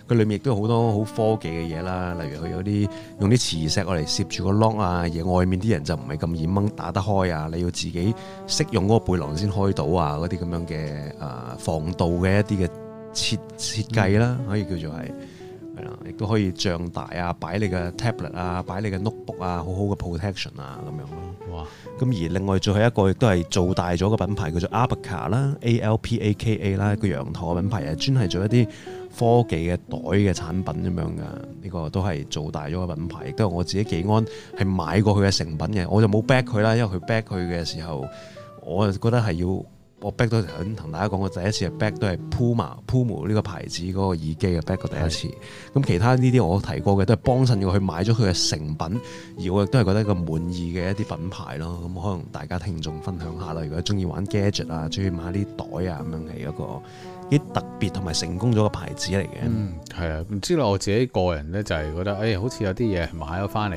Speaker 1: 佢裡面亦都好多好科技嘅嘢啦，例如佢有啲用啲磁石嚟攝住個窿啊，而外面啲人就唔係咁易掹打得開啊，你要自己識用嗰個背囊先開到啊，嗰啲咁樣嘅啊防盜嘅一啲嘅設設計啦，嗯、可以叫做係。亦都可以脹大啊，擺你嘅 tablet 啊，擺你嘅 notebook 啊，好好嘅 protection 啊咁樣咯。哇！咁而另外最後一個亦都係做大咗個品牌，叫做 Alpaka 啦，A L P A K A 啦，個羊駝嘅品牌係專係做一啲科技嘅袋嘅產品咁樣噶。呢個都係做大咗個品牌，亦都係我自己幾安係買過佢嘅成品嘅，我就冇 back 佢啦，因為佢 back 佢嘅時候，我就覺得係要。我 back 都肯同大家講，我第一次係 back 都係 Puma Puma 呢個牌子嗰個耳機啊，back 過第一次。咁是其他呢啲我提過嘅都係幫襯過佢買咗佢嘅成品，而我亦都係覺得一個滿意嘅一啲品牌咯。咁可能大家聽眾分享下啦，如果中意玩 gadget 啊，中意買啲袋啊咁樣嘅一個幾特別同埋成功咗個牌子嚟嘅。嗯，係啊，唔知咧我自己個人咧就係覺
Speaker 2: 得，誒、哎、好似有啲嘢買咗翻嚟。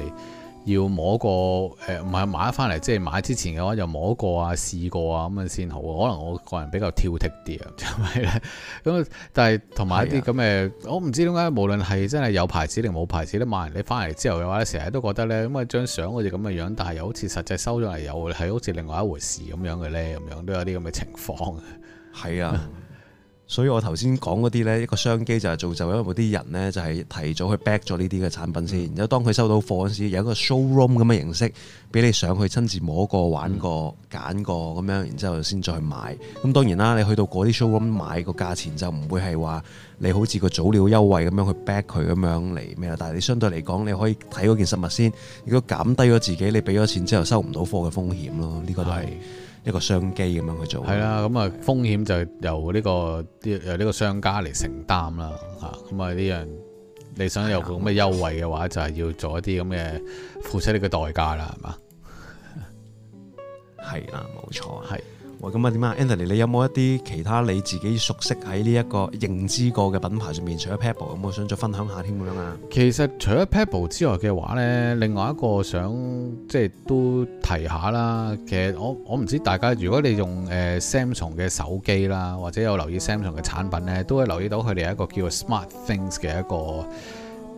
Speaker 2: 要摸過誒，唔係買翻嚟，即係買之前嘅話就摸過啊、試過啊咁樣先好。可能我個人比較挑剔啲 啊，因為咧咁，但係同埋一啲咁嘅，我唔知點解，無論係真係有牌子定冇牌子咧，買完你翻嚟之後嘅話，成日都覺得咧咁啊張相好似咁嘅樣，但係又好似實際收咗嚟又係
Speaker 1: 好似另外一回事咁樣嘅咧，咁樣都有啲咁嘅情況。係啊。 所以我頭先講嗰啲呢，一個商機就係做就因為啲人呢，就係、是、提早去 back 咗呢啲嘅產品先，然之後當佢收到貨嗰時，有一個 showroom 咁嘅形式俾你上去親自摸過、玩過、揀過咁樣，然之後先再去買。咁、嗯、當然啦，你去到嗰啲 showroom 買、那個價錢就唔會係話你好似個早鳥優惠咁樣去 back 佢咁樣嚟咩啦。但係你相對嚟講，你可以睇嗰件實物先，如果減低咗自己你俾咗錢之後收唔到貨嘅風險咯，呢、這個都係。一個商機咁樣去做，係啦、
Speaker 2: 啊，咁啊、嗯、風險就由呢、呢個啲、啊、由呢個商家嚟承擔啦，嚇咁啊，呢樣你想有個咁嘅優惠
Speaker 1: 嘅話，啊、就係要做一啲咁嘅付出呢個代價啦，係嘛？係啦、啊，冇錯、啊，係、啊。喂，咁啊點啊，Anthony，你有冇一啲其他你自己熟悉喺呢一個認知過嘅品牌上面？除咗 Pebble，有冇想再分享下添咁樣啊？其實除
Speaker 2: 咗 Pebble 之外嘅話呢，另外一個想即係都提下啦。其實我我唔知大家如果你用誒 Samsung 嘅手機啦，或者有留意 Samsung 嘅產品呢，都可以留意到佢哋有一個叫做 Smart Things 嘅一個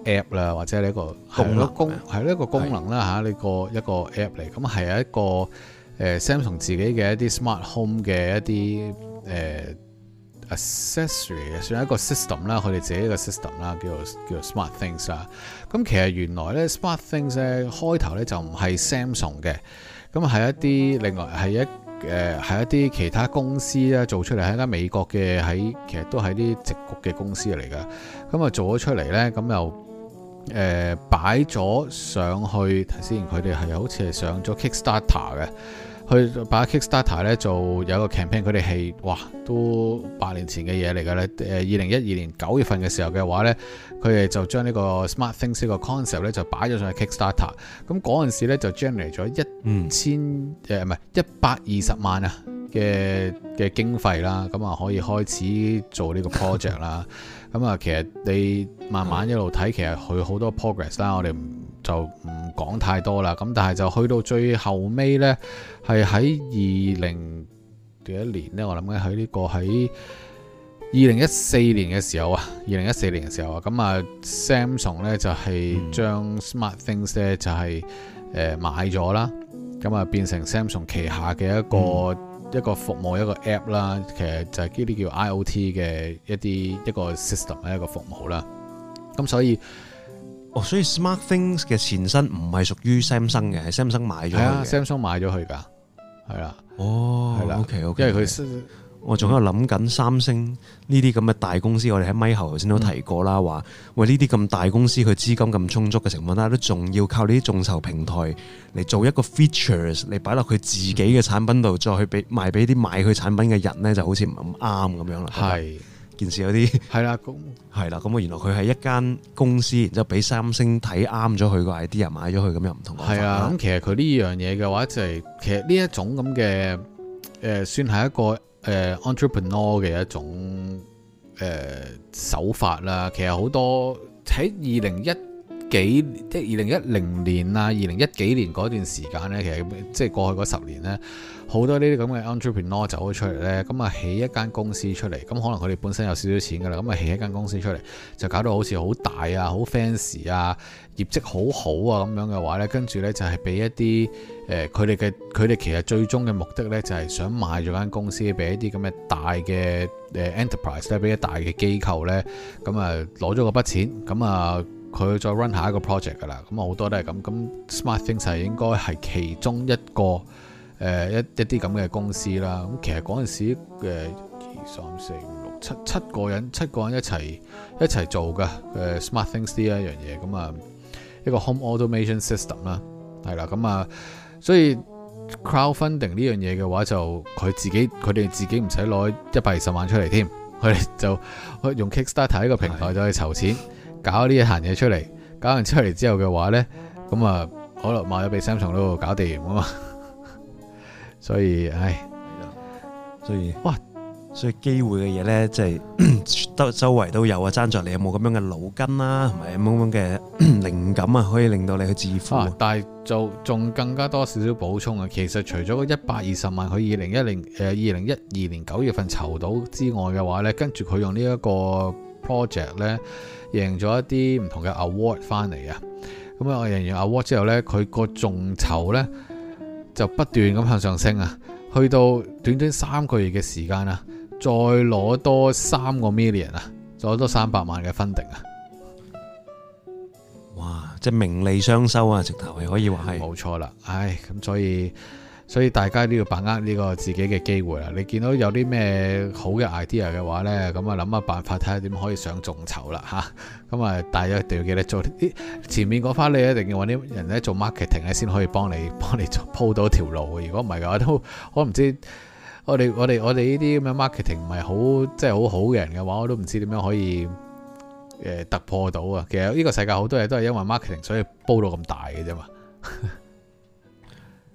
Speaker 2: app、呢個、啦，或者係一個功係一個功能啦嚇，呢個是一個 app 嚟，咁係一個。誒、uh, Samsung 自己嘅一啲 smart home 嘅一啲誒、uh, accessory 算一個 system 啦，佢哋自己一個 system 啦，叫做叫做 Smart Things 啊。咁其實原來咧 Smart Things 咧開頭咧就唔係 Samsung 嘅，咁係一啲另外係一誒係、uh, 一啲其他公司咧做出嚟，係間美國嘅喺其實都係啲直局嘅公司嚟噶。咁啊做咗出嚟咧，咁又誒擺咗上去頭先，佢哋係好似係上咗 Kickstarter 嘅。去把 Kickstarter 咧做有一個 campaign，佢哋係哇都八年前嘅嘢嚟㗎咧，誒二零一二年九月份嘅時候嘅話咧，佢哋就將呢個 smart things 個 concept 咧就擺咗上去 Kickstarter，咁嗰陣時咧就 generate 咗一千誒唔係一百二十萬啊嘅嘅經費啦，咁啊可以開始做呢個 project 啦，咁啊 其實你慢慢一路睇，其實佢好多 progress 啦，我哋。就唔講太多啦，咁但係就去到最後尾咧，係喺二零幾一年咧，我諗緊喺呢個喺二零一四年嘅時候啊，二零一四年嘅時候啊，咁啊，Samsung 咧就係將 SmartThings 咧就係誒買咗啦，咁啊變成 Samsung 旗下嘅一個一個服務一個 App 啦，其實就係呢啲叫 IoT
Speaker 1: 嘅一啲一個 system 一個服務啦，咁所以。哦、所以 SmartThings 嘅前身唔係屬於 Samsung 嘅，係、啊、Samsung 買咗。係啊，Samsung 買咗佢噶，係啊，哦，係啦，O K O K。Okay, okay, 因為佢，我仲喺度諗緊三星呢啲咁嘅大公司，嗯、我哋喺咪後先都提過啦，話喂呢啲咁大公司佢資金咁充足嘅情況，都仲要靠呢啲眾籌平台嚟做一個 features 嚟擺落佢自己嘅產品度，嗯、再去俾賣俾啲買佢產品嘅人咧，就好似唔咁啱咁樣啦。係。是件事有啲係啦，係啦，咁啊原來佢係一間公司，然之後俾三星睇啱咗佢個 idea，買咗佢，咁又唔同。係啊，咁其實佢呢樣嘢嘅話，就係其
Speaker 2: 實呢一種咁嘅誒，算係一個誒 entrepreneur 嘅一種誒手法啦。其實好多喺二零一幾即係二零一零年啊，二零一幾年嗰段時間咧，其實即係過去嗰十年咧。好多呢啲咁嘅 entrepreneur 走咗出嚟呢，咁啊起一間公司出嚟，咁可能佢哋本身有少少錢噶啦，咁啊起一間公司出嚟就搞到好似好大啊、好 fancy 啊、業績好好啊咁樣嘅話呢。跟住呢，就係俾一啲誒佢哋嘅佢哋其實最終嘅目的呢，就係想賣咗間公司俾一啲咁嘅大嘅 enterprise 呢，俾一大嘅機構呢。咁啊攞咗嗰筆錢，咁啊佢再 run 下一個 project 噶啦，咁好多都係咁，咁 smart things 係應該係其中一個。誒、呃、一一啲咁嘅公司啦，咁其實嗰陣時嘅二三四五六七七個人，七個人一齊一齊做嘅誒 smart things 呢一樣嘢，咁啊一個 home automation system 啦，係啦，咁啊，所以 crowdfunding 呢樣嘢嘅話就佢自己佢哋自己唔使攞一百二十萬出嚟添，佢哋就用 Kickstarter 呢個平台就去籌錢的搞呢一行嘢出嚟，搞完出嚟之後嘅話咧，咁啊可能賣咗俾 Samsung 咯，都搞掂啊嘛～
Speaker 1: 所以，唉，所以，哇，所以機會嘅嘢呢，即係都周圍都有啊。爭在你有冇咁樣嘅腦筋啦，同埋有冇咁嘅靈感啊，可以令到你去致富，啊啊。但係就仲更加多少少補充啊。其實除咗
Speaker 2: 一百二十萬佢二零一零誒二零一二年九、呃、月份籌到之外嘅話呢，跟住佢用呢一個 project 呢，贏咗一啲唔同嘅 award 翻嚟啊。咁啊，贏完 award 之後呢，佢個眾籌呢，就不斷咁向上升啊，去到短短三個月嘅時間啊，再攞多三個 million 啊，再攞多三百萬嘅 funding 啊，哇！即係名利雙收啊，直頭係可以話係冇錯啦，唉，咁所以。所以大家都要把握呢個自己嘅機會啦。你見到有啲咩好嘅 idea 嘅話呢，咁啊諗下辦法睇下點可以上眾籌啦嚇。咁啊，大約一定要記得做啲前面嗰翻，你一定要揾啲人咧，做 marketing 咧先可以幫你幫你做鋪到條路。如果唔係嘅話，都我唔知我哋我哋我哋呢啲咁嘅 marketing 唔係好即係好好嘅人嘅話，我都唔知點樣可以誒突破到啊。其實呢個世界好多嘢都係因為
Speaker 1: marketing 所以煲到咁大嘅啫嘛。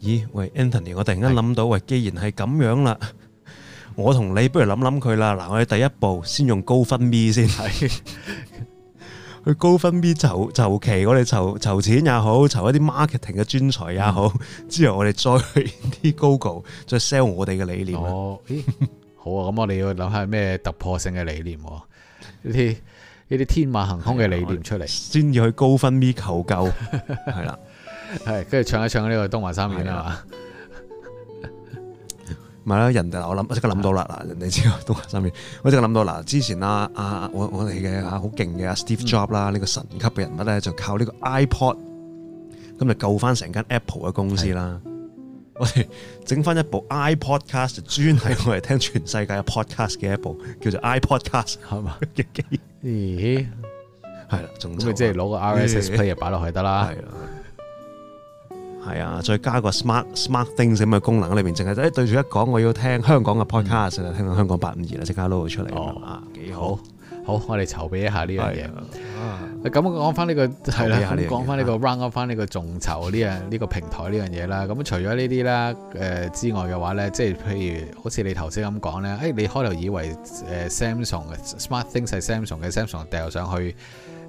Speaker 1: 咦，喂，Anthony，我突然間諗到，的喂，既然係咁樣啦，我同你不如諗諗佢啦。嗱，我哋第一步先用 GoFundMe 先，的去 GoFundMe 籌籌旗，我哋籌籌錢也好，籌一啲 marketing 嘅專才也好，嗯、之後我哋再去啲 Google 再 sell 我哋嘅理念。哦。好啊，咁我哋要諗下咩突破性
Speaker 2: 嘅理念，呢啲呢啲天馬行空嘅理念出嚟，
Speaker 1: 先要去 GoFundMe 求救，係啦。
Speaker 2: 係，跟住唱一唱呢個東華《東華三院》啊嘛，
Speaker 1: 咪啦人哋，我諗即刻諗到啦，嗱，人哋知《東華三院》，我即刻諗到啦，之前啊啊，我我哋嘅啊好勁嘅 Steve Job 啦，呢個神級嘅人物咧，就靠呢個 iPod，咁就救翻成間 Apple 嘅公司啦，的我哋整翻一部 iPodcast 專係我哋聽全世界嘅 podcast 嘅一部，的叫做 iPodcast 係嘛，係
Speaker 2: 啦的，咁咪即係攞個 RSS Play
Speaker 1: 擺落去得啦。的係啊，再加個 smart smart things 咁嘅功能裡，裏面淨係一對住一講，我要聽香港嘅 podcast，就、嗯、聽緊香港八五二啦，即刻 load 到出嚟啦，哦、吧幾好！好，我哋籌備一下呢
Speaker 2: 樣
Speaker 1: 嘢。咁講翻呢個係啦，講翻呢個
Speaker 2: round up 翻呢、啊呢個眾籌呢樣呢個平台呢樣嘢啦。咁、啊、除咗呢啲啦，誒、呃、之外嘅話咧，即係譬如好似你頭先咁講咧，誒、欸、你開頭以為誒 Samsung smart things 係 Samsung 嘅 Samsung 掉上去。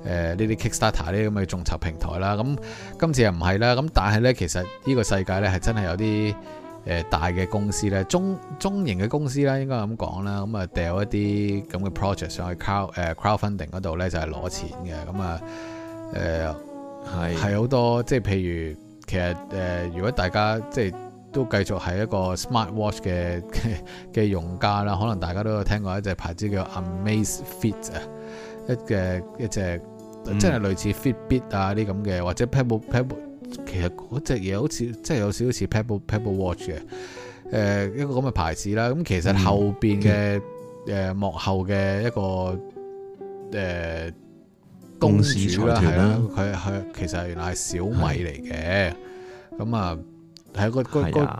Speaker 2: 誒呢啲 Kickstarter 呢啲咁嘅眾籌平台啦，咁、啊、今次又唔係啦，咁、啊、但係咧其實呢個世界咧係真係有啲誒、呃、大嘅公司咧，中中型嘅公司啦，應該咁講啦，咁啊掉一啲咁嘅 project 上去 crow 誒、呃、crowdfunding 嗰度咧就係、是、攞錢嘅，咁啊誒係係好多，即係譬如其實誒、呃、如果大家即係都繼續係一個 smartwatch 嘅嘅 用家啦，可能大家都有聽過一隻牌子叫 AmazeFit 啊，一嘅一隻。一隻即係、嗯、類似 Fitbit 啊啲咁嘅，或者 Pebble Pebble，其實嗰隻嘢好似即係有少少似 Pebble Pebble Watch 嘅，誒、呃、一個咁嘅牌子啦。咁其實後邊嘅誒幕後嘅一個誒、呃、公主啦，係啦，佢佢、啊、其實原來係小米嚟嘅。咁是、嗯、啊，係個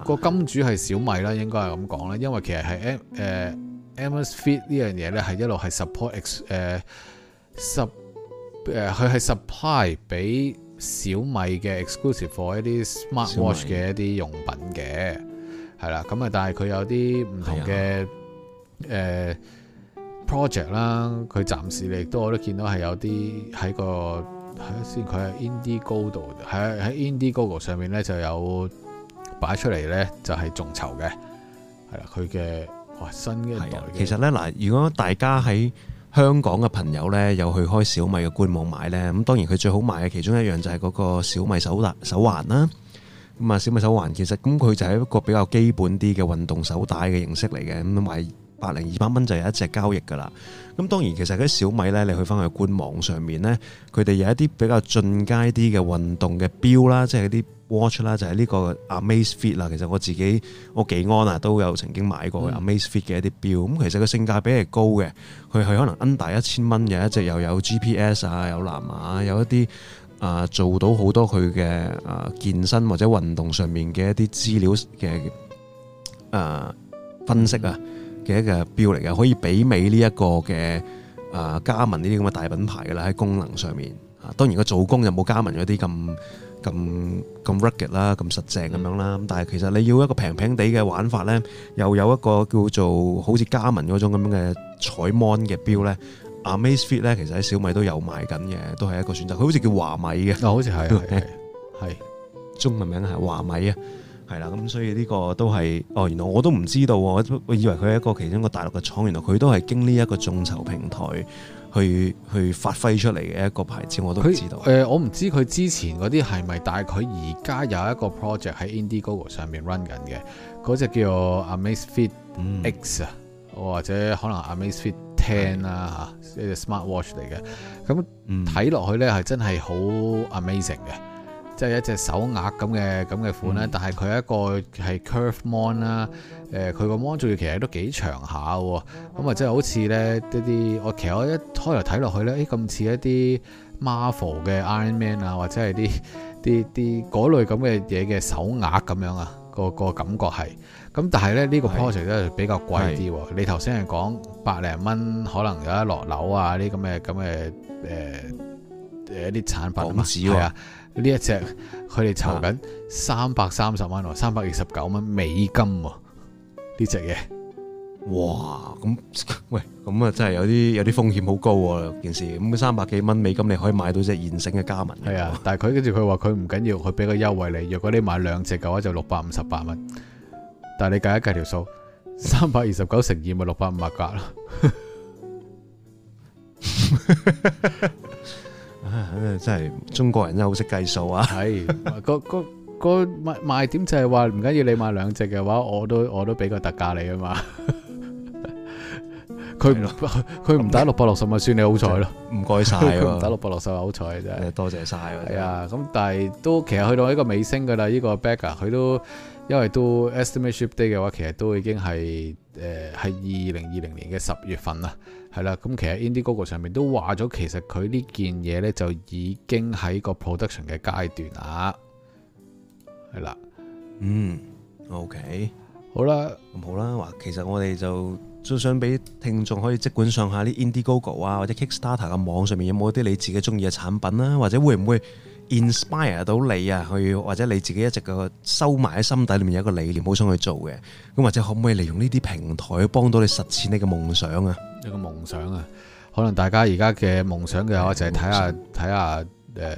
Speaker 2: 個個金主係小米啦，應該係咁講啦。因為其實係 M 誒 Amazfit 呢、呃、樣嘢咧，係一路係 support x 誒、呃、十。誒佢係 supply 俾小米嘅 exclusive for 一啲 smart watch 嘅一啲用品嘅，係啦米。咁啊，但係佢有啲唔同嘅誒的、呃、project 啦。佢暫時亦都我都見到係有啲喺個，睇先。佢係 IndieGoGo 度，喺 IndieGoGo 上面咧就有擺出嚟咧，就係眾籌嘅。係啦，佢嘅哇新嘅一代其
Speaker 1: 實咧嗱，如果大家喺香港嘅朋友呢，有去開小米嘅官網買呢。咁當然佢最好買嘅其中一樣就係嗰個小米手手環啦、啊。咁、嗯、啊，小米手環其實咁佢、嗯、就係一個比較基本啲嘅運動手帶嘅形式嚟嘅，咁買百零二百蚊就有一隻交易噶啦。咁當然其實喺小米咧，你去翻去官網上面咧，佢哋有一啲比較進階啲嘅運動嘅表啦，即係啲 watch 啦，就係呢個 a m a z e Fit 啦。其實我自己我幾安啊都有曾經買過 a m a z e Fit 嘅一啲表。咁、嗯嗯、其實個性價比係高嘅，佢係可能 n 大一千蚊嘅一隻，又有 GPS 啊，有藍牙，有一啲啊、呃、做到好多佢嘅啊健身或者運動上面嘅一啲資料嘅啊、呃、分析啊。嗯嗯嘅一個表嚟嘅，可以媲美呢一個嘅啊 Garmin 呢啲咁嘅大品牌啦，喺功能上面啊，當然個做工就冇 Garmin 嗰啲咁咁咁 rugged 啦，咁實淨咁樣啦。咁但係其實你要一個平平地嘅玩法咧，又有一個叫做好似 Garmin 嗰種咁樣嘅彩 mon 嘅表咧，Amazfit 咧，其實喺小米都有賣緊嘅，都係一個選擇。佢好似叫華米嘅，啊，好似係係係，中文名係華米啊。係啦，咁所以呢個都係哦，原來我都唔知道喎，我以為佢係一個其中一個大陸嘅廠，原來佢都係經呢一個眾籌平台去去發揮出嚟嘅一個牌子，我都知道。誒、呃，我唔知佢
Speaker 2: 之前嗰啲係咪，大概而家有一個 project 喺 Indiegogo 上面 run 緊嘅，嗰、那、隻、個、叫做 Amazfit X 啊、嗯，或者可能 Amazfit Ten 的啊，一隻 smartwatch 嚟嘅。咁睇落去咧係、嗯、真係好 amazing 嘅。即係一隻手鐲咁嘅咁嘅款咧，但係佢一個係 Curve Mon 啦，誒，佢個 Mon 仲要其實都幾長下喎，咁啊即係好似咧一啲，我其實我一開頭睇落去咧，誒咁似一啲 Marvel 嘅 Iron Man 啊，或者係啲啲啲嗰類咁嘅嘢嘅手鐲咁樣啊，個個感覺係，咁但係咧呢個 project 咧比較貴啲喎，你頭先係講百零蚊，可能有一落樓啊啲咁嘅咁嘅誒誒一啲產品嘛，啊。呢一隻佢哋籌緊三百三十蚊或三百二十九蚊美
Speaker 1: 金喎，呢隻嘢，哇！咁喂，咁啊真係有啲有啲風險好高喎，件事咁三百幾蚊美金你可以買到隻現成嘅加文，係啊！ 但係佢跟住佢話佢唔緊要，佢俾個優惠你，若果你買兩隻嘅話就六百五十八蚊，
Speaker 2: 但係你計一計條數，三百二十九乘以二咪六百五十八格啦。 啊、真係中國人真係好識計數啊！係個個賣賣點就係話唔緊要，你買兩隻嘅話，我都我都俾個特價你啊嘛。佢佢唔打六百六十咪算你好彩咯？唔該晒，佢 唔打六百六十好彩真係，多謝晒。係啊，咁但係都其實去到一個尾聲噶啦，呢、這個 backer 佢都因為都 estimate ship day 嘅話，其實都已經係誒係二零二零年嘅十月份啦。係啦，咁其實 Indiegogo 上面都話咗，其實佢呢件嘢呢就已經喺個 production 嘅階段啦。
Speaker 1: 係啦，嗯，OK，好啦了，好啦。話其實我哋就都想俾聽眾可以即管上下啲 Indiegogo 啊，或者 Kickstarter 嘅網上面有冇一啲你自己中意嘅產品啦，啊，或者會唔會 inspire 到你啊，去或者你自己一直個收埋喺心底裏面有一個理念好想去做嘅，咁或者可唔可以利用呢啲平台去幫到你實踐你嘅夢想啊？一個夢想啊，可能大家而家嘅夢想嘅話就係睇下睇下誒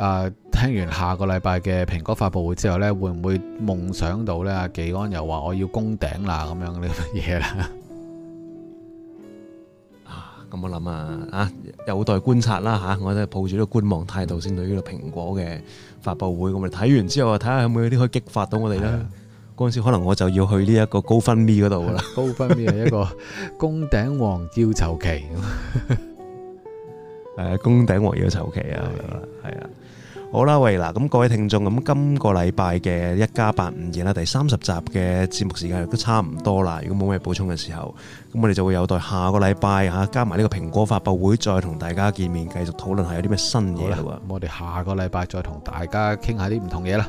Speaker 2: 啊，聽完下個禮拜嘅蘋果發布會之後咧，會唔會夢想到咧？阿紀安
Speaker 1: 又話我要攻頂啦，咁樣呢個嘢啦，啊咁我諗啊，啊有待觀察啦吓，啊，我都抱住呢個觀望態度先對呢個蘋果嘅發布會，我哋睇完之後睇下有冇啲可以激發到我哋咧。嗰陣時可能我就要去呢一個高分咪嗰度啦。高分咪係一個宮頂王要籌期，係啊，宮頂王要籌期啊，係啊的。好啦，喂，嗱，咁各位聽眾，咁今個禮拜嘅一加八五二啦，52，第三十集嘅節目時間亦都差唔多啦。如果冇咩補充嘅時候，咁我哋就會有待下個禮拜嚇加埋呢個蘋果發布會，再同大家見面，繼續討論下有啲咩新嘢。好啦，我哋下個禮拜再同大家傾下啲唔同嘢啦。